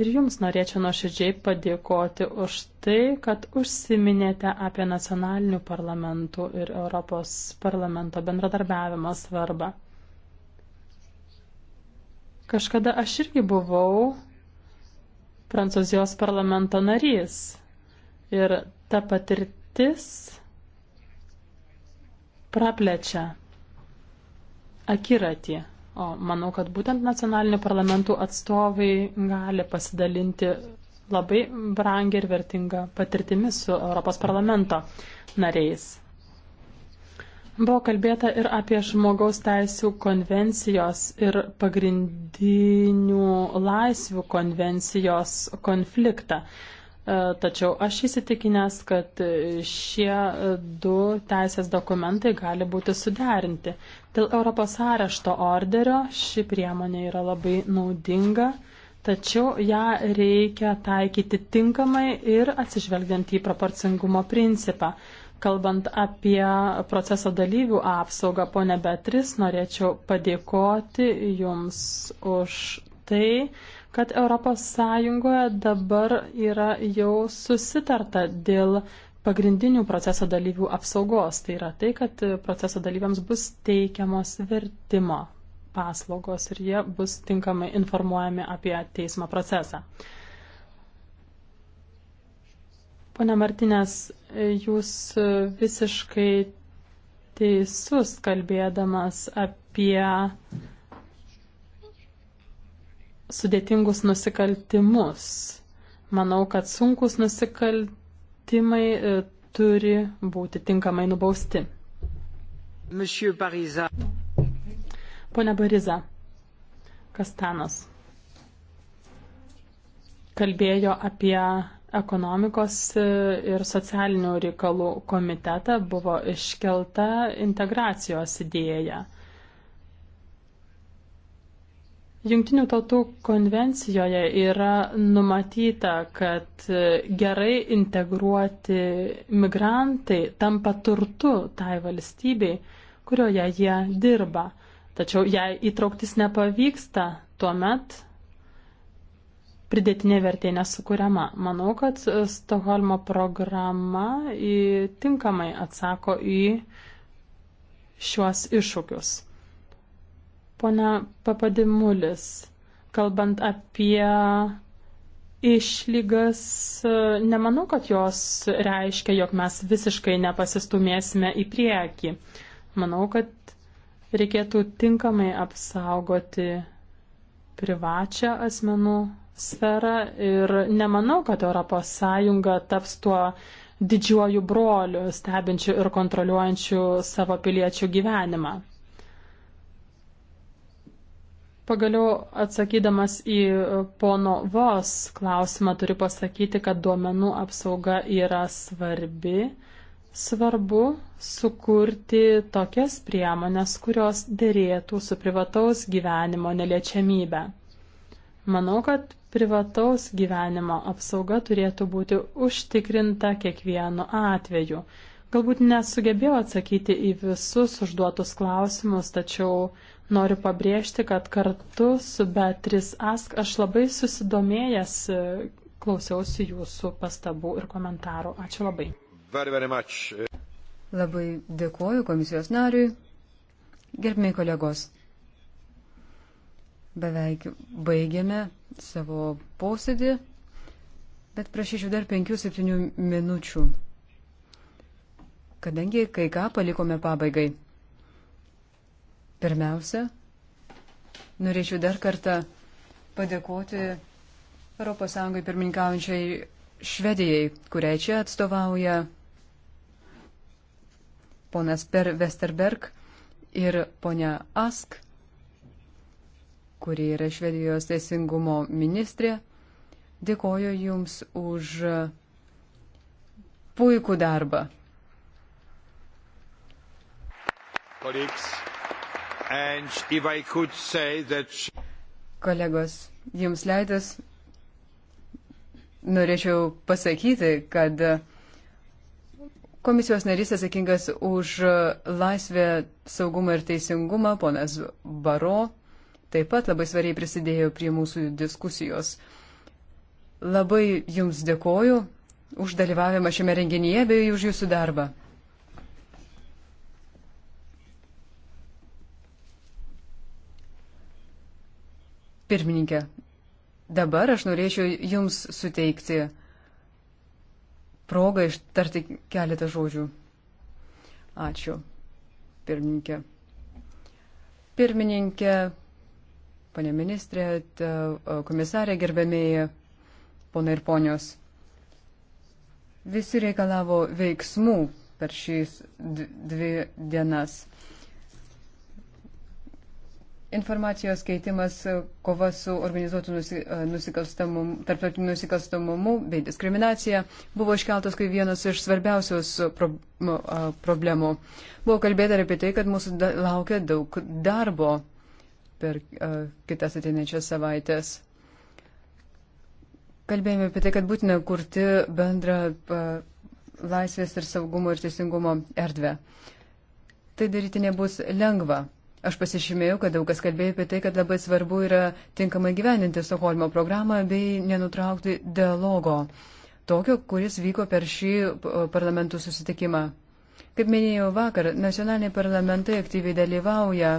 ir jums norėčiau nuoširdžiai padėkoti už tai, kad užsiminėte apie nacionalinių parlamentų ir Europos parlamento bendradarbiavimo svarbą. Kažkada aš irgi buvau Prancūzijos parlamento narys. Ir ta patirtis praplečia akiratį. O manau, kad būtent nacionalinių parlamentų atstovai gali pasidalinti labai brangia ir vertinga patirtimi su Europos parlamento nariais. Buvo kalbėta ir apie žmogaus teisų konvencijos ir pagrindinių laisvių konvencijos konfliktą. E, tačiau aš įsitikinęs, kad šie du teisės dokumentai gali būti suderinti. Dėl Europos arešto orderio ši priemonė yra labai naudinga, tačiau ją reikia taikyti tinkamai ir atsižvelgiant į proporcingumo principą. Kalbant apie proceso dalyvių apsaugą, ponė Betris, norėčiau padėkoti Jums už tai, kad ES dabar yra jau susitarta dėl pagrindinių proceso dalyvių apsaugos. Tai yra tai, kad proceso dalyviams bus teikiamos vertimo paslaugos ir jie bus tinkamai informuojami apie teismo procesą. Pone Martinės, jūs visiškai teisus kalbėdamas apie sudėtingus nusikaltimus. Manau, kad sunkus nusikaltimai e, turi būti tinkamai nubausti. Bariza. Pone Bariza, Kastanas kalbėjo apie ekonomikos e, ir socialinių reikalų komitetą buvo iškelta integracijos idėja. Jungtinių tautų konvencijoje yra numatyta, kad e, gerai integruoti migrantai tampa turtu tai valstybei, kurioje jie dirba. Tačiau jei įtrauktis nepavyksta, tuomet pridėtinė vertė nesukuriama. Manau, kad e, Stokholmo programa tinkamai atsako į šiuos iššūkius. Pone Papadimulis, kalbant apie išlygas, e, nemanau, kad jos reiškia, jog mes visiškai nepasistumėsime į priekį. Manau, kad reikėtų tinkamai apsaugoti privačią asmenų sferą ir nemanau, kad ES taps tuo didžiuoju broliu, stebinčiu ir kontroliuojančiu savo piliečių gyvenimą. Pagaliau atsakydamas į pono Vos klausimą turiu pasakyti, kad duomenų apsauga yra svarbi. Svarbu sukurti tokias priemonės, kurios dėrėtų su privataus gyvenimo neliečiamybė. Manau, kad privataus gyvenimo apsauga turėtų būti užtikrinta kiekvienu atveju. Galbūt nesugebėjau atsakyti į visus užduotus klausimus, tačiau noriu pabrėžti, kad kartu su Beatris Ask aš labai susidomėjęs klausiausi jūsų pastabų ir komentarų. Ačiū labai. Very, very much. Labai dėkuoju komisijos nariui. Gerbimiai kolegos beveik baigiame savo posėdį, bet prašyčiau dar 5-7 minučių, kadangi kai ką palikome pabaigai. Pirmiausia, norėčiau dar kartą padėkoti ES pirmininkaujančiai Švedijai, kuriai čia atstovauja ponas Per Westerberg ir ponia Ask kuri yra Švedijos teisingumo ministrė. Dėkoju Jums už puikų darbą. Kolegos, Jums leidus, norėčiau pasakyti, kad Komisijos narys atsakingas už laisvę, saugumą ir teisingumą, ponas Baro, taip pat labai svariai prisidėjo prie mūsų diskusijos. Labai Jums dėkoju už dalyvavimą šiame renginyje bei už Jūsų darbą. Pirmininkė, dabar aš norėčiau Jums suteikti progą ištarti keletą žodžių. Ačiū, pirmininkė. Pirmininkė, Pane ministrė, komisarė, gerbėmėjai, ponai ir ponios. Visi reikalavo veiksmų per šīs dvi dienas. Informacijos keitimas, kova su organizuotu e, nusikalstamumu, tarptautiniu nusikalstamumu bei diskriminacija buvo iškeltos kaip vienas iš svarbiausios pro, problemų. Buvo kalbėta apie tai, kad mūsų da, laukia daug darbo per uh, kitas ateinančias savaitės. Kalbėjome apie tai, kad būtina kurti bendrą uh, laisvės ir saugumo ir teisingumo erdvę. Tai daryti nebus lengva. Aš pasišymėjau, kad daug kas kalbėjo apie tai, kad labai svarbu yra tinkamai gyveninti Stokholmo programą bei nenutraukti dialogo, tokio, kuris vyko per šį parlamentų susitikimą. Kaip minėjau vakar, nacionaliniai parlamentai aktyviai dalyvauja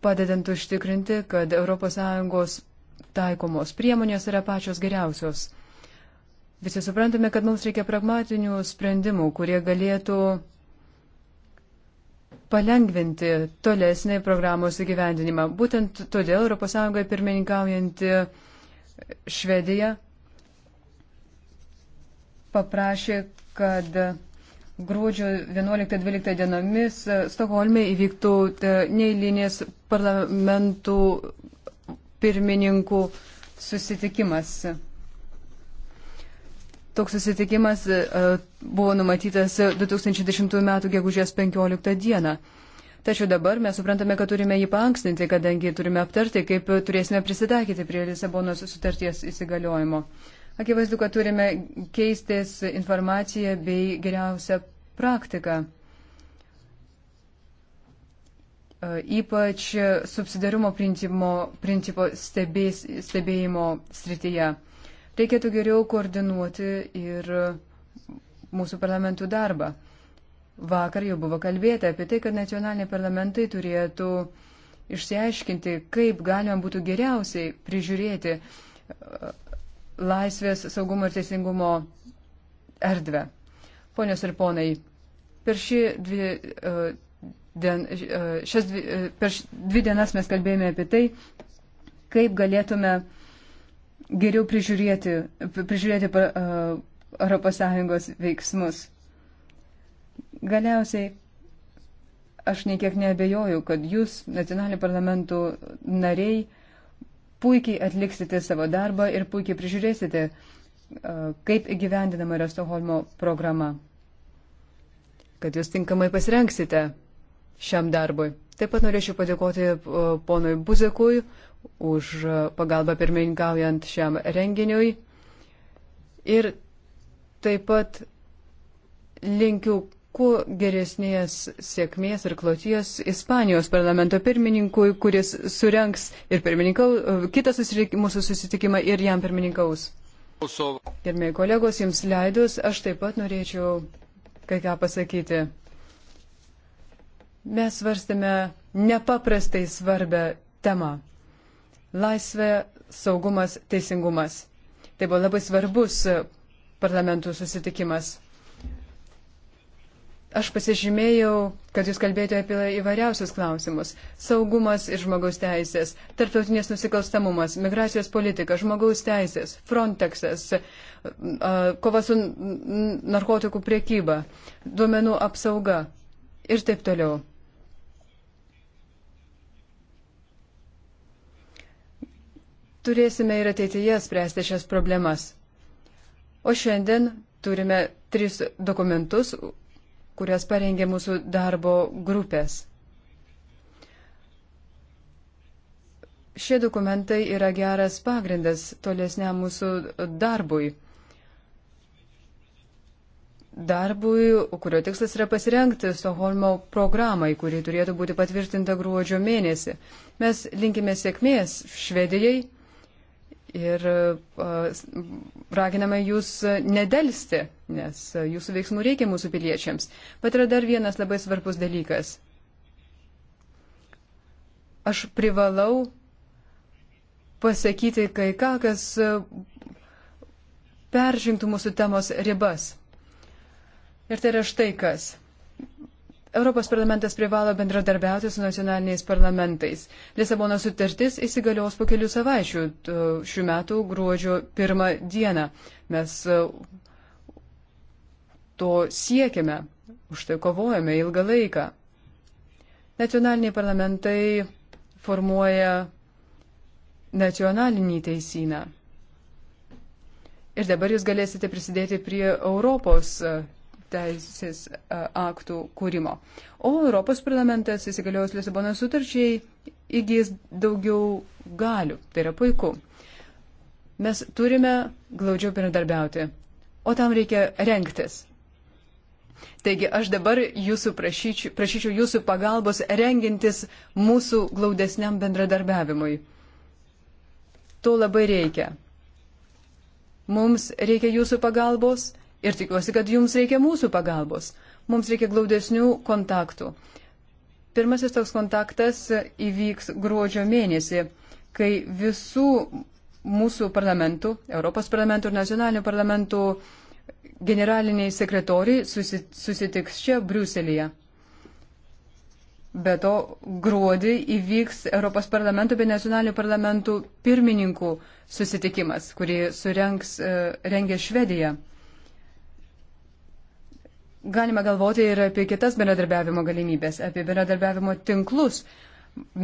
padedant užtikrinti, kad ES taikomos priemonės yra pačios geriausios. Visi suprantame, kad mums reikia pragmatinių sprendimų, kurie galėtų palengvinti tolesnį programos įgyvendinimą. Būtent todėl ES pirmininkaujanti Švedija paprašė, kad gruodžio 11-12 dienomis e, Stokholme įvyktų e, neįlinės parlamentų pirmininkų susitikimas. Toks susitikimas e, buvo numatytas 2010 m. gegužės 15 d. Tačiau dabar mes suprantame, kad turime jį paankstinti, kadangi turime aptarti, kaip turėsime prisitaikyti prie Lisabonos sutarties įsigaliojimo. Akivaizdu, kad turime keistis informaciją bei geriausią praktiką. E, ypač subsidarumo principo, principo stebės, stebėjimo srityje. Reikėtų geriau koordinuoti ir mūsų parlamentų darbą. Vakar jau buvo kalbėta apie tai, kad nacionaliniai parlamentai turėtų išsiaiškinti, kaip galima būtų geriausiai prižiūrėti laisvės, saugumo ir teisingumo erdvę. Ponios ir ponai, per, šį dvi, e, dien, e, šias dvi, e, per dvi dienas mes kalbėjome apie tai, kaip galėtume geriau prižiūrėti, prižiūrėti ES veiksmus. Galiausiai aš niekiek nebejoju, kad jūs, nacionalinių parlamentų nariai, puikiai atliksite savo darbą ir puikiai prižiūrėsite, kaip įgyvendinama yra Stoholmo programa. Kad jūs tinkamai pasirenksite šiam darbui. Taip pat norėčiau padėkoti ponui Buzekui už pagalbą pirmininkaujant šiam renginiui. Ir taip pat linkiu kuo geresnės sėkmės ir kloties Ispanijos parlamento pirmininkui, kuris surenks ir kitą mūsų susitikimą ir jam pirmininkaus. Gerbėjai kolegos, jums leidus, aš taip pat norėčiau kai ką pasakyti. Mes svarstame nepaprastai svarbę temą - laisvė, saugumas, teisingumas. Tai buvo labai svarbus parlamentų susitikimas. Aš pasižymėjau, kad jūs kalbėjote apie įvairiausius klausimus - saugumas ir žmogaus teisės, tarptautinės nusikalstamumas, migracijos politika, žmogaus teisės, Frontexas, kova su narkotikų priekyba, duomenų apsauga ir taip toliau. Turėsime ir ateityje spręsti šias problemas. O šiandien turime tris dokumentus, kurias parengė mūsų darbo grupės. Šie dokumentai yra geras pagrindas tolesniam mūsų darbui. Darbui, kurio tikslas yra pasirengti Stoholmo programai, kuri turėtų būti patvirtinta gruodžio mėnesį. Mes linkime sėkmės Švedijai ir raginame jūs nedelsti, nes jūsų veiksmų reikia mūsų piliečiams. Bet yra dar vienas labai svarbus dalykas. Aš privalau pasakyti kai ką, kas peržengtų mūsų temos ribas. Ir tai yra štai kas. Europos parlamentas privalo bendradarbiauti su nacionaliniais parlamentais. Lisabono sutartis įsigalios po kelių savaičių, šių metų gruodžio pirmą dieną. Mes uh, to siekiame, už tai kovojame ilgą laiką. Nacionaliniai parlamentai formuoja nacionalinį teisyną. Ir dabar jūs galėsite prisidėti prie Europos uh, teisės e, aktų kūrimo. O Europos parlamentas įsigaliojus Lisabono sutarčiai įgys daugiau galių. Tai yra puiku. Mes turime glaudžiau bendradarbiauti, o tam reikia renktis. Taigi aš dabar jūsų prašyčiau, prašyčiau jūsų pagalbos rengintis mūsų glaudesniam bendradarbiavimui. To labai reikia. Mums reikia jūsų pagalbos Ir tikiuosi, kad jums reikia mūsų pagalbos. Mums reikia glaudesnių kontaktų. Pirmasis toks kontaktas įvyks gruodžio mėnesį, kai visų mūsų parlamentų, Europos parlamentų ir nacionalinių parlamentų generaliniai sekretoriai susitiks čia Briuselėje. Be to, gruodį įvyks Europos parlamentų bei nacionalinių parlamentų pirmininkų susitikimas, kurį surengs, e, rengia Švedija. Galime galvoti ir apie kitas bendradarbiavimo galimybės, apie bendradarbiavimo tinklus.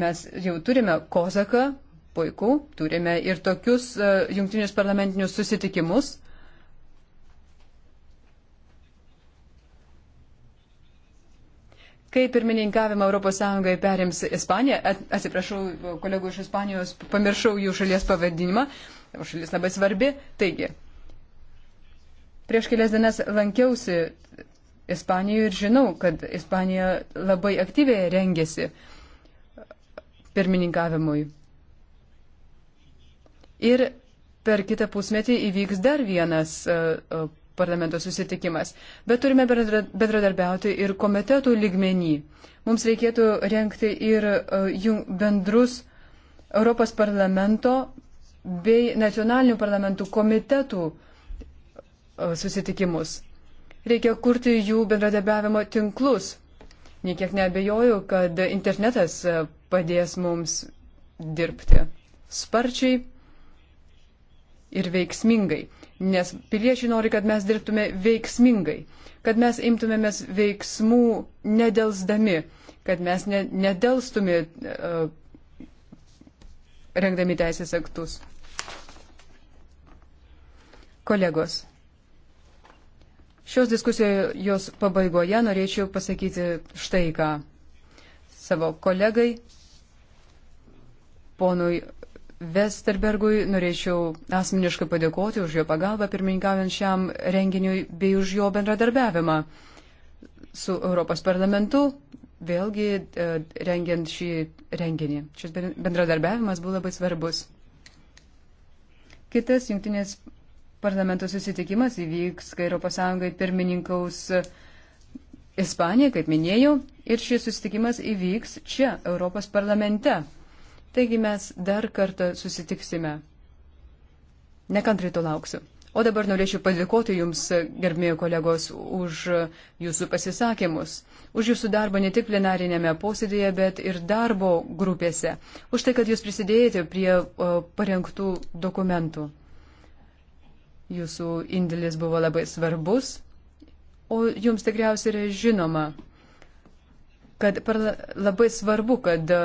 Mes jau turime Kozaką, puiku, turime ir tokius uh, jungtinius parlamentinius susitikimus. Kai pirmininkavimą ES perims Ispanija, atsiprašau kolegų iš Ispanijos, pamiršau jų šalies pavadinimą, šalis labai svarbi. Taigi, prieš kelias dienas lankiausi Ispanijoje ir žinau, kad Ispanija labai aktyviai rengėsi pirmininkavimui. Ir per kitą pusmetį įvyks dar vienas e, e, parlamento susitikimas. Bet turime bendradarbiauti ir komitetų lygmenį. Mums reikėtų renkti ir e, bendrus Europos parlamento bei nacionalinių parlamentų komitetų susitikimus reikia kurti jų bendradarbiavimo tinklus. Niekiek nebejoju, kad internetas e, padės mums dirbti sparčiai ir veiksmingai, nes piliečiai nori, kad mes dirbtume veiksmingai, kad mes imtumėmės veiksmų nedelsdami, kad mes ne, nedelstumė uh, rengdami teisės aktus. Kolegos, Šios diskusijos pabaigoje norėčiau pasakyti štai ką savo kolegai, ponui Vesterbergui norėčiau asmeniškai padėkoti už jo pagalbą pirmininkaujant šiam renginiui bei už jo bendradarbiavimą su Europos parlamentu, vėlgi e, rengiant šį renginį. Šis bendradarbiavimas buvo labai svarbus. Kitas jungtinės parlamento susitikimas įvyks, kai Europos Sąjungai pirmininkaus e, Ispanija, kaip minėjau, ir šis susitikimas įvyks čia, Europos parlamente. Taigi mes dar kartą susitiksime. Nekantrai to lauksiu. O dabar norėčiau padėkoti Jums, gerbėjai kolegos, už Jūsų pasisakymus, už Jūsų darbą ne tik plenarinėme posėdėje, bet ir darbo grupėse, už tai, kad Jūs prisidėjote prie e, parengtų dokumentų. Jūsų indėlis buvo labai svarbus, o jums tikriausiai yra žinoma, kad parla, labai svarbu, kad e,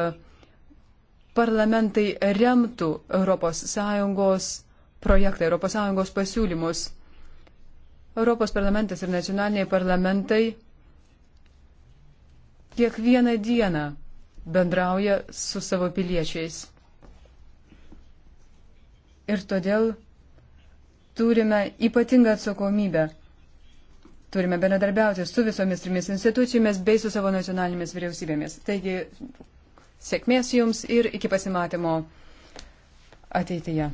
parlamentai remtų ES projektą, ES pasiūlymus. Europos parlamentas ir nacionaliniai parlamentai kiekvieną dieną bendrauja su savo piliečiais. Ir todėl turime ypatingą atsakomybę. Turime bendradarbiauti su visomis trimis institucijomis bei su savo nacionalinėmis vyriausybėmis. Taigi, sėkmės jums ir iki pasimatymo ateityje.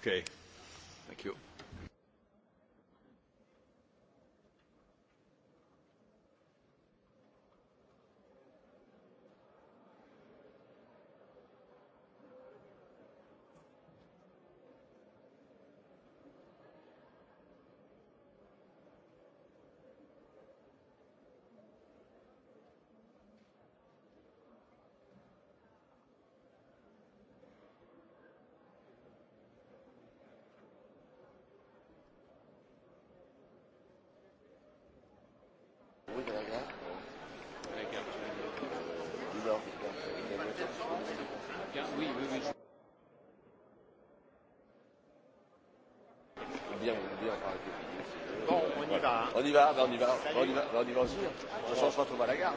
Okay. On y va, ben on y va, ben on y va, ben on y va aussi. Ça change pas trop à la gare.